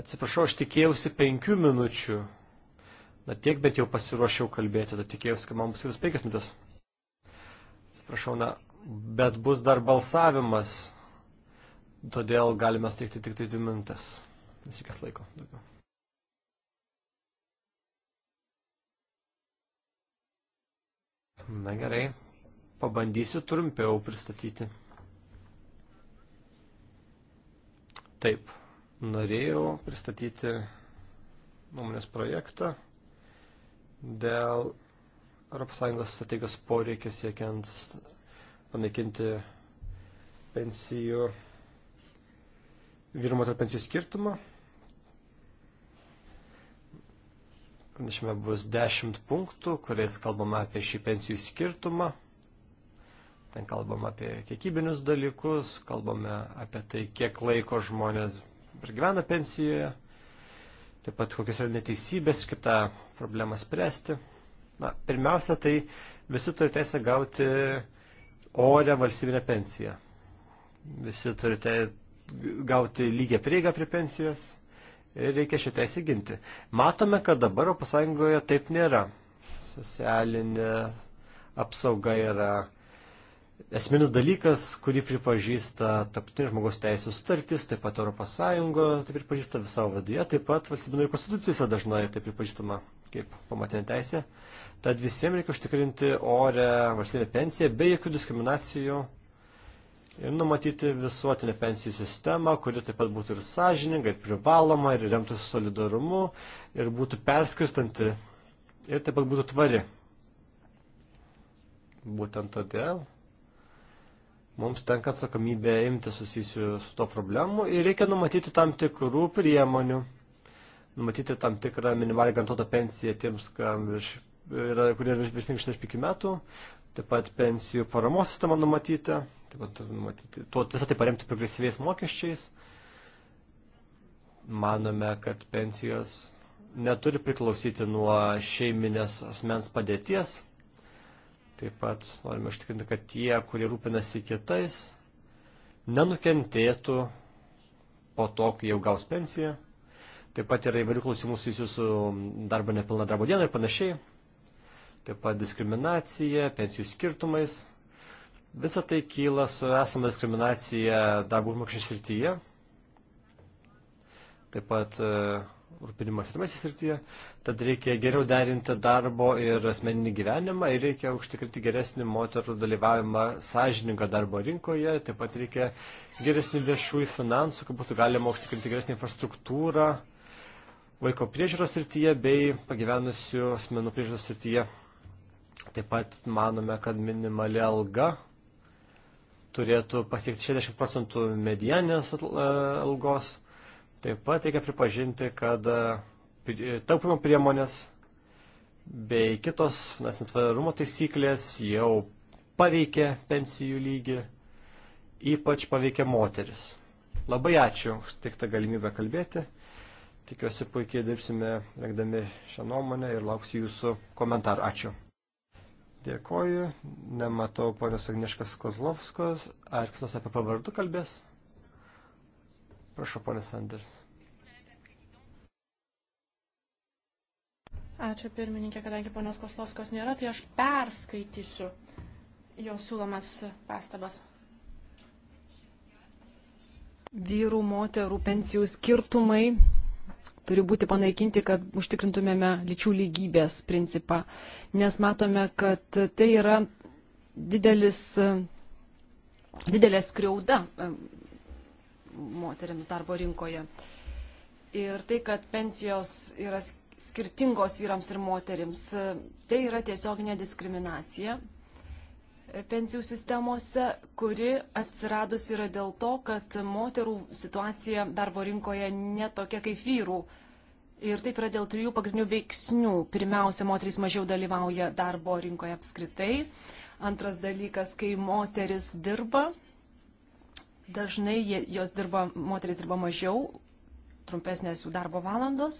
Atsiprašau, aš tikėjausi penkių minučių. Na tiek, bet jau pasiruošiau kalbėti, tad tikėjausi, kad man bus kitas penkias minutės. Atsiprašau, na, bet bus dar balsavimas, todėl galime suteikti tik tai dvi minutės. Nes reikės laiko daugiau. Na gerai, pabandysiu trumpiau pristatyti. Taip, norėjau pristatyti nuomonės projektą dėl ES strategijos poreikio siekiant panaikinti pensijų vyrų moterų pensijų skirtumą. Pranešime bus 10 punktų, kuriais kalbame apie šį pensijų skirtumą. Ten kalbam apie kiekybinius dalykus, kalbame apie tai, kiek laiko žmonės gyvena pensijoje, taip pat kokios yra neteisybės ir kaip tą problemą spręsti. Na, pirmiausia, tai visi turi teisę gauti orę valstybinę pensiją. Visi turite gauti lygią prieigą prie pensijos ir reikia šitą įsiginti. Matome, kad dabar ES taip nėra. Socialinė apsauga yra esminis dalykas, kurį pripažįsta tarptautinės žmogaus teisų sutartys, taip pat ES, taip pripažįsta visą viduje, taip pat valstybinėje konstitucijose dažnai tai pripažįstama kaip pamatinė teisė. Tad visiems reikia užtikrinti orę valstybinę pensiją be jokių diskriminacijų ir numatyti visuotinę pensijų sistemą, kuri taip pat būtų ir sąžininga, ir privaloma, ir remtų solidarumu, ir būtų perskirstanti, ir taip pat būtų tvari. Būtent todėl Mums tenka atsakomybė imti susijusių su to problemu ir reikia numatyti tam tikrų priemonių, numatyti tam tikrą minimalią garantuotą pensiją tiems, virš, yra, kurie yra virš 65 metų, taip pat pensijų paramos sistema numatyti, taip pat numatyti, tuo visą tai paremti progresyviais mokesčiais. Manome, kad pensijos neturi priklausyti nuo šeiminės asmens padėties Taip pat norime užtikrinti, kad tie, kurie rūpinasi kitais, nenukentėtų po to, kai jau gaus pensiją. Taip pat yra įvairių klausimų susijusių su darbo nepilna darbo diena ir panašiai. Taip pat diskriminacija, pensijų skirtumais. Visa tai kyla su esama diskriminacija darbo užmokesčio srityje. Taip pat uh, rūpinimas artimasis srityje, tad reikia geriau derinti darbo ir asmeninį gyvenimą ir reikia užtikrinti geresnį moterų dalyvavimą sąžininką darbo rinkoje, taip pat reikia geresnių viešųjų finansų, kad būtų galima užtikrinti geresnį infrastruktūrą vaiko priežiūros srityje bei pagyvenusių asmenų priežiūros srityje. Taip pat manome, kad minimali alga turėtų pasiekti 60 procentų medianės e, algos Taip pat reikia pripažinti, kad e, e, taupimo priemonės bei kitos finansinio tvarumo taisyklės jau paveikė pensijų lygį, ypač paveikė moteris. Labai ačiū už tiktą galimybę kalbėti. Tikiuosi puikiai dirbsime, rengdami šią nuomonę ir lauksiu jūsų komentarų. Ačiū. Dėkoju. Nematau ponios Agniškas Kozlovskos. Ar kas nors apie pavardų kalbės? Prašau, ponė Sanders. Ačiū pirmininkė, kadangi ponios Koslovskos nėra, tai aš perskaitysiu jo siūlomas pastabas. Vyrų, moterų pensijų skirtumai turi būti panaikinti, kad užtikrintumėme lyčių lygybės principą, nes matome, kad tai yra didelis, didelė skriauda moteriams darbo rinkoje. Ir tai, kad pensijos yra skirtingos vyrams ir moterims, tai yra tiesioginė diskriminacija e, pensijų sistemose, kuri atsiradus yra dėl to, kad moterų situacija darbo rinkoje netokia kaip vyrų. Ir taip yra dėl trijų pagrindinių veiksnių. Pirmiausia, moterys mažiau dalyvauja darbo rinkoje apskritai. Antras dalykas, kai moteris dirba, Dažnai jos dirba, moteris dirba mažiau, trumpesnės jų darbo valandos.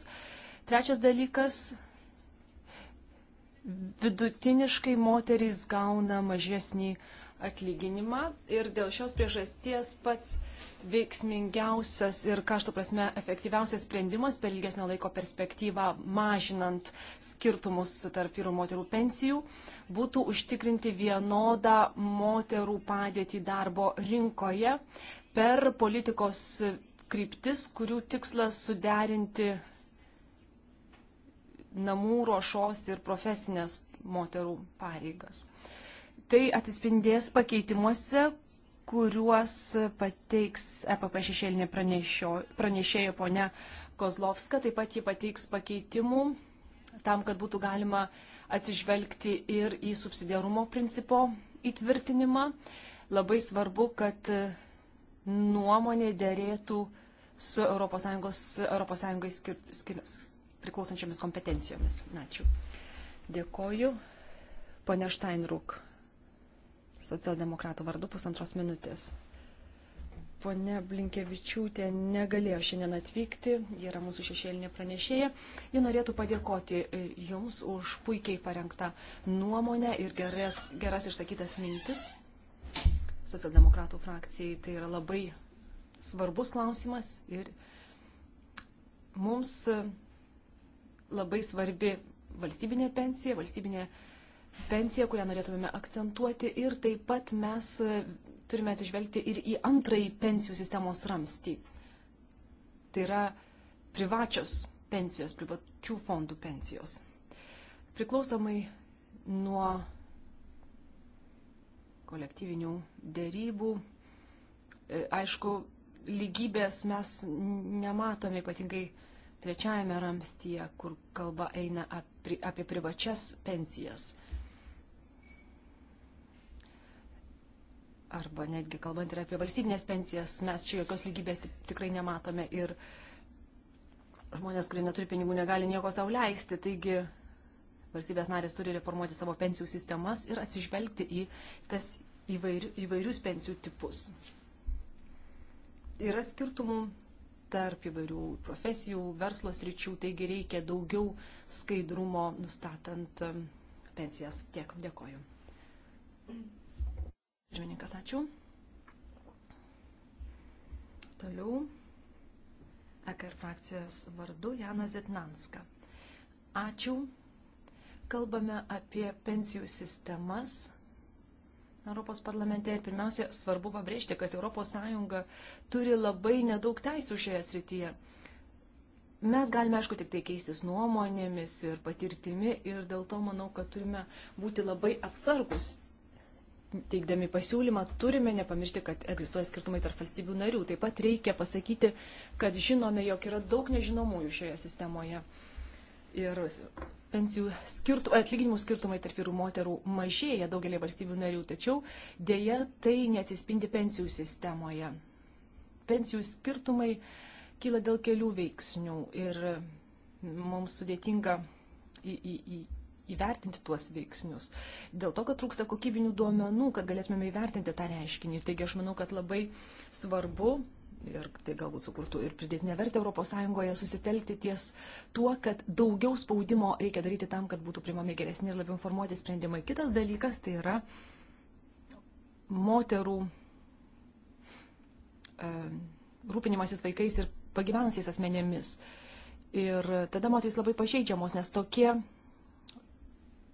Trečias dalykas vidutiniškai moterys gauna mažesnį atlyginimą ir dėl šios priežasties pats veiksmingiausias ir kaštų prasme efektyviausias sprendimas per ilgesnio laiko perspektyvą mažinant skirtumus tarp vyrų ir moterų pensijų būtų užtikrinti vienodą moterų padėtį darbo rinkoje per politikos kryptis, kurių tikslas suderinti namų ruošos ir profesinės moterų pareigas. Tai atsispindės pakeitimuose, kuriuos pateiks EPP šešėlinė pranešėja ponia Kozlovska. Taip pat ji pateiks pakeitimų tam, kad būtų galima uh, atsižvelgti ir į subsidiarumo principo įtvirtinimą. Labai svarbu, kad nuomonė dėrėtų su ES, ES skir, skir, priklausančiomis kompetencijomis. Ačiū. Dėkoju. Pone Steinruk, socialdemokratų vardu pusantros minutės. Pone Blinkevičiūtė negalėjo šiandien atvykti, ji yra mūsų šešėlinė pranešėja. Ji norėtų padėkoti e, Jums už puikiai parengtą nuomonę ir geras, geras išsakytas mintis. Socialdemokratų frakcijai tai yra labai svarbus klausimas ir mums e, labai svarbi valstybinė pensija, valstybinė pensija, kurią norėtumėme akcentuoti ir taip pat mes e, turime atsižvelgti ir į antrąjį pensijų sistemos ramstį. Tai yra privačios pensijos, privačių fondų pensijos. Priklausomai nuo kolektyvinių dėrybų, e, aišku, lygybės mes nematome ypatingai trečiajame ramstyje, kur kalba eina apie privačias pensijas – arba netgi kalbant ir apie valstybinės pensijas, mes čia jokios lygybės tikrai nematome ir žmonės, kurie neturi pinigų, negali nieko savo leisti. Taigi valstybės narės turi reformuoti savo pensijų sistemas ir atsižvelgti į tas įvairi, įvairius pensijų tipus. Yra skirtumų tarp įvairių profesijų, verslo sričių, taigi reikia daugiau skaidrumo nustatant um, pensijas. Tiek, dėkoju. Thank you. Pirmininkas, ačiū. Toliau. EKR frakcijos vardu Janas Zitnanska. Ačiū. Kalbame apie pensijų sistemas Europos parlamente ir pirmiausia svarbu pabrėžti, kad ES turi labai nedaug teisų šioje srityje. Mes galime, aišku, tik tai keistis nuomonėmis ir patirtimi ir dėl to manau, kad turime būti labai atsargus teikdami pasiūlymą turime nepamiršti, kad egzistuoja skirtumai tarp valstybių narių. Taip pat reikia pasakyti, kad žinome, jog yra daug nežinomųjų šioje sistemoje. Ir pensijų skirtų, atlyginimų skirtumai tarp vyrų moterų mažėja daugelį valstybių narių, tačiau dėja tai neatsispindi pensijų sistemoje. Pensijų skirtumai kyla dėl kelių veiksnių ir mums sudėtinga į, į, į, įvertinti tuos veiksnius. Dėl to, kad trūksta kokybinių duomenų, kad galėtumėme įvertinti tą reiškinį. Taigi aš manau, kad labai svarbu ir tai galbūt sukurtų ir pridėtinę vertę ES susitelkti ties tuo, kad daugiau spaudimo reikia daryti tam, kad būtų primami geresni ir labiau informuoti sprendimai. Kitas dalykas tai yra moterų e, rūpinimasis vaikais ir pagyvenusiais asmenėmis. Ir tada moteris labai pažeidžiamos, nes tokie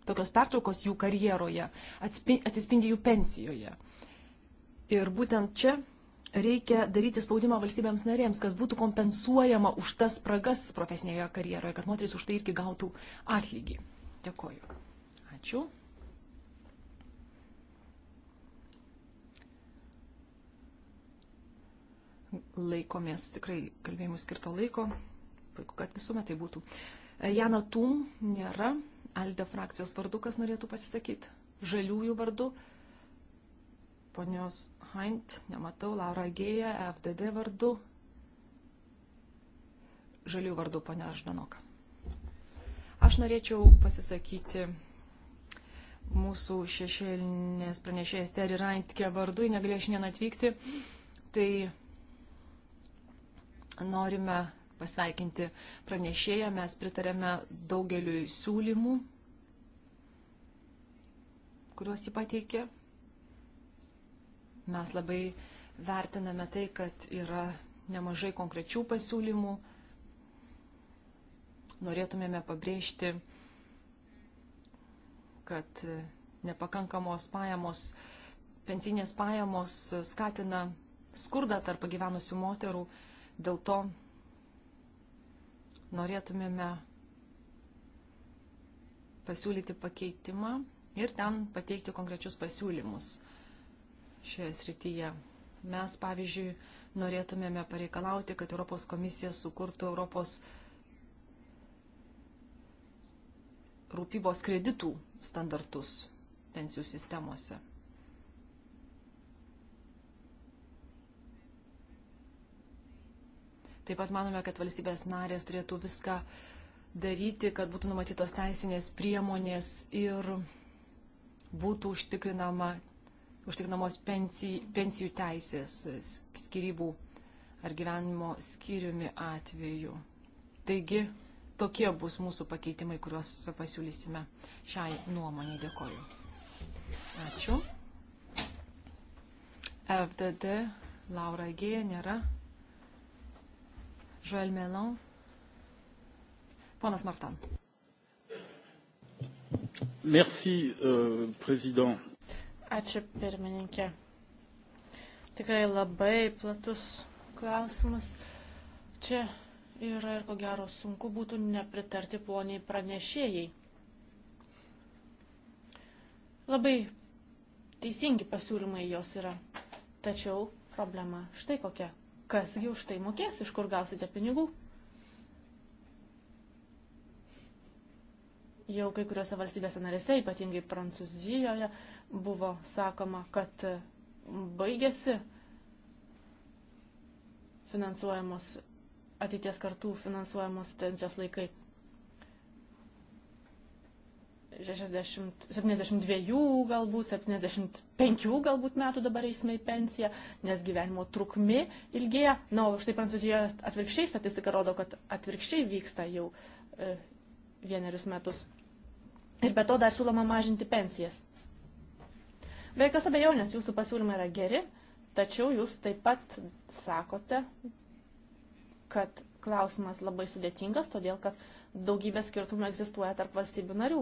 tokios pertraukos jų karjeroje atsispindi jų pensijoje. Ir būtent čia reikia daryti spaudimą valstybėms narėms, kad būtų kompensuojama už tas spragas profesinėje karjeroje, kad moteris už tai irgi gautų atlygį. Dėkoju. Ačiū. Laikomės tikrai kalbėjimų skirto laiko. Puiku, kad visuomet tai būtų. Jana Tum nėra. Alde frakcijos vardu, kas norėtų pasisakyti? Žaliųjų vardu. Ponios Haint, nematau, Laura Gėja, FDD vardu. Žaliųjų vardu, ponia Ždanoka. Aš norėčiau pasisakyti mūsų šešėlinės pranešėjas Terry Raintke vardu, negalėjo šiandien atvykti. Tai norime pasveikinti pranešėją. Mes pritarėme daugeliu siūlymų, kuriuos jį pateikė. Mes labai vertiname tai, kad yra nemažai konkrečių pasiūlymų. Norėtumėme pabrėžti, kad nepakankamos pajamos, pensinės pajamos skatina skurdą tarp gyvenusių moterų. Dėl to norėtumėme pasiūlyti pakeitimą ir ten pateikti konkrečius pasiūlymus šioje srityje. Mes, pavyzdžiui, norėtumėme pareikalauti, kad Europos komisija sukurtų Europos rūpybos kreditų standartus pensijų sistemose. Taip pat manome, kad valstybės narės turėtų viską daryti, kad būtų numatytos teisinės priemonės ir būtų užtikrinama, užtikrinamos pensijų, pensijų teisės skirybų ar gyvenimo skyriumi atveju. Taigi, tokie bus mūsų pakeitimai, kuriuos pasiūlysime šiai nuomonė. Dėkoju. Ačiū. FDD Laura Gėja nėra. Joel Melan. Ponas Martan. Merci, uh, prezident. Ačiū, pirmininkė. Tikrai labai platus klausimas. Čia yra ir ko gero sunku būtų nepritarti poniai pranešėjai. Labai teisingi pasiūlymai jos yra. Tačiau problema štai kokia kasgi už tai mokės, iš kur gausite pinigų. Jau kai kuriuose valstybėse narėse, ypatingai Prancūzijoje, buvo sakoma, kad baigėsi finansuojamos ateities kartų finansuojamos tencijos laikai. 60, 72, galbūt 75 galbūt metų dabar eisime į pensiją, nes gyvenimo trukmi ilgėja. Na, o štai Prancūzijoje atvirkščiai statistika rodo, kad atvirkščiai vyksta jau e, vienerius metus. Ir be to dar siūloma mažinti pensijas. Be jokios abejonės, jūsų pasiūlymai yra geri, tačiau jūs taip pat sakote, kad klausimas labai sudėtingas, todėl kad daugybė skirtumų egzistuoja tarp valstybių narių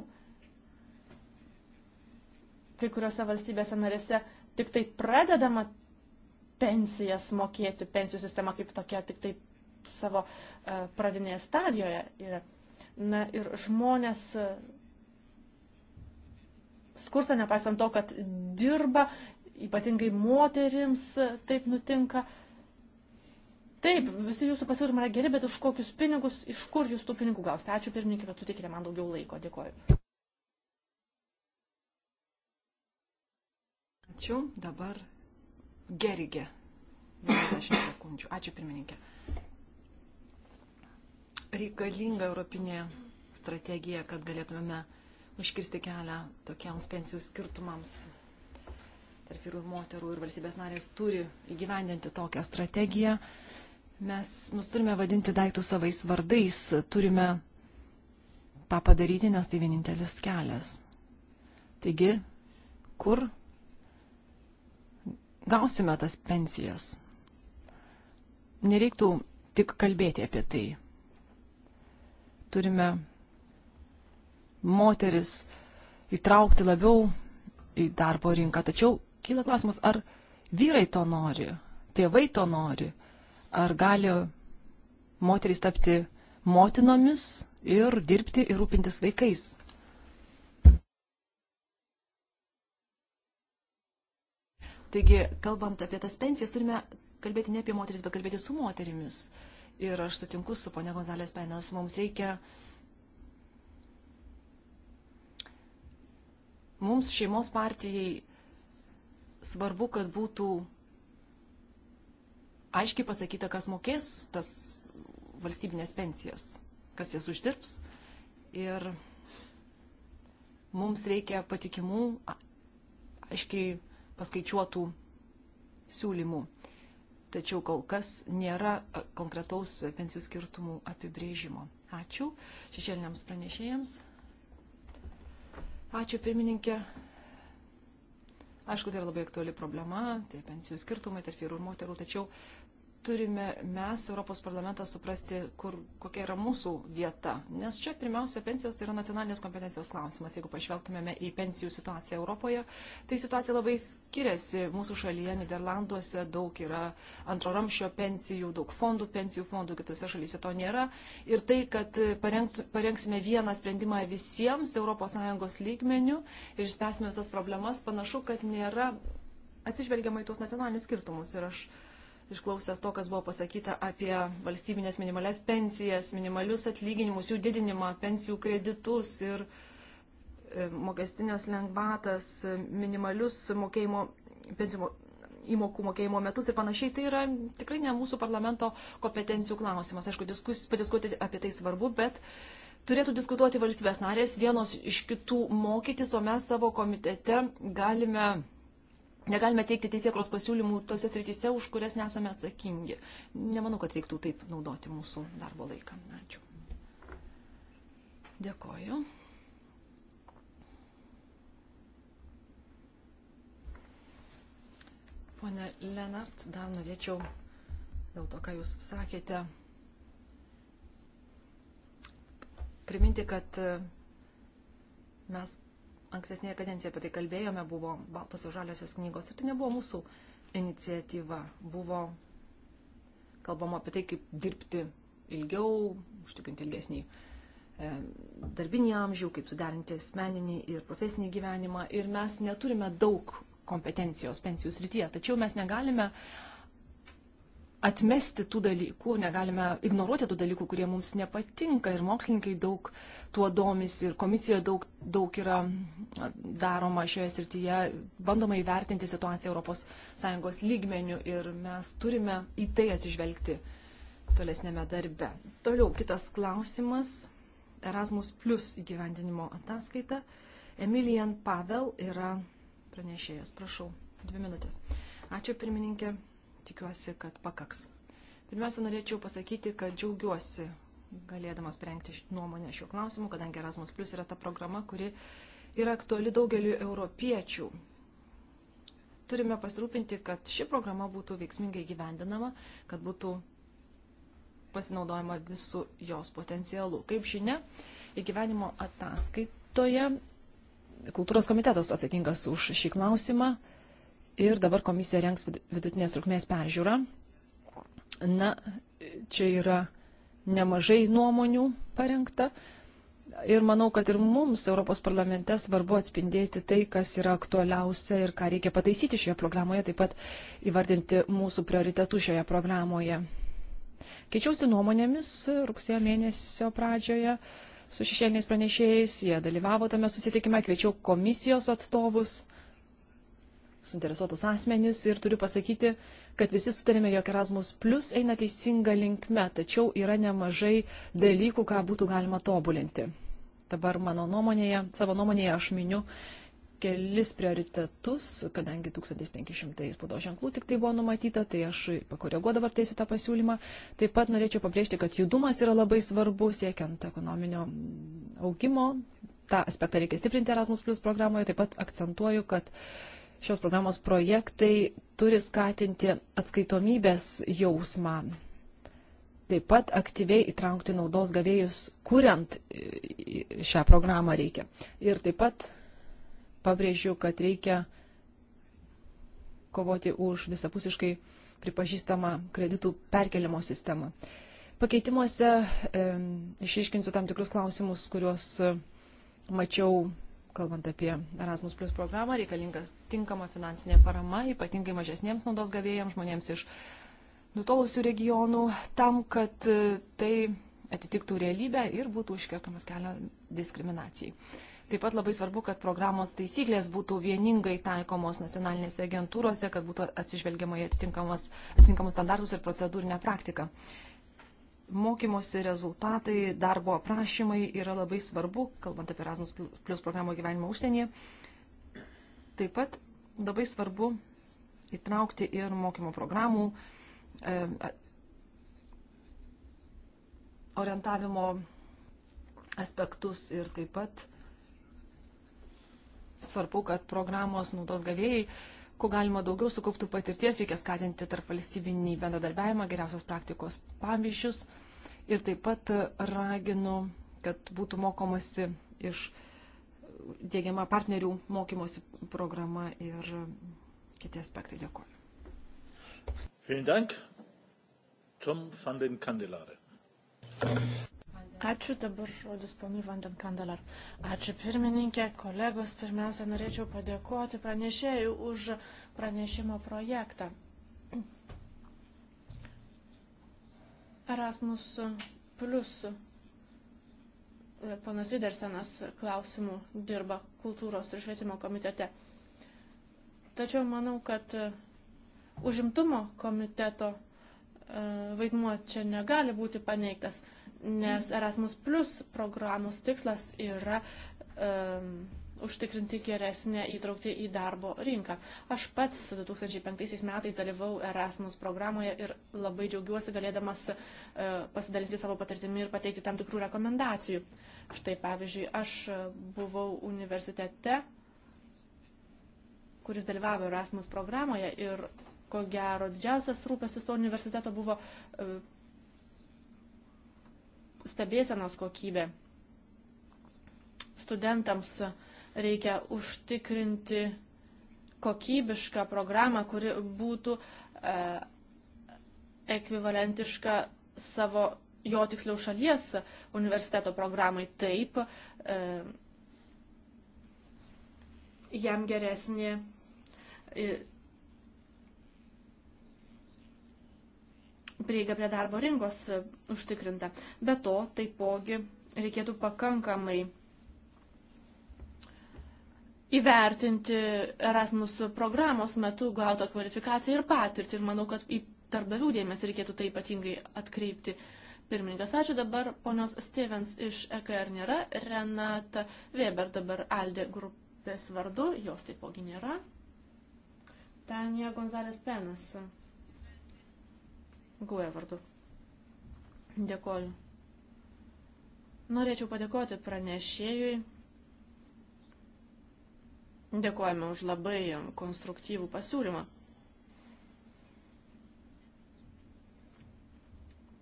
kai kuriuose valstybėse narėse tik tai pradedama pensijas mokėti, pensijų sistema kaip tokia tik tai savo e, pradinėje stadijoje yra. Na ir žmonės e, skursta, nepaisant to, kad dirba, ypatingai moterims e, taip nutinka. Taip, visi jūsų pasiūlymai yra geri, bet už kokius pinigus, iš kur jūs tų pinigų gausite? Ačiū pirmininkai, kad sutikite man daugiau laiko. Dėkuoju. Ačiū. Dabar gerigė. 90 sekundžių. Ačiū pirmininkė. Reikalinga europinė strategija, kad galėtumėme užkirsti kelią tokiems pensijų skirtumams tarp vyrų ir moterų ir valstybės narės turi įgyvendinti tokią strategiją. Mes mus turime vadinti daiktus savais vardais, turime tą padaryti, nes tai vienintelis kelias. Taigi, kur gausime tas pensijas. Nereiktų tik kalbėti apie tai. Turime moteris įtraukti labiau į darbo rinką. Tačiau kyla klausimas, ar vyrai to nori, tėvai to nori, ar gali moterys tapti motinomis ir dirbti ir rūpintis vaikais. Taigi, kalbant apie tas pensijas, turime kalbėti ne apie moteris, bet kalbėti su moterimis. Ir aš sutinku su ponia Gonzalės Penas, mums reikia. Mums šeimos partijai svarbu, kad būtų aiškiai pasakyta, kas mokės tas valstybinės pensijas, kas jas uždirbs. Ir mums reikia patikimų, aiškiai paskaičiuotų siūlymų. Tačiau kol kas nėra e, konkretaus pensijų skirtumų apibrėžimo. Ačiū šešėliniams pranešėjams. Ačiū pirmininkė. Aišku, tai yra labai aktuali problema, tai pensijų skirtumai tarp vyrų ir moterų, tačiau uh, turime mes, Europos parlamentas, suprasti, kur, kokia yra mūsų vieta. Nes čia pirmiausia pensijos tai yra nacionalinės kompetencijos klausimas. Jeigu pažvelgtumėme į pensijų situaciją Europoje, tai situacija labai skiriasi. Mūsų šalyje, Niderlanduose daug yra antroramšio pensijų, daug fondų, pensijų fondų, kitose šalyse to nėra. Ir tai, kad parengs, parengsime vieną sprendimą visiems ES lygmenių ir spręsime visas problemas, panašu, kad nėra atsižvelgiama į tuos nacionalinius skirtumus. Ir aš išklausęs to, kas buvo pasakyta apie valstybinės minimales pensijas, minimalius atlyginimus, jų didinimą, pensijų kreditus ir e, mokestinės lengvatas, minimalius mokėjimo, pensijų įmokų mokėjimo metus ir panašiai, tai yra tikrai ne mūsų parlamento kompetencijų klausimas. Aišku, diskus, padiskuoti apie tai svarbu, bet turėtų diskutuoti valstybės narės vienos iš kitų mokytis, o mes savo komitete galime Negalime teikti teisėkros pasiūlymų tose srityse, už kurias nesame atsakingi. Nemanau, kad reiktų taip naudoti mūsų darbo laiką. Ačiū. Dėkoju. Pone Lenart, dar norėčiau dėl to, ką Jūs sakėte, priminti, kad mes ankstesnėje kadencijoje apie tai kalbėjome, buvo Baltosios žaliosios knygos ir tai nebuvo mūsų iniciatyva. Buvo kalbama apie tai, kaip dirbti ilgiau, užtikrinti ilgesnį e, darbinį amžių, kaip suderinti asmeninį ir profesinį gyvenimą. Ir mes neturime daug kompetencijos pensijų srityje, tačiau mes negalime uh, atmesti tų dalykų, negalime ignoruoti tų dalykų, kurie mums nepatinka ir mokslininkai daug tuo domisi ir komisijoje daug, daug yra daroma šioje srityje, bandoma įvertinti situaciją ES lygmenių ir mes turime į tai atsižvelgti tolesnėme darbe. Toliau kitas klausimas - Erasmus Plus įgyvendinimo ataskaita. Emilijan Pavel yra pranešėjas, prašau, dvi minutės. Ačiū pirmininkė tikiuosi, kad pakaks. Pirmiausia, norėčiau pasakyti, kad džiaugiuosi galėdamas prengti nuomonę šiuo klausimu, kadangi Erasmus Plus yra ta programa, kuri yra aktuali daugeliu europiečių. Turime pasirūpinti, kad ši programa būtų veiksmingai gyvendinama, kad būtų pasinaudojama visų jos potencialų. Kaip žinia, įgyvenimo ataskaitoje kultūros komitetas atsakingas už šį klausimą ir dabar komisija rengs vidutinės trukmės peržiūrą. Na, čia yra nemažai nuomonių parengta. Ir manau, kad ir mums Europos parlamente svarbu atspindėti tai, kas yra aktualiausia ir ką reikia pataisyti šioje programoje, taip pat įvardinti mūsų prioritetų šioje programoje. Keičiausi nuomonėmis rugsėjo mėnesio pradžioje su šešėliniais pranešėjais, jie dalyvavo tame susitikime, kviečiau komisijos atstovus suinteresuotus asmenis ir turiu pasakyti, kad visi sutarėme, jog Erasmus Plus eina teisinga linkme, tačiau yra nemažai dalykų, ką būtų galima tobulinti. Dabar mano nuomonėje, savo nuomonėje aš miniu kelis prioritetus, kadangi 1500 spaudos ženklų tik tai buvo numatyta, tai aš pakoreguoju dabar teisiu tą pasiūlymą. Taip pat norėčiau pabrėžti, kad judumas yra labai svarbu siekiant ekonominio augimo. Ta aspektą reikia stiprinti Erasmus Plus programoje. Taip pat akcentuoju, kad šios programos projektai turi skatinti atskaitomybės jausmą. Taip pat aktyviai įtraukti naudos gavėjus, kuriant šią programą reikia. Ir taip pat pabrėžiu, kad reikia kovoti už visapusiškai pripažįstamą kreditų perkelimo sistemą. Pakeitimuose e, išiškinsiu tam tikrus klausimus, kuriuos e, mačiau kalbant apie Erasmus Plus programą, reikalingas tinkama finansinė parama, ypatingai mažesniems naudos gavėjams, žmonėms iš nutolusių regionų, tam, kad e, tai atitiktų realybę ir būtų užkirtamas kelio diskriminacijai. Taip pat labai svarbu, kad programos taisyklės būtų vieningai taikomos nacionalinėse agentūrose, kad būtų atsižvelgiama į atitinkamus standartus ir procedūrinę praktiką. Uh, mokymosi rezultatai, darbo aprašymai yra labai svarbu, kalbant apie Erasmus Plus programų gyvenimą užsienyje. Taip pat labai svarbu įtraukti ir mokymo programų e, orientavimo aspektus ir taip pat svarbu, kad programos naudos gavėjai kuo galima daugiau sukauptų patirties, reikia skatinti tarp valstybinį bendradarbiavimą, geriausios praktikos pavyzdžius. Ir taip pat raginu, kad būtų mokomasi iš dėgiama partnerių mokymosi programa ir kiti aspektai. Dėkuoju. Vielen Dank. Tom van den Kandelare. Ačiū dabar žodis ponui Vandenkandalar. Ačiū pirmininkė, kolegos. Pirmiausia, norėčiau padėkoti pranešėjų už pranešimo projektą. Erasmus plus panas Vidersenas klausimų dirba kultūros ir švietimo komitete. Tačiau manau, kad užimtumo komiteto e, vaidmuo čia negali būti paneigtas nes Erasmus Plus programos tikslas yra um, užtikrinti geresnę įtraukti į darbo rinką. Aš pats 2005 metais dalyvau Erasmus programoje ir labai džiaugiuosi galėdamas uh, pasidalinti savo patirtimi ir pateikti tam tikrų rekomendacijų. Štai pavyzdžiui, aš e, buvau universitete, kuris dalyvavo Erasmus programoje ir ko gero didžiausias rūpestis to universiteto buvo uh, stebėsenos kokybė. Studentams reikia užtikrinti kokybišką programą, kuri būtų e, ekvivalentiška savo, jo tiksliau šalies universiteto programai. Taip, e, jam geresnė prieiga prie darbo rinkos e, užtikrinta. Be to, taipogi reikėtų pakankamai įvertinti Erasmus programos metu gautą kvalifikaciją ir patirtį. Ir manau, kad į darbdavių dėmesį reikėtų tai ypatingai atkreipti. Pirmininkas, ačiū dabar ponios Stevens iš EKR nėra, Renata Weber dabar Aldė grupės vardu, jos taipogi nėra. Tanja Gonzalės Penas Guoja vardu. Dėkoju. Norėčiau padėkoti pranešėjui. Dėkojame už labai konstruktyvų pasiūlymą.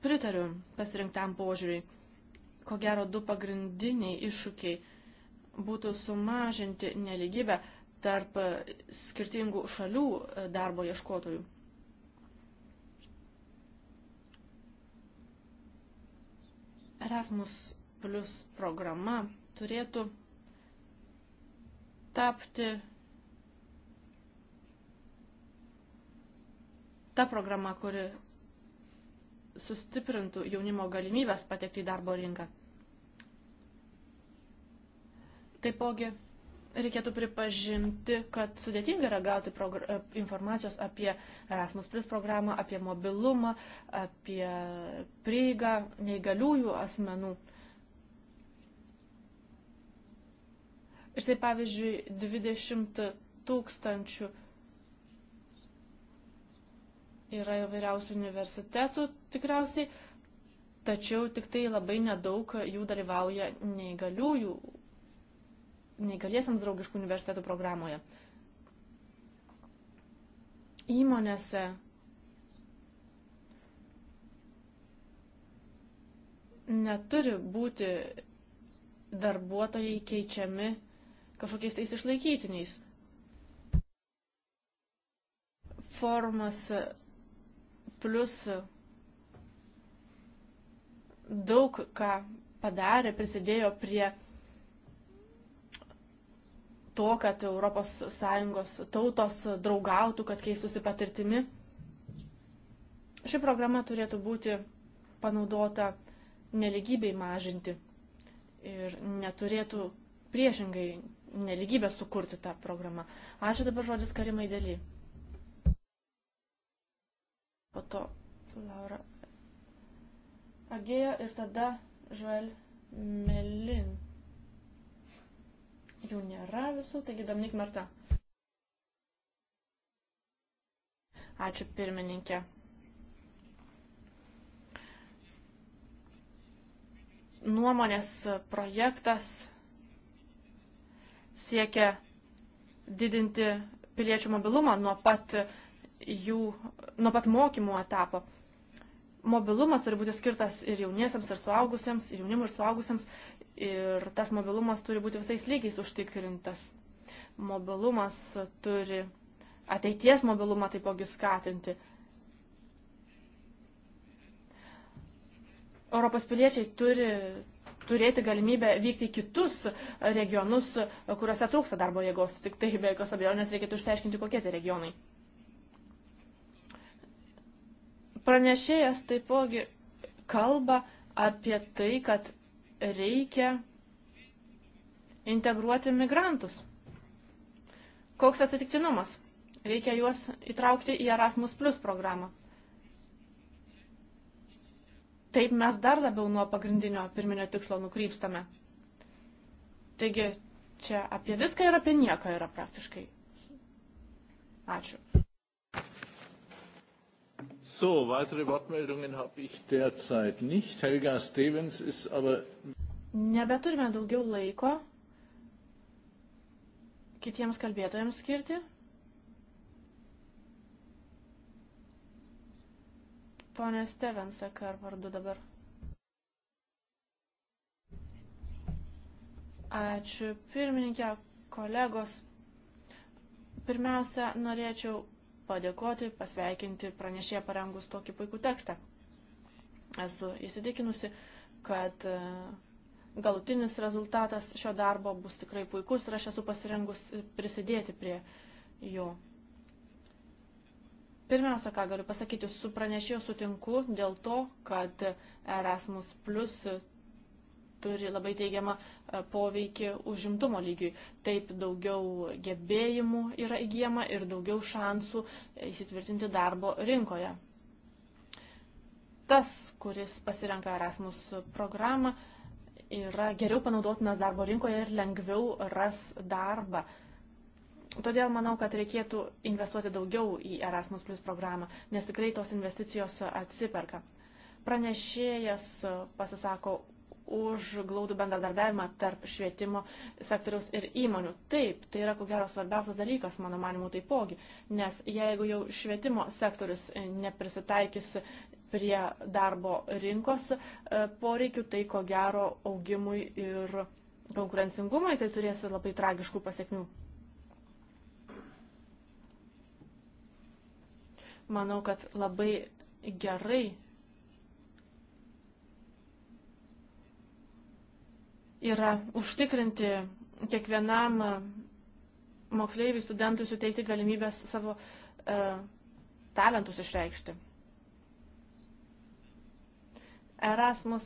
Pritariu pasirinktam požiūriui. Ko gero, du pagrindiniai iššūkiai būtų sumažinti neligybę tarp skirtingų šalių darbo ieškotojų. Erasmus Plus programa turėtų tapti ta programa, kuri sustiprintų jaunimo galimybės patekti į darbo rinką. Taipogi reikėtų pripažinti, kad sudėtinga yra gauti e, informacijos apie Erasmus Plus programą, apie mobilumą, apie prieigą neįgaliųjų asmenų. Ir štai pavyzdžiui, 20 tūkstančių yra įvairiausių universitetų tikriausiai, tačiau tik tai labai nedaug jų dalyvauja neįgaliųjų neįgaliesiams draugiškų universitetų programoje. Įmonėse neturi būti darbuotojai keičiami kažkokiais tais išlaikytiniais. Formas plus daug ką padarė, prisidėjo prie to, kad ES tautos draugautų, kad keistųsi patirtimi. Ši programa turėtų būti panaudota neligybei mažinti ir neturėtų priešingai neligybę sukurti tą programą. Ačiū dabar žodis Karimai Dėly. Po to Laura Agėjo ir tada Joel Melin. Jų nėra visų, taigi Dominik Marta. Ačiū pirmininkė. Nuomonės projektas siekia didinti piliečių mobilumą nuo pat, jų, nuo pat mokymų etapo. Mobilumas turi būti skirtas ir jauniesiams, ir suaugusiems, ir jaunimui, ir suaugusiems ir tas mobilumas turi būti visais lygiais užtikrintas. Mobilumas turi ateities mobilumą taipogi skatinti. Europos piliečiai turi turėti galimybę vykti į kitus regionus, kuriuose trūksta darbo jėgos. Tik tai be jokios abejonės reikėtų išsiaiškinti, kokie tai regionai. Pranešėjas taipogi kalba apie tai, kad reikia integruoti migrantus. Koks atsitiktinumas? Reikia juos įtraukti į Erasmus Plus programą. Taip mes dar labiau nuo pagrindinio pirminio tikslo nukrypstame. Taigi čia apie viską ir apie nieką yra praktiškai. Ačiū. So, weitere Wortmeldungen habe ich derzeit nicht. Helga Stevens ist aber. Nebeturime daugiau laiko kitiems kalbėtojams skirti. Pone Stevens, ar vardu dabar? Ačiū pirmininkė, kolegos. Pirmiausia, norėčiau padėkoti, pasveikinti pranešėją parengus tokį puikų tekstą. Esu įsitikinusi, kad e, galutinis rezultatas šio darbo bus tikrai puikus ir aš esu pasirengus prisidėti prie jo. Pirmiausia, ką galiu pasakyti, su pranešėju sutinku dėl to, kad Erasmus Plus turi labai teigiamą e, poveikį užimtumo lygiui. Taip daugiau gebėjimų yra įgyjama ir daugiau šansų įsitvirtinti darbo rinkoje. Tas, kuris pasirenka Erasmus programą, yra geriau panaudotinas darbo rinkoje ir lengviau ras darbą. Todėl manau, kad reikėtų investuoti daugiau į Erasmus Plus programą, nes tikrai tos investicijos atsiperka. Pranešėjas pasisako už glaudų bendradarbiavimą tarp švietimo sektoriaus ir įmonių. Taip, tai yra ko gero svarbiausias dalykas, mano manimu, taipogi, nes jeigu jau švietimo sektorius neprisitaikys prie darbo rinkos e, poreikių, tai ko gero augimui ir konkurencingumui tai turės labai tragiškų pasiekmių. Manau, kad labai gerai yra užtikrinti kiekvienam e, moksleiviui, studentui suteikti galimybės savo e, talentus išreikšti. Erasmus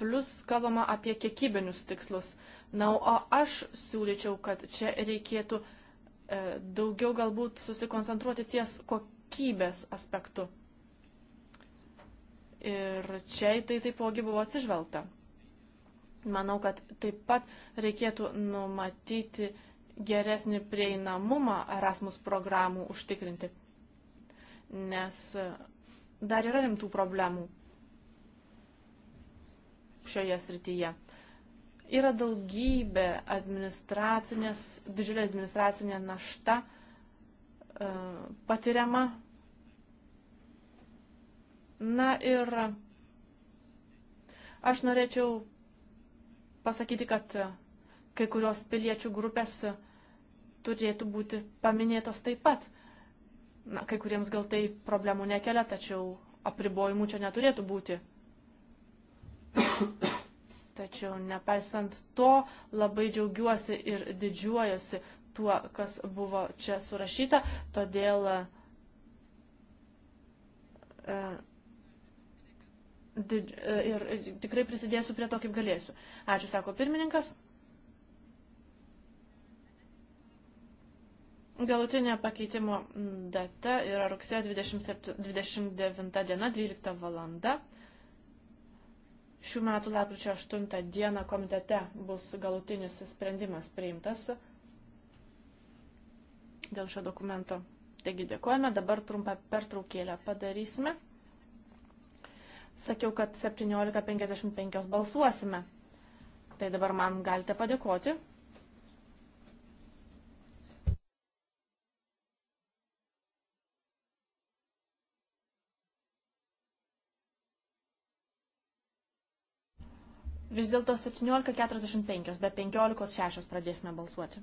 plus kalbama apie kiekybinius tikslus. Na, o aš siūlyčiau, kad čia reikėtų e, daugiau galbūt susikoncentruoti ties kokybės aspektu. Ir čia tai taipogi buvo atsižvelgta. Manau, kad taip pat reikėtų numatyti geresnį prieinamumą Erasmus programų užtikrinti. Nes dar yra rimtų problemų šioje srityje. Yra daugybė administracinės, didžiulė administracinė našta e, patiriama Na ir aš norėčiau pasakyti, kad kai kurios piliečių grupės turėtų būti paminėtos taip pat. Na, kai kuriems gal tai problemų nekelia, tačiau apribojimų čia neturėtų būti. Tačiau nepaisant to, labai džiaugiuosi ir didžiuojuosi tuo, kas buvo čia surašyta, todėl e, E, ir e, tikrai prisidėsiu prie to, kaip galėsiu. Ačiū, sako pirmininkas. Galutinė pakeitimo data yra rugsėjo 29 diena, 12 valanda. Šių metų lapkričio 8 dieną komitete bus galutinis sprendimas priimtas dėl šio dokumento. Taigi dėkojame, dabar trumpą pertraukėlę padarysime sakiau, kad 17.55 balsuosime. Tai dabar man galite padėkoti. Vis dėlto 17.45, be 15.06 pradėsime balsuoti.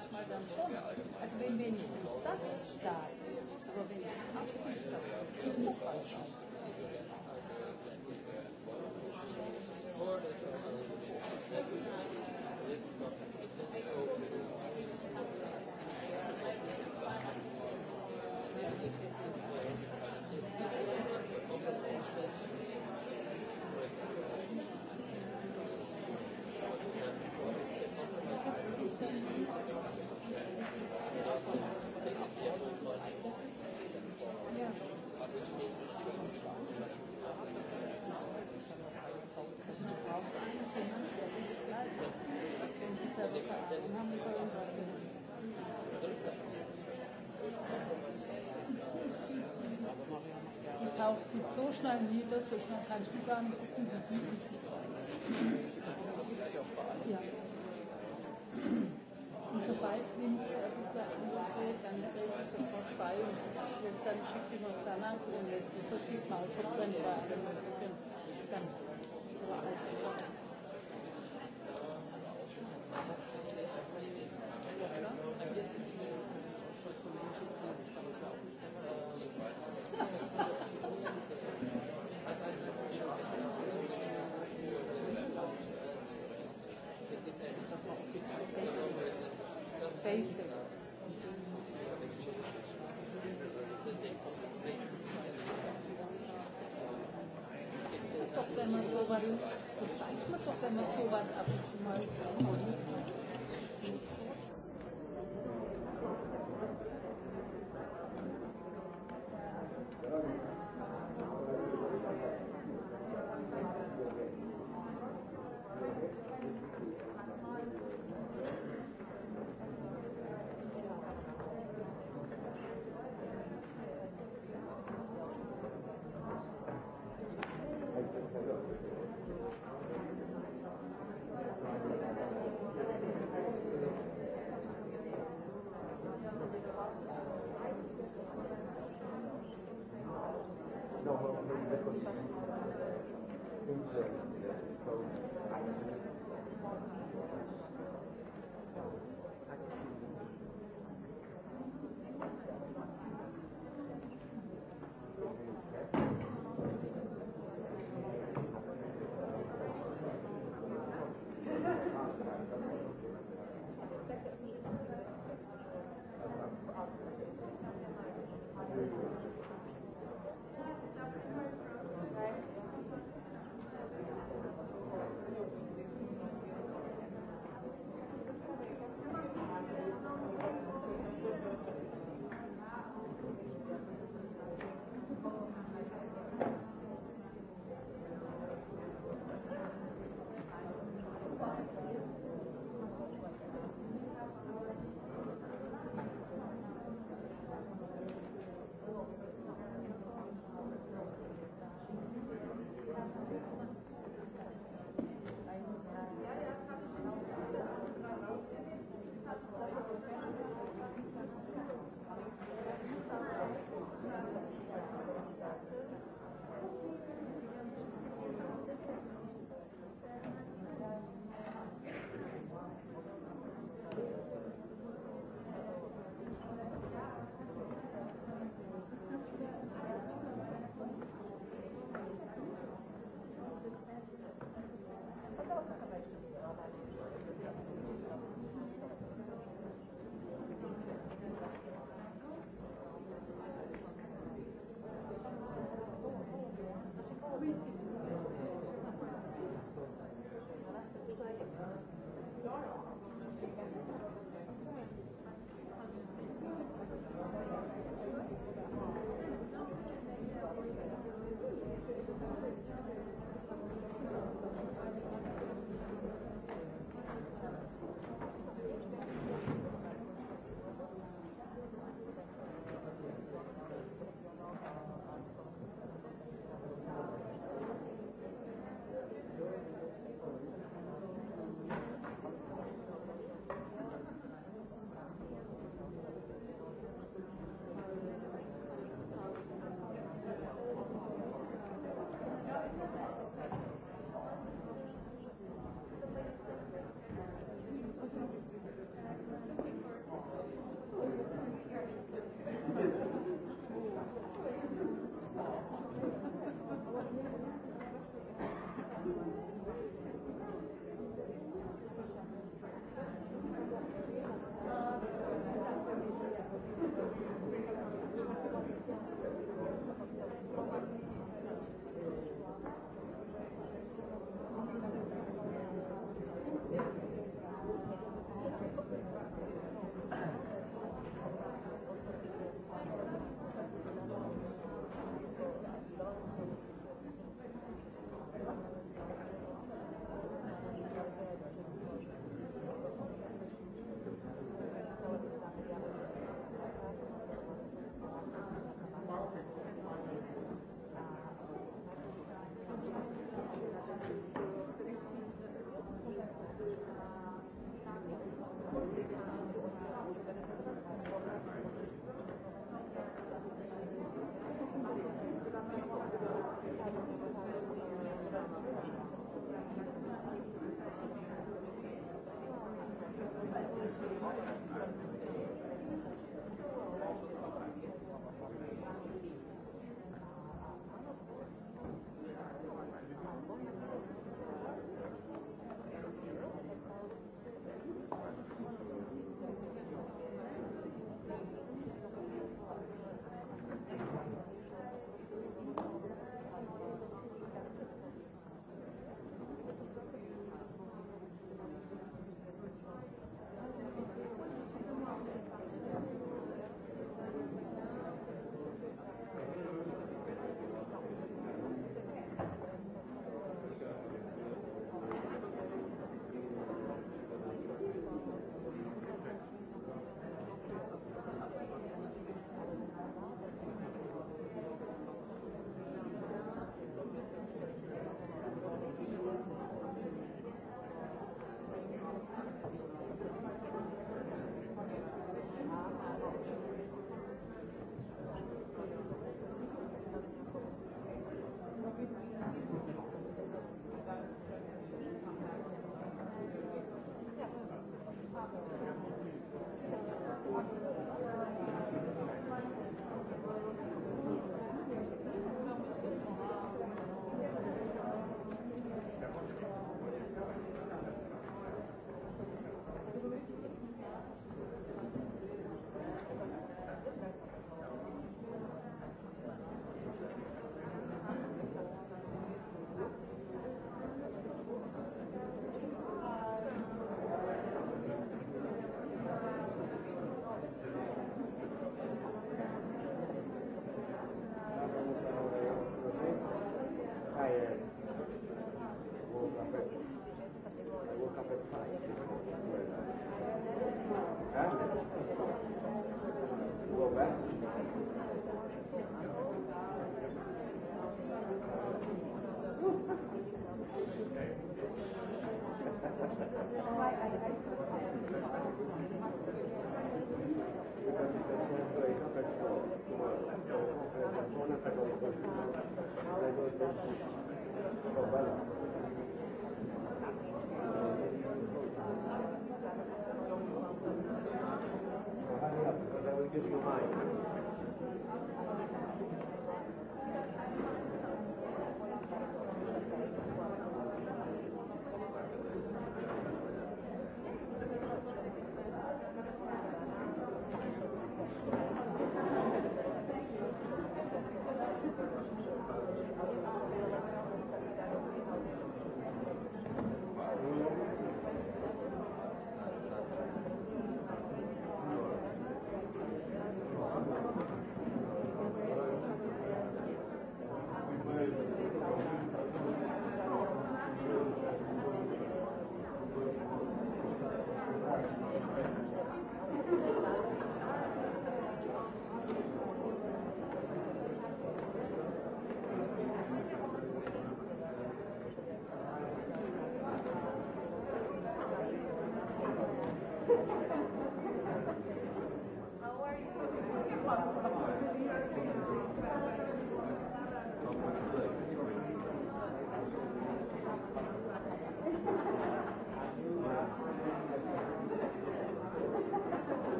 dann schon. Also wenn wenigstens das da ist, aber wenn das abgeschafft ist, ist doch falsch. Thank you.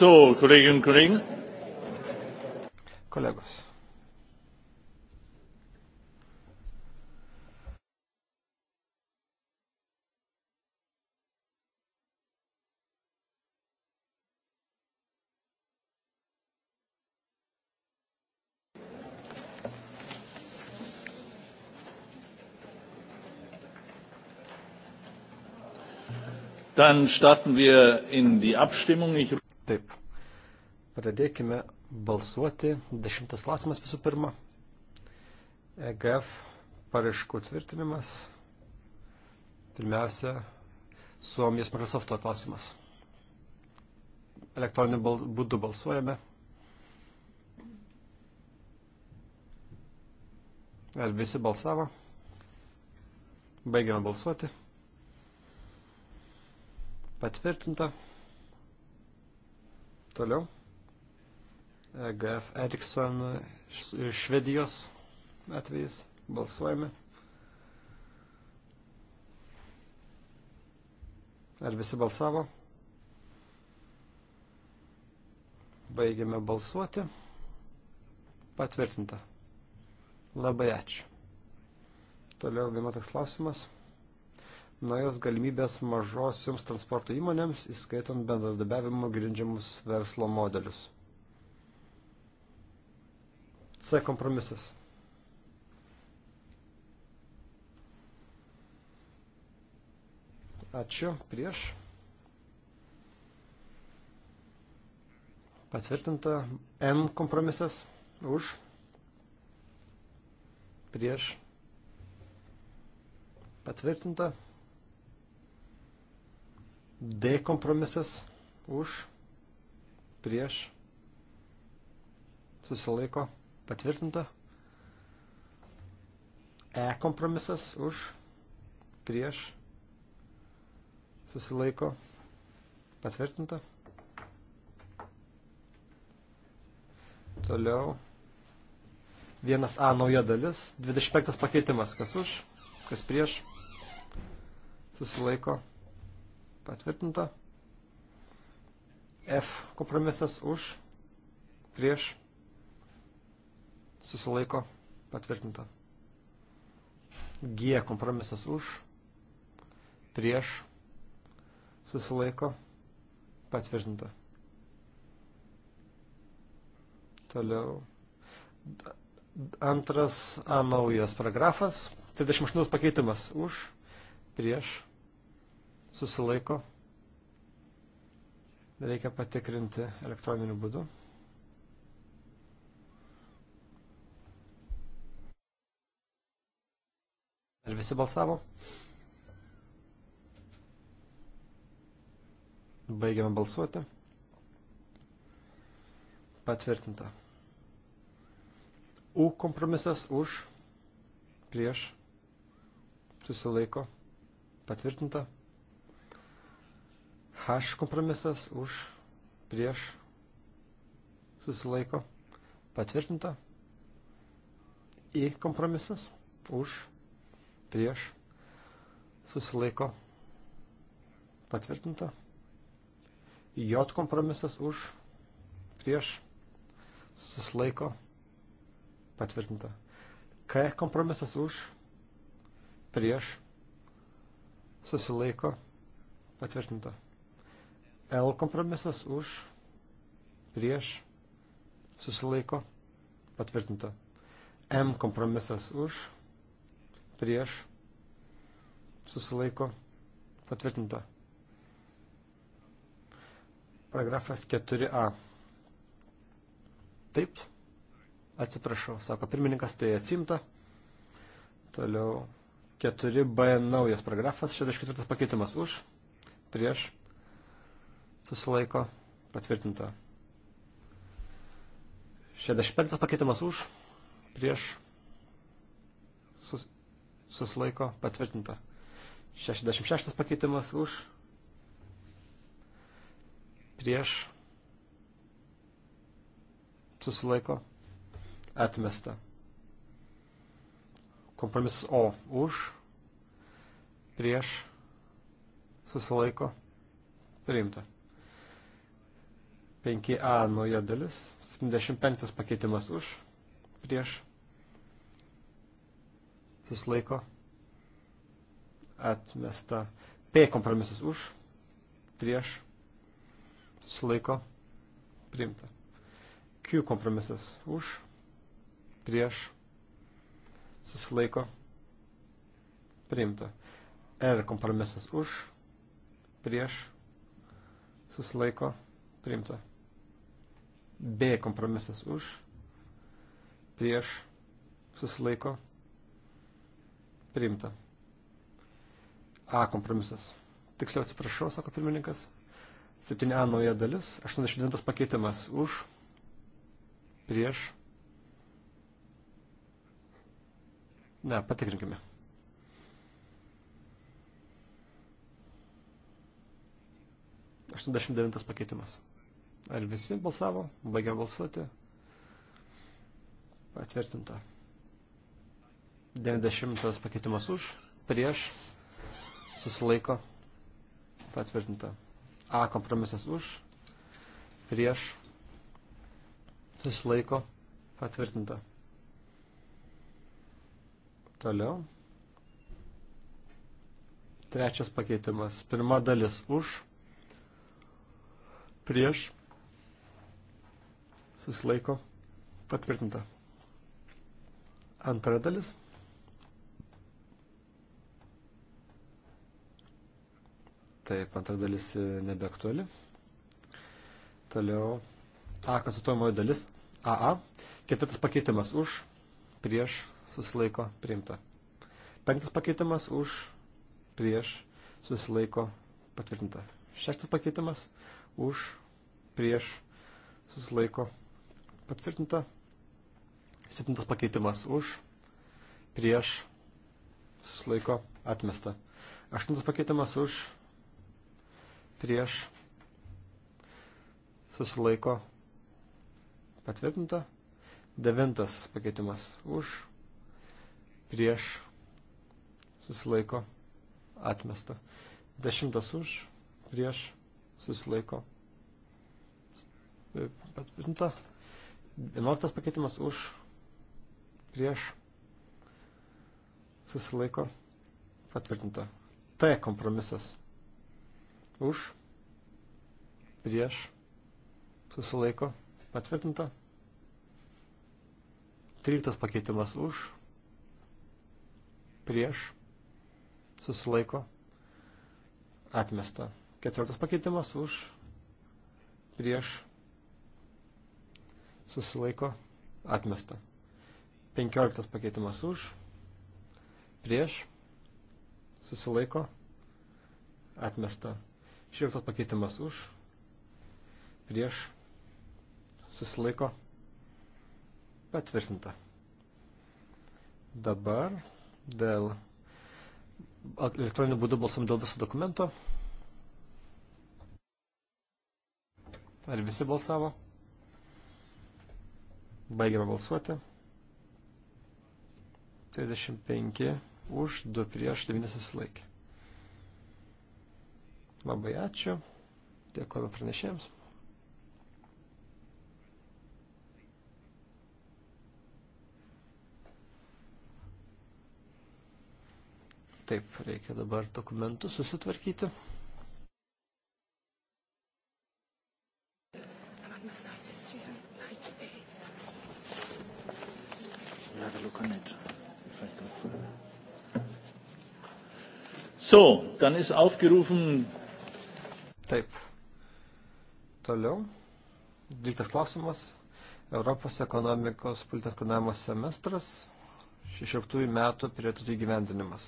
So, Kolleginnen und Kollegen. Kolegos. Dann starten wir in die Abstimmung. Ich Taip, pradėkime balsuoti. Dešimtas klausimas visų pirma. EGF paraiškų tvirtinimas. Pirmiausia, Suomijos Microsofto klausimas. Elektroniniu bal būdu balsuojame. Ar visi balsavo? Baigiame balsuoti. Patvirtinta. Toliau. EGF Erikson iš Švedijos atvejais. Balsuojame. Ar visi balsavo? Baigiame balsuoti. Patvirtinta. Labai ačiū. Toliau vienotas klausimas naujos galimybės mažosioms transporto įmonėms, įskaitant bendradarbiavimo grindžiamus verslo modelius. C kompromisas. Ačiū. Prieš. Patvirtinta M kompromisas. Už. Prieš. Patvirtinta. D kompromisas už, prieš, susilaiko, patvirtinta. E kompromisas už, prieš, susilaiko, patvirtinta. Toliau. 1A nauja dalis. 25 pakeitimas. Kas už, kas prieš. Susilaiko patvirtinta. F kompromisas už, prieš, susilaiko, patvirtinta. G kompromisas už, prieš, susilaiko, patvirtinta. Toliau. Antras A naujas paragrafas. 38 pakeitimas už, prieš, susilaiko. Reikia patikrinti elektroniniu būdu. Ar visi balsavo? Baigiame balsuoti. Patvirtinta. U kompromisas už, prieš, susilaiko, patvirtinta. H kompromisas už prieš susilaiko patvirtinta. I kompromisas už prieš susilaiko patvirtinta. J kompromisas už prieš susilaiko patvirtinta. K kompromisas už prieš susilaiko patvirtinta. L kompromisas už, prieš, susilaiko, patvirtinta. M kompromisas už, prieš, susilaiko, patvirtinta. Paragrafas 4a. Taip, atsiprašau, sako pirmininkas, tai atsimta. Toliau 4b naujas paragrafas, 64 pakeitimas už, prieš, susilaiko patvirtinta. 65 pakeitimas už, prieš sus, susilaiko patvirtinta. 66 pakeitimas už, prieš susilaiko atmesta. Kompromisas O už, prieš susilaiko priimta. 5a nauja dalis, 75 pakeitimas už, prieš, suslaiko, atmesta, p kompromisas už, prieš, suslaiko, priimta, q kompromisas už, prieš, suslaiko, priimta, r kompromisas už, prieš, suslaiko, priimta. B kompromisas už, prieš, susilaiko, priimta. A kompromisas. Tiksliau atsiprašau, sako pirmininkas. 7A nauja dalis, 89 pakeitimas už, prieš. Ne, patikrinkime. Aštuoniasdešimt devintas pakeitimas. Ar visi balsavo? Baigia balsuoti. Patvirtinta. 90 pakeitimas už, prieš, susilaiko, patvirtinta. A kompromisas už, prieš, susilaiko, patvirtinta. Toliau. Trečias pakeitimas. Pirma dalis už, prieš, susilaiko, patvirtinta. Antra dalis. Taip, antra dalis nebeaktuali. Toliau A konstatuojamoji dalis AA. Ketvirtas pakeitimas už, prieš, susilaiko, priimta. Penktas pakeitimas už, prieš, susilaiko, patvirtinta. Šeštas pakeitimas už, prieš, susilaiko, patvirtinta. Septintas pakeitimas už, prieš, susilaiko, atmesta. Aštuntas pakeitimas už, prieš, susilaiko, patvirtinta. Devintas pakeitimas už, prieš, susilaiko, atmesta. Dešimtas už, prieš, susilaiko, patvirtinta. 11 pakeitimas už, prieš, susilaiko, patvirtinta. T kompromisas. Už, prieš, susilaiko, patvirtinta. 13 pakeitimas už, prieš, susilaiko, atmesta. 14 pakeitimas už, prieš, susilaiko, atmesta. 15 pakeitimas už, prieš, susilaiko, atmesta. 16 pakeitimas už, prieš, susilaiko, patvirtinta. Dabar dėl elektroninių būdų balsom dėl viso dokumento. Ar visi balsavo? Baigiame balsuoti. 35 už, 2 prieš, 9 susilaikė. Labai ačiū. Dėkojame pranešėjams. Taip, reikia dabar dokumentus susitvarkyti. So, dann ist aufgerufen. Taip. Toliau. Dvyliktas klausimas. Europos ekonomikos politikos koordinavimo semestras. 16 metų prioritetų įgyvendinimas.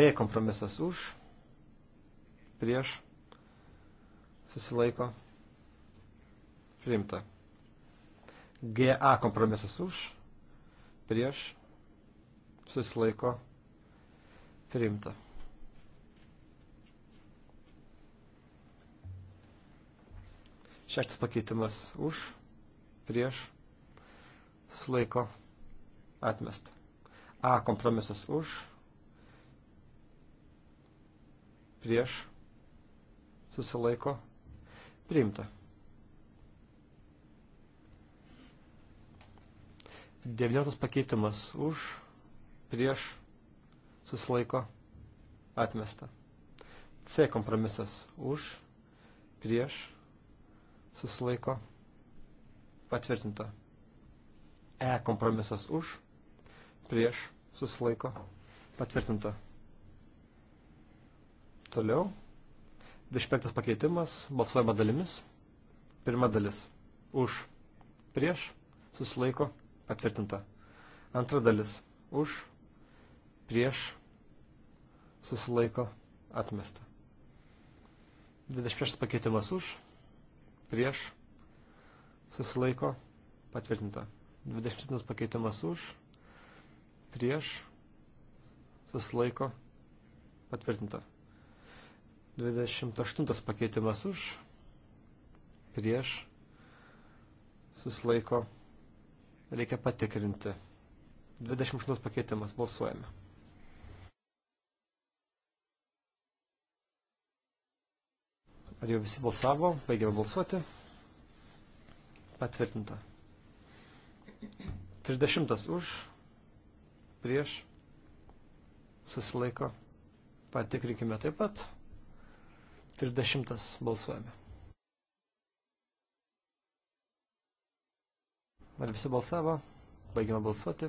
B kompromisas už, prieš, susilaiko, priimta. GA kompromisas už, prieš, susilaiko, priimta Priimta. Šeštas pakeitimas už, prieš, sulaiko, atmesta. A kompromisas už, prieš, susilaiko, priimta. Devyniotas pakeitimas už, prieš, susilaiko, atmesta. C kompromisas už, prieš, susilaiko, patvirtinta. E kompromisas už, prieš, susilaiko, patvirtinta. Toliau. 25 pakeitimas, balsuojama dalimis. Pirma dalis. Už, prieš, susilaiko, patvirtinta. Antra dalis. Už, prieš, susilaiko atmesta. 26 pakeitimas už, prieš, susilaiko patvirtinta. 27 pakeitimas už, prieš, susilaiko patvirtinta. 28 pakeitimas už, prieš, susilaiko, reikia patikrinti. 28 pakeitimas, balsuojame. Ar jau visi balsavo? Baigėme balsuoti. Patvirtinta. 30 už, prieš, susilaiko. Patikrinkime taip pat. 30 balsuojame. Ar visi balsavo? Baigėme balsuoti.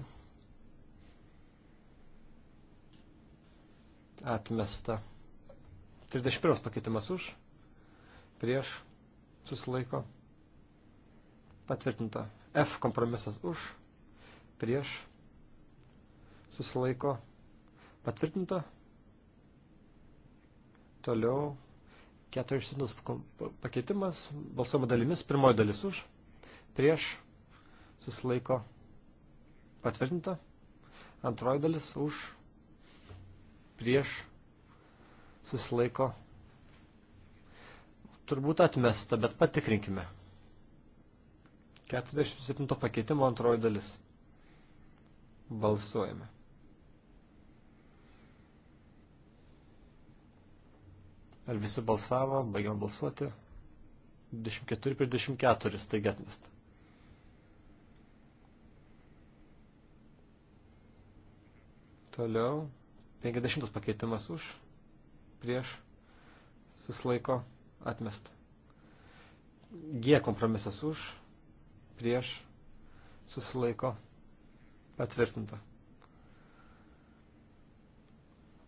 Atmesta. 31 pakeitimas už prieš, susilaiko, patvirtinta. F kompromisas už, prieš, susilaiko, patvirtinta. Toliau 47 pakeitimas, balsuojama dalimis, pirmoji dalis už, prieš, susilaiko, patvirtinta. Antroji dalis už, prieš, susilaiko, patvirtinta turbūt atmesta, bet patikrinkime. 47 pakeitimo antroji dalis. Balsuojame. Ar visi balsavo, baigiam balsuoti. 24 prie 24, taigi atmesta. Toliau. 50 pakeitimas už. Prieš. Suslaiko atmesta. G kompromisas už, prieš, susilaiko, patvirtinta.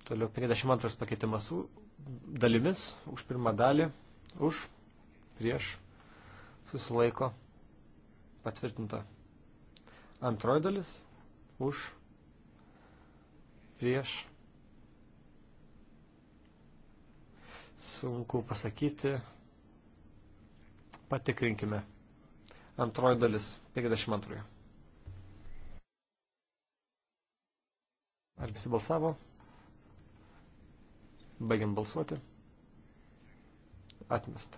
Toliau 52 pakeitimas dalimis, už pirmą dalį, už, prieš, susilaiko, patvirtinta. Antroji dalis, už, prieš, sunku pasakyti. Patikrinkime. Antroji dalis, 52. Ar visi balsavo? Baigiam balsuoti. Atmesta.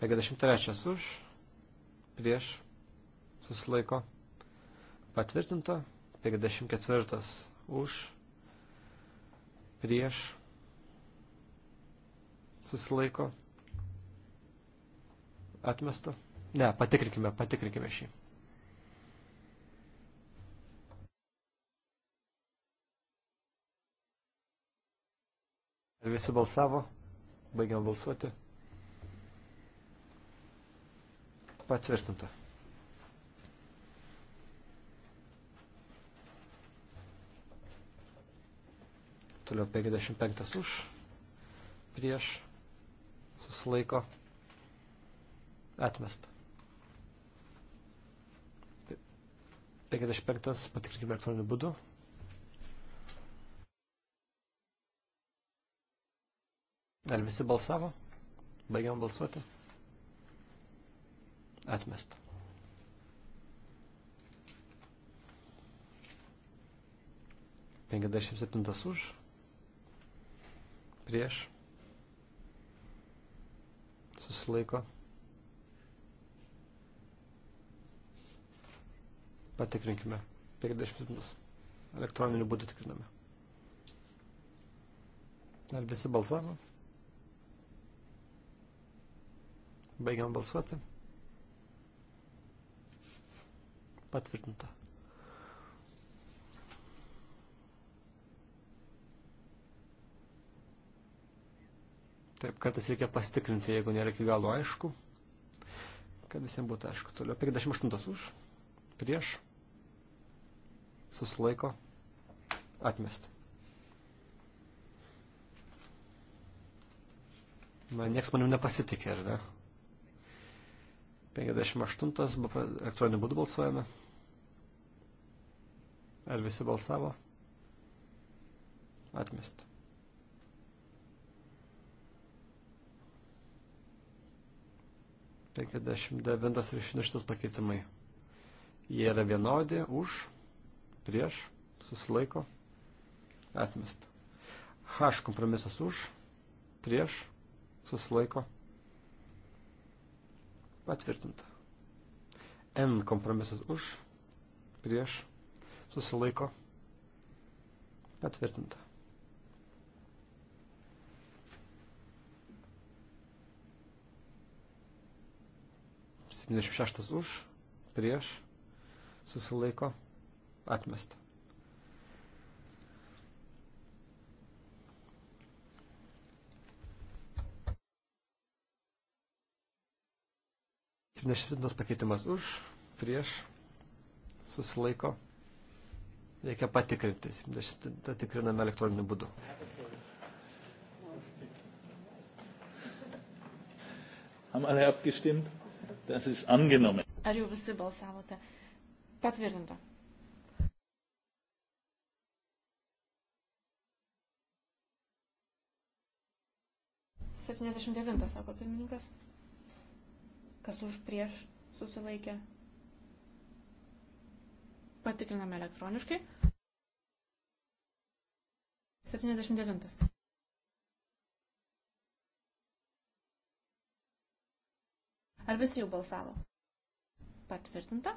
53 už, prieš, susilaiko. Patvirtinta. 54 už, prieš, susilaiko, atmesta. Ne, patikrinkime, patikrinkime šį. Ar visi balsavo? Baigiam balsuoti. Patvirtinta. Toliau 55 už, prieš, susilaiko atmesta. 55 patikrinkime elektroniniu būdu. Ar visi balsavo? Baigiam balsuoti. Atmesta. Penkiasdešimt septintas už. Prieš susilaiko. Patikrinkime. 50 elektroniniu būdu tikriname. Ar visi balsavo? Baigiam balsuoti. Patvirtinta. Taip, kartais reikia pastikrinti, jeigu nėra iki galo aišku, kad visiems būtų aišku. Toliau, 58 už, prieš, susilaiko, atmesti. Na, nieks manim nepasitikė, ar ne? 58 elektroniniu būdu balsuojame. Ar visi balsavo? Atmesti. 59 ir 106 pakeitimai. Jie yra vienodi, už, prieš, susilaiko, atmesta. H kompromisas už, prieš, susilaiko, patvirtinta. N kompromisas už, prieš, susilaiko, patvirtinta. 76 už, prieš, susilaiko, atmesta. Septyniasdešimtas pakeitimas už, prieš, susilaiko. Reikia patikrinti. Septyniasdešimtą tikriname elektroniniu būdu. Haben alle abgestimmt? Das ist angenommen. Ar jau visi balsavote? Patvirtinta. Septyniasdešimt devintas, sako pirmininkas. Kas už prieš susilaikė? Patikriname elektroniškai. 79. Ar visi jau balsavo? Patvirtinta.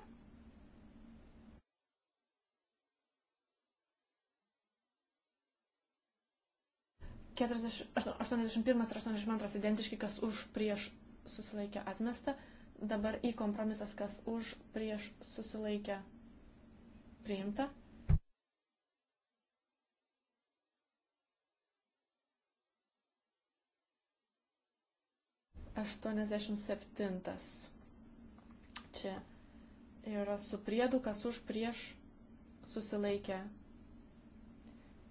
Keturiasdešimt, aštuoniasdešimt pirmas ir aštuoniasdešimt antras identiški, kas už prieš susilaikę atmesta. Dabar į kompromisas, kas už prieš susilaikę priimta. 87. Čia yra su priedu, kas už prieš susilaikę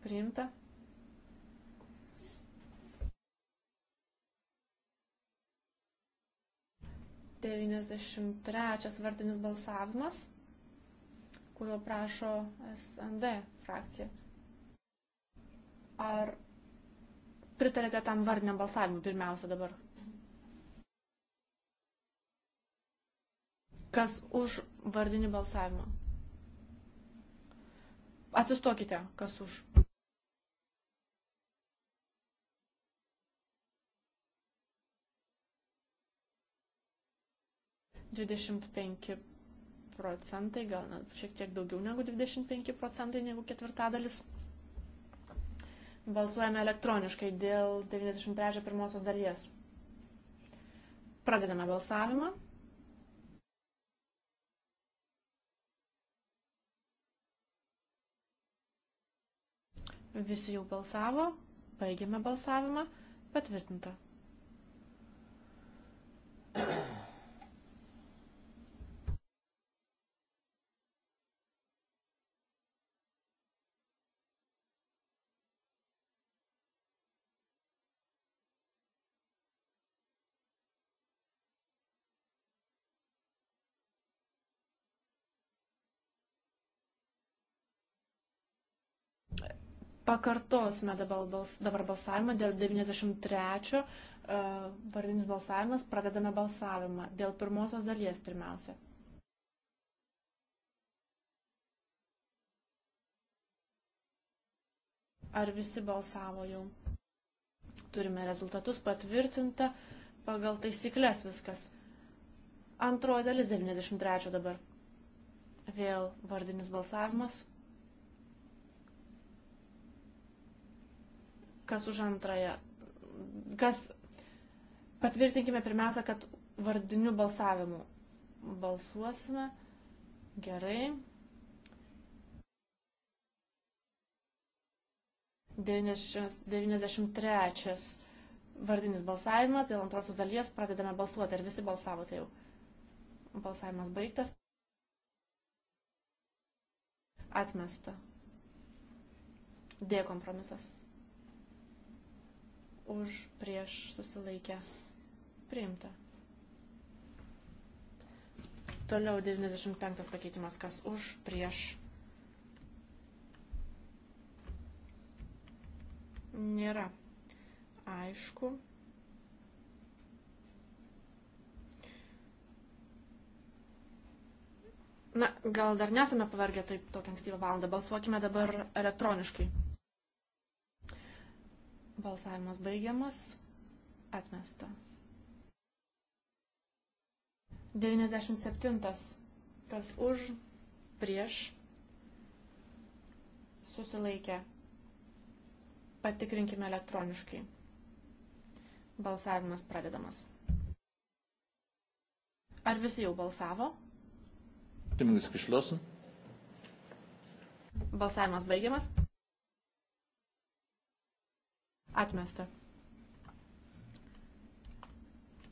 priimta. Devyniasdešimt trečias vardinis balsavimas, kurio prašo SND frakcija. Ar pritarėte tam vardiniam balsavimui pirmiausia dabar? Kas už vardinį balsavimą? Atsistokite, kas už. Dvidešimt penki procentai, gal net šiek tiek daugiau negu 25 procentai, negu ketvirtadalis. Balsuojame elektroniškai dėl 93 pirmosios dalies. Pradedame balsavimą. Visi jau balsavo. Baigiame balsavimą. Patvirtinta. Pakartosime dabar balsavimą dėl 93 e, vardinis balsavimas, pradedame balsavimą dėl pirmosios dalies pirmiausia. Ar visi balsavo jau? Turime rezultatus patvirtinta, pagal taisyklės viskas. Antroji dalis 93 dabar. Vėl vardinis balsavimas. kas už antrąją, kas patvirtinkime pirmiausia, kad vardiniu balsavimu balsuosime. Gerai. 93 vardinis balsavimas, dėl antrosios dalies pradedame balsuoti. Ar visi balsavote jau? Balsavimas baigtas. Atmesta. D kompromisas už prieš susilaikę priimta. Toliau 95 pakeitimas, kas už prieš. Nėra aišku. Na, gal dar nesame pavargę taip tokią ankstyvą valandą. Balsuokime dabar elektroniškai. Balsavimas baigiamas. Atmesta. 97. Kas už, prieš, susilaikė. Patikrinkime elektroniškai. Balsavimas pradedamas. Ar visi jau balsavo? Balsavimas baigiamas. Atmesta.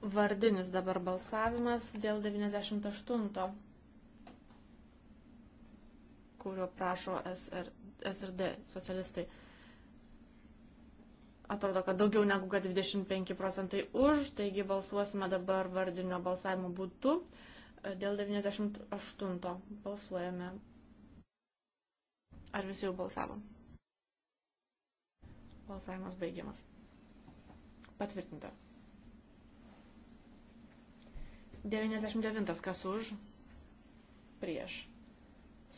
Vardinis dabar balsavimas dėl 98, kurio prašo SR, SRD socialistai. Atrodo, kad daugiau negu kad 25 procentai už, taigi balsuosime dabar vardinio balsavimo būdu. E, dėl 98 balsuojame. Ar visi jau balsavo? Balsavimas baigiamas. Patvirtinta. 99 kas už, prieš,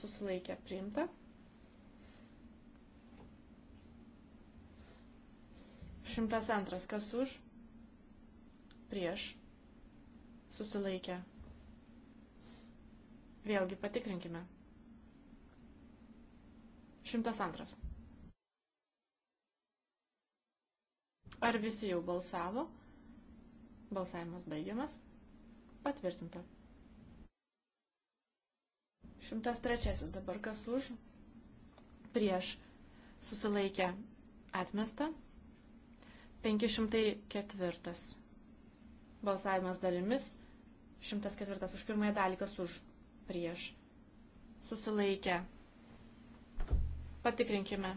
susilaikė priimta. Šimtas antras kas už, prieš, susilaikė. Vėlgi patikrinkime. Šimtas antras. Ar visi jau balsavo? Balsavimas baigiamas. Patvirtinta. 103 dabar kas už, prieš susilaikę atmestą. 504 balsavimas dalimis. 104 už pirmąją dalį kas už, prieš susilaikę. Patikrinkime.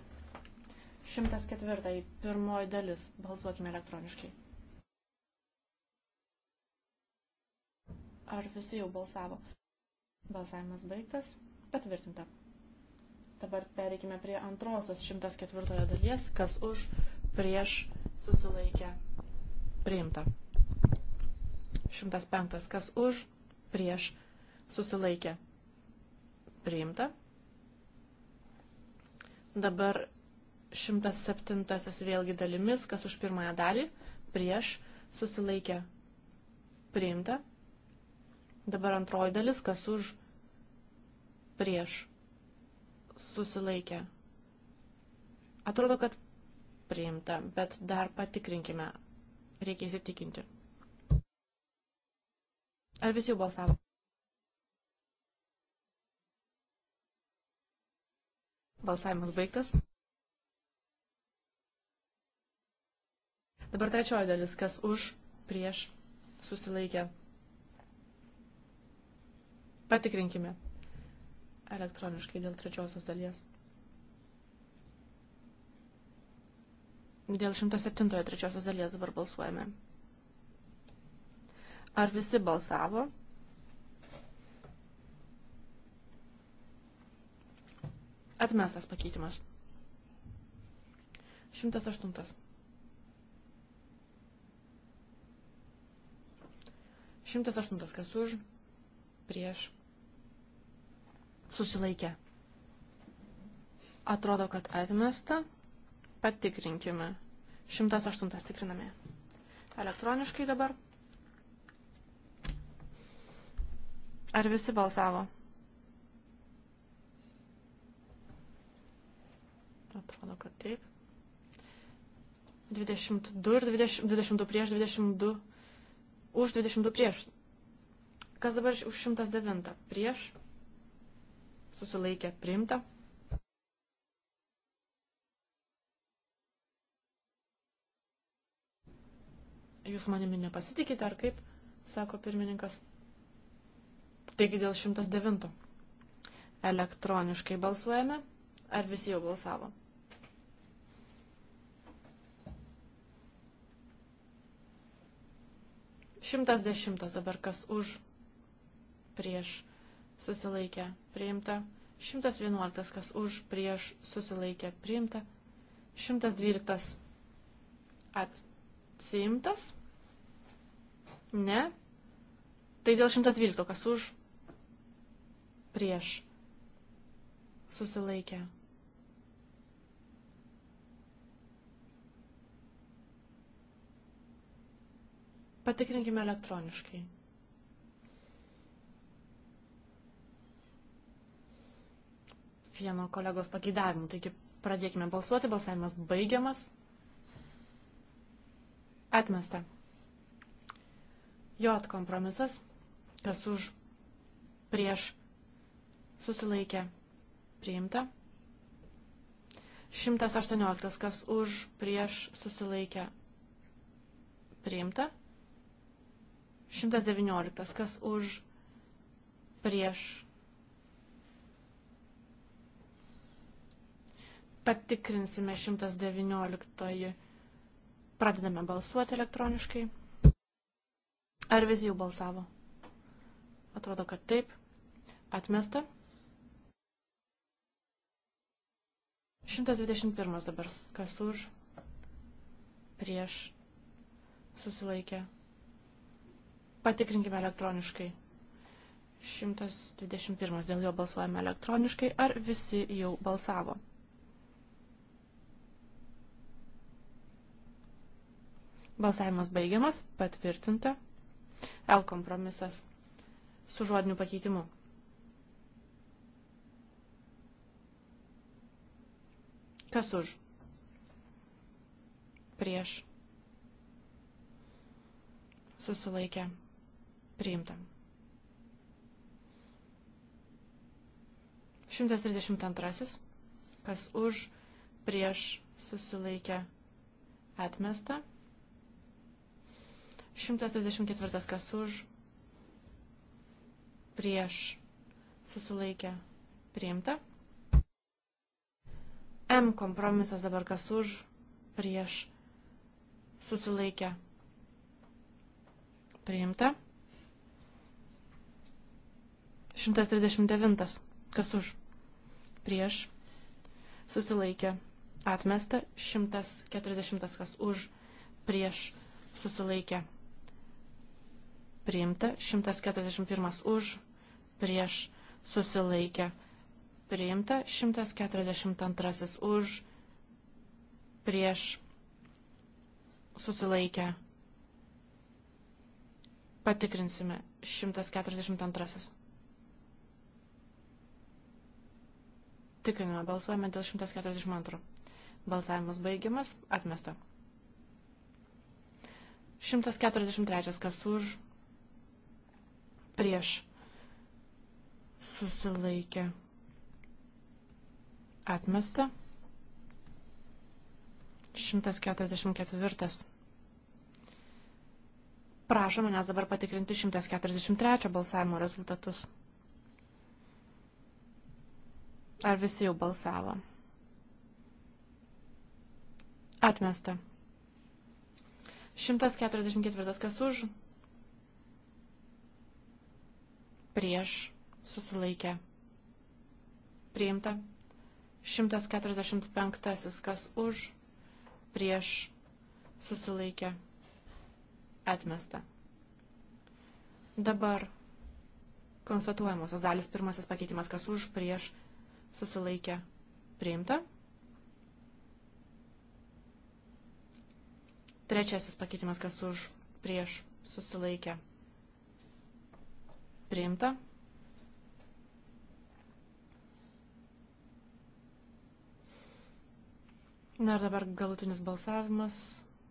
104. Pirmoji dalis. Balsuokime elektroniškai. Ar visi jau balsavo? Balsavimas baigtas. Patvirtinta. Dabar pereikime prie antrosios 104 dalies, kas už prieš susilaikę priimta. 105. Kas už prieš susilaikę priimta. Dabar 107 vėlgi dalimis, kas už pirmąją dalį, prieš, susilaikė, priimta. Dabar antroji dalis, kas už, prieš, susilaikė. Atrodo, kad priimta, bet dar patikrinkime, reikia įsitikinti. Ar visi jau balsavo? Balsavimas baigtas. Dabar trečioji dalis, kas už, prieš, susilaikė. Patikrinkime elektroniškai dėl trečiosios dalies. Dėl 107 trečiosios dalies dabar balsuojame. Ar visi balsavo? Atmestas pakeitimas. 108. 108 kas už, prieš, susilaikė. Atrodo, kad atmesta. Patikrinkime. 108 tikriname. Elektroniškai dabar. Ar visi balsavo? Atrodo, kad taip. 22 ir 20, 22 prieš 22 už 22 prieš. Kas dabar už 109 prieš? Susilaikė priimta. Jūs manimi nepasitikite, ar kaip, sako pirmininkas. Taigi dėl 109. Elektroniškai balsuojame, ar visi jau balsavo? 110 dabar kas už prieš susilaikę priimta. 111 kas už prieš susilaikę priimta. 112 atsiimtas. Ne. Tai dėl 112 kas už prieš susilaikę priimta Patikrinkime elektroniškai. Vieno kolegos pageidavimu. Taigi pradėkime balsuoti. Balsavimas baigiamas. Atmesta. J kompromisas. Kas už prieš susilaikė priimta. 118. Kas už prieš susilaikė priimta. 119. Kas už prieš. Patikrinsime 119. Pradedame balsuoti elektroniškai. Ar visi jau balsavo? Atrodo, kad taip. Atmesta. 121 dabar. Kas už? Prieš. Susilaikė. Patikrinkime elektroniškai. 121. Dėl jo balsuojame elektroniškai. Ar visi jau balsavo? Balsavimas baigiamas. Patvirtinta. L kompromisas su žodiniu pakeitimu. Kas už? Prieš. Susilaikę. Priimta. 132. Kas už, prieš, susilaikę, atmesta. 134. Kas už, prieš, susilaikę, priimta. M kompromisas dabar kas už, prieš, susilaikę, priimta. 139. Kas už? Prieš. Susilaikė. Atmesta. 140. Kas už? Prieš. Susilaikė. Priimta. 141. Už. Prieš. Susilaikė. Priimta. 142. Už. Prieš. Susilaikė. Patikrinsime. 142. Tikrinimą balsuojame dėl 142. Balsavimas baigiamas. Atmesta. 143. Kas už? Prieš. Susilaikė. Atmesta. 144. Prašo manęs dabar patikrinti 143 balsavimo rezultatus. Ar visi jau balsavo? Atmesta. 144 kas už? Prieš susilaikė. Priimta. 145 kas už? Prieš susilaikė. Atmesta. Dabar konstatuojamosios dalis pirmasis pakeitimas kas už prieš susilaikė susilaikė priimta. Trečiasis pakeitimas, kas už prieš susilaikė priimta. Na ir dabar galutinis balsavimas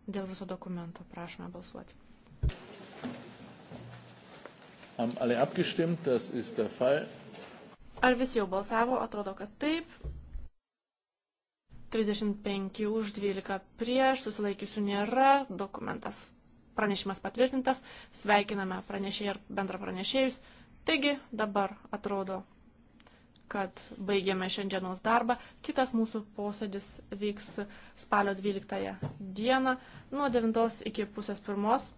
dėl viso dokumento. Prašome balsuoti. Haben alle abgestimmt, das ist der Fall. Ar visi jau balsavo? Atrodo, kad taip. 35 už 12 prieš, susilaikiusių nėra, dokumentas pranešimas patvirtintas, sveikiname pranešėjai ir bendra pranešėjus. Taigi dabar atrodo, kad baigėme šiandienos darbą. Kitas mūsų posėdis vyks spalio 12 dieną nuo 9 iki pusės pirmos,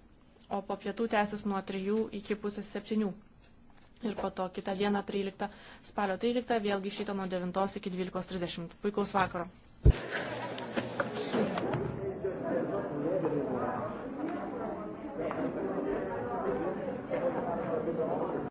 o po pietų tęsis nuo 3 iki pusės 7. Ir po to kitą dieną 13, spalio 13, vėlgi iš ryto nuo 9 iki 12.30. Puikaus vakaro. Thank you.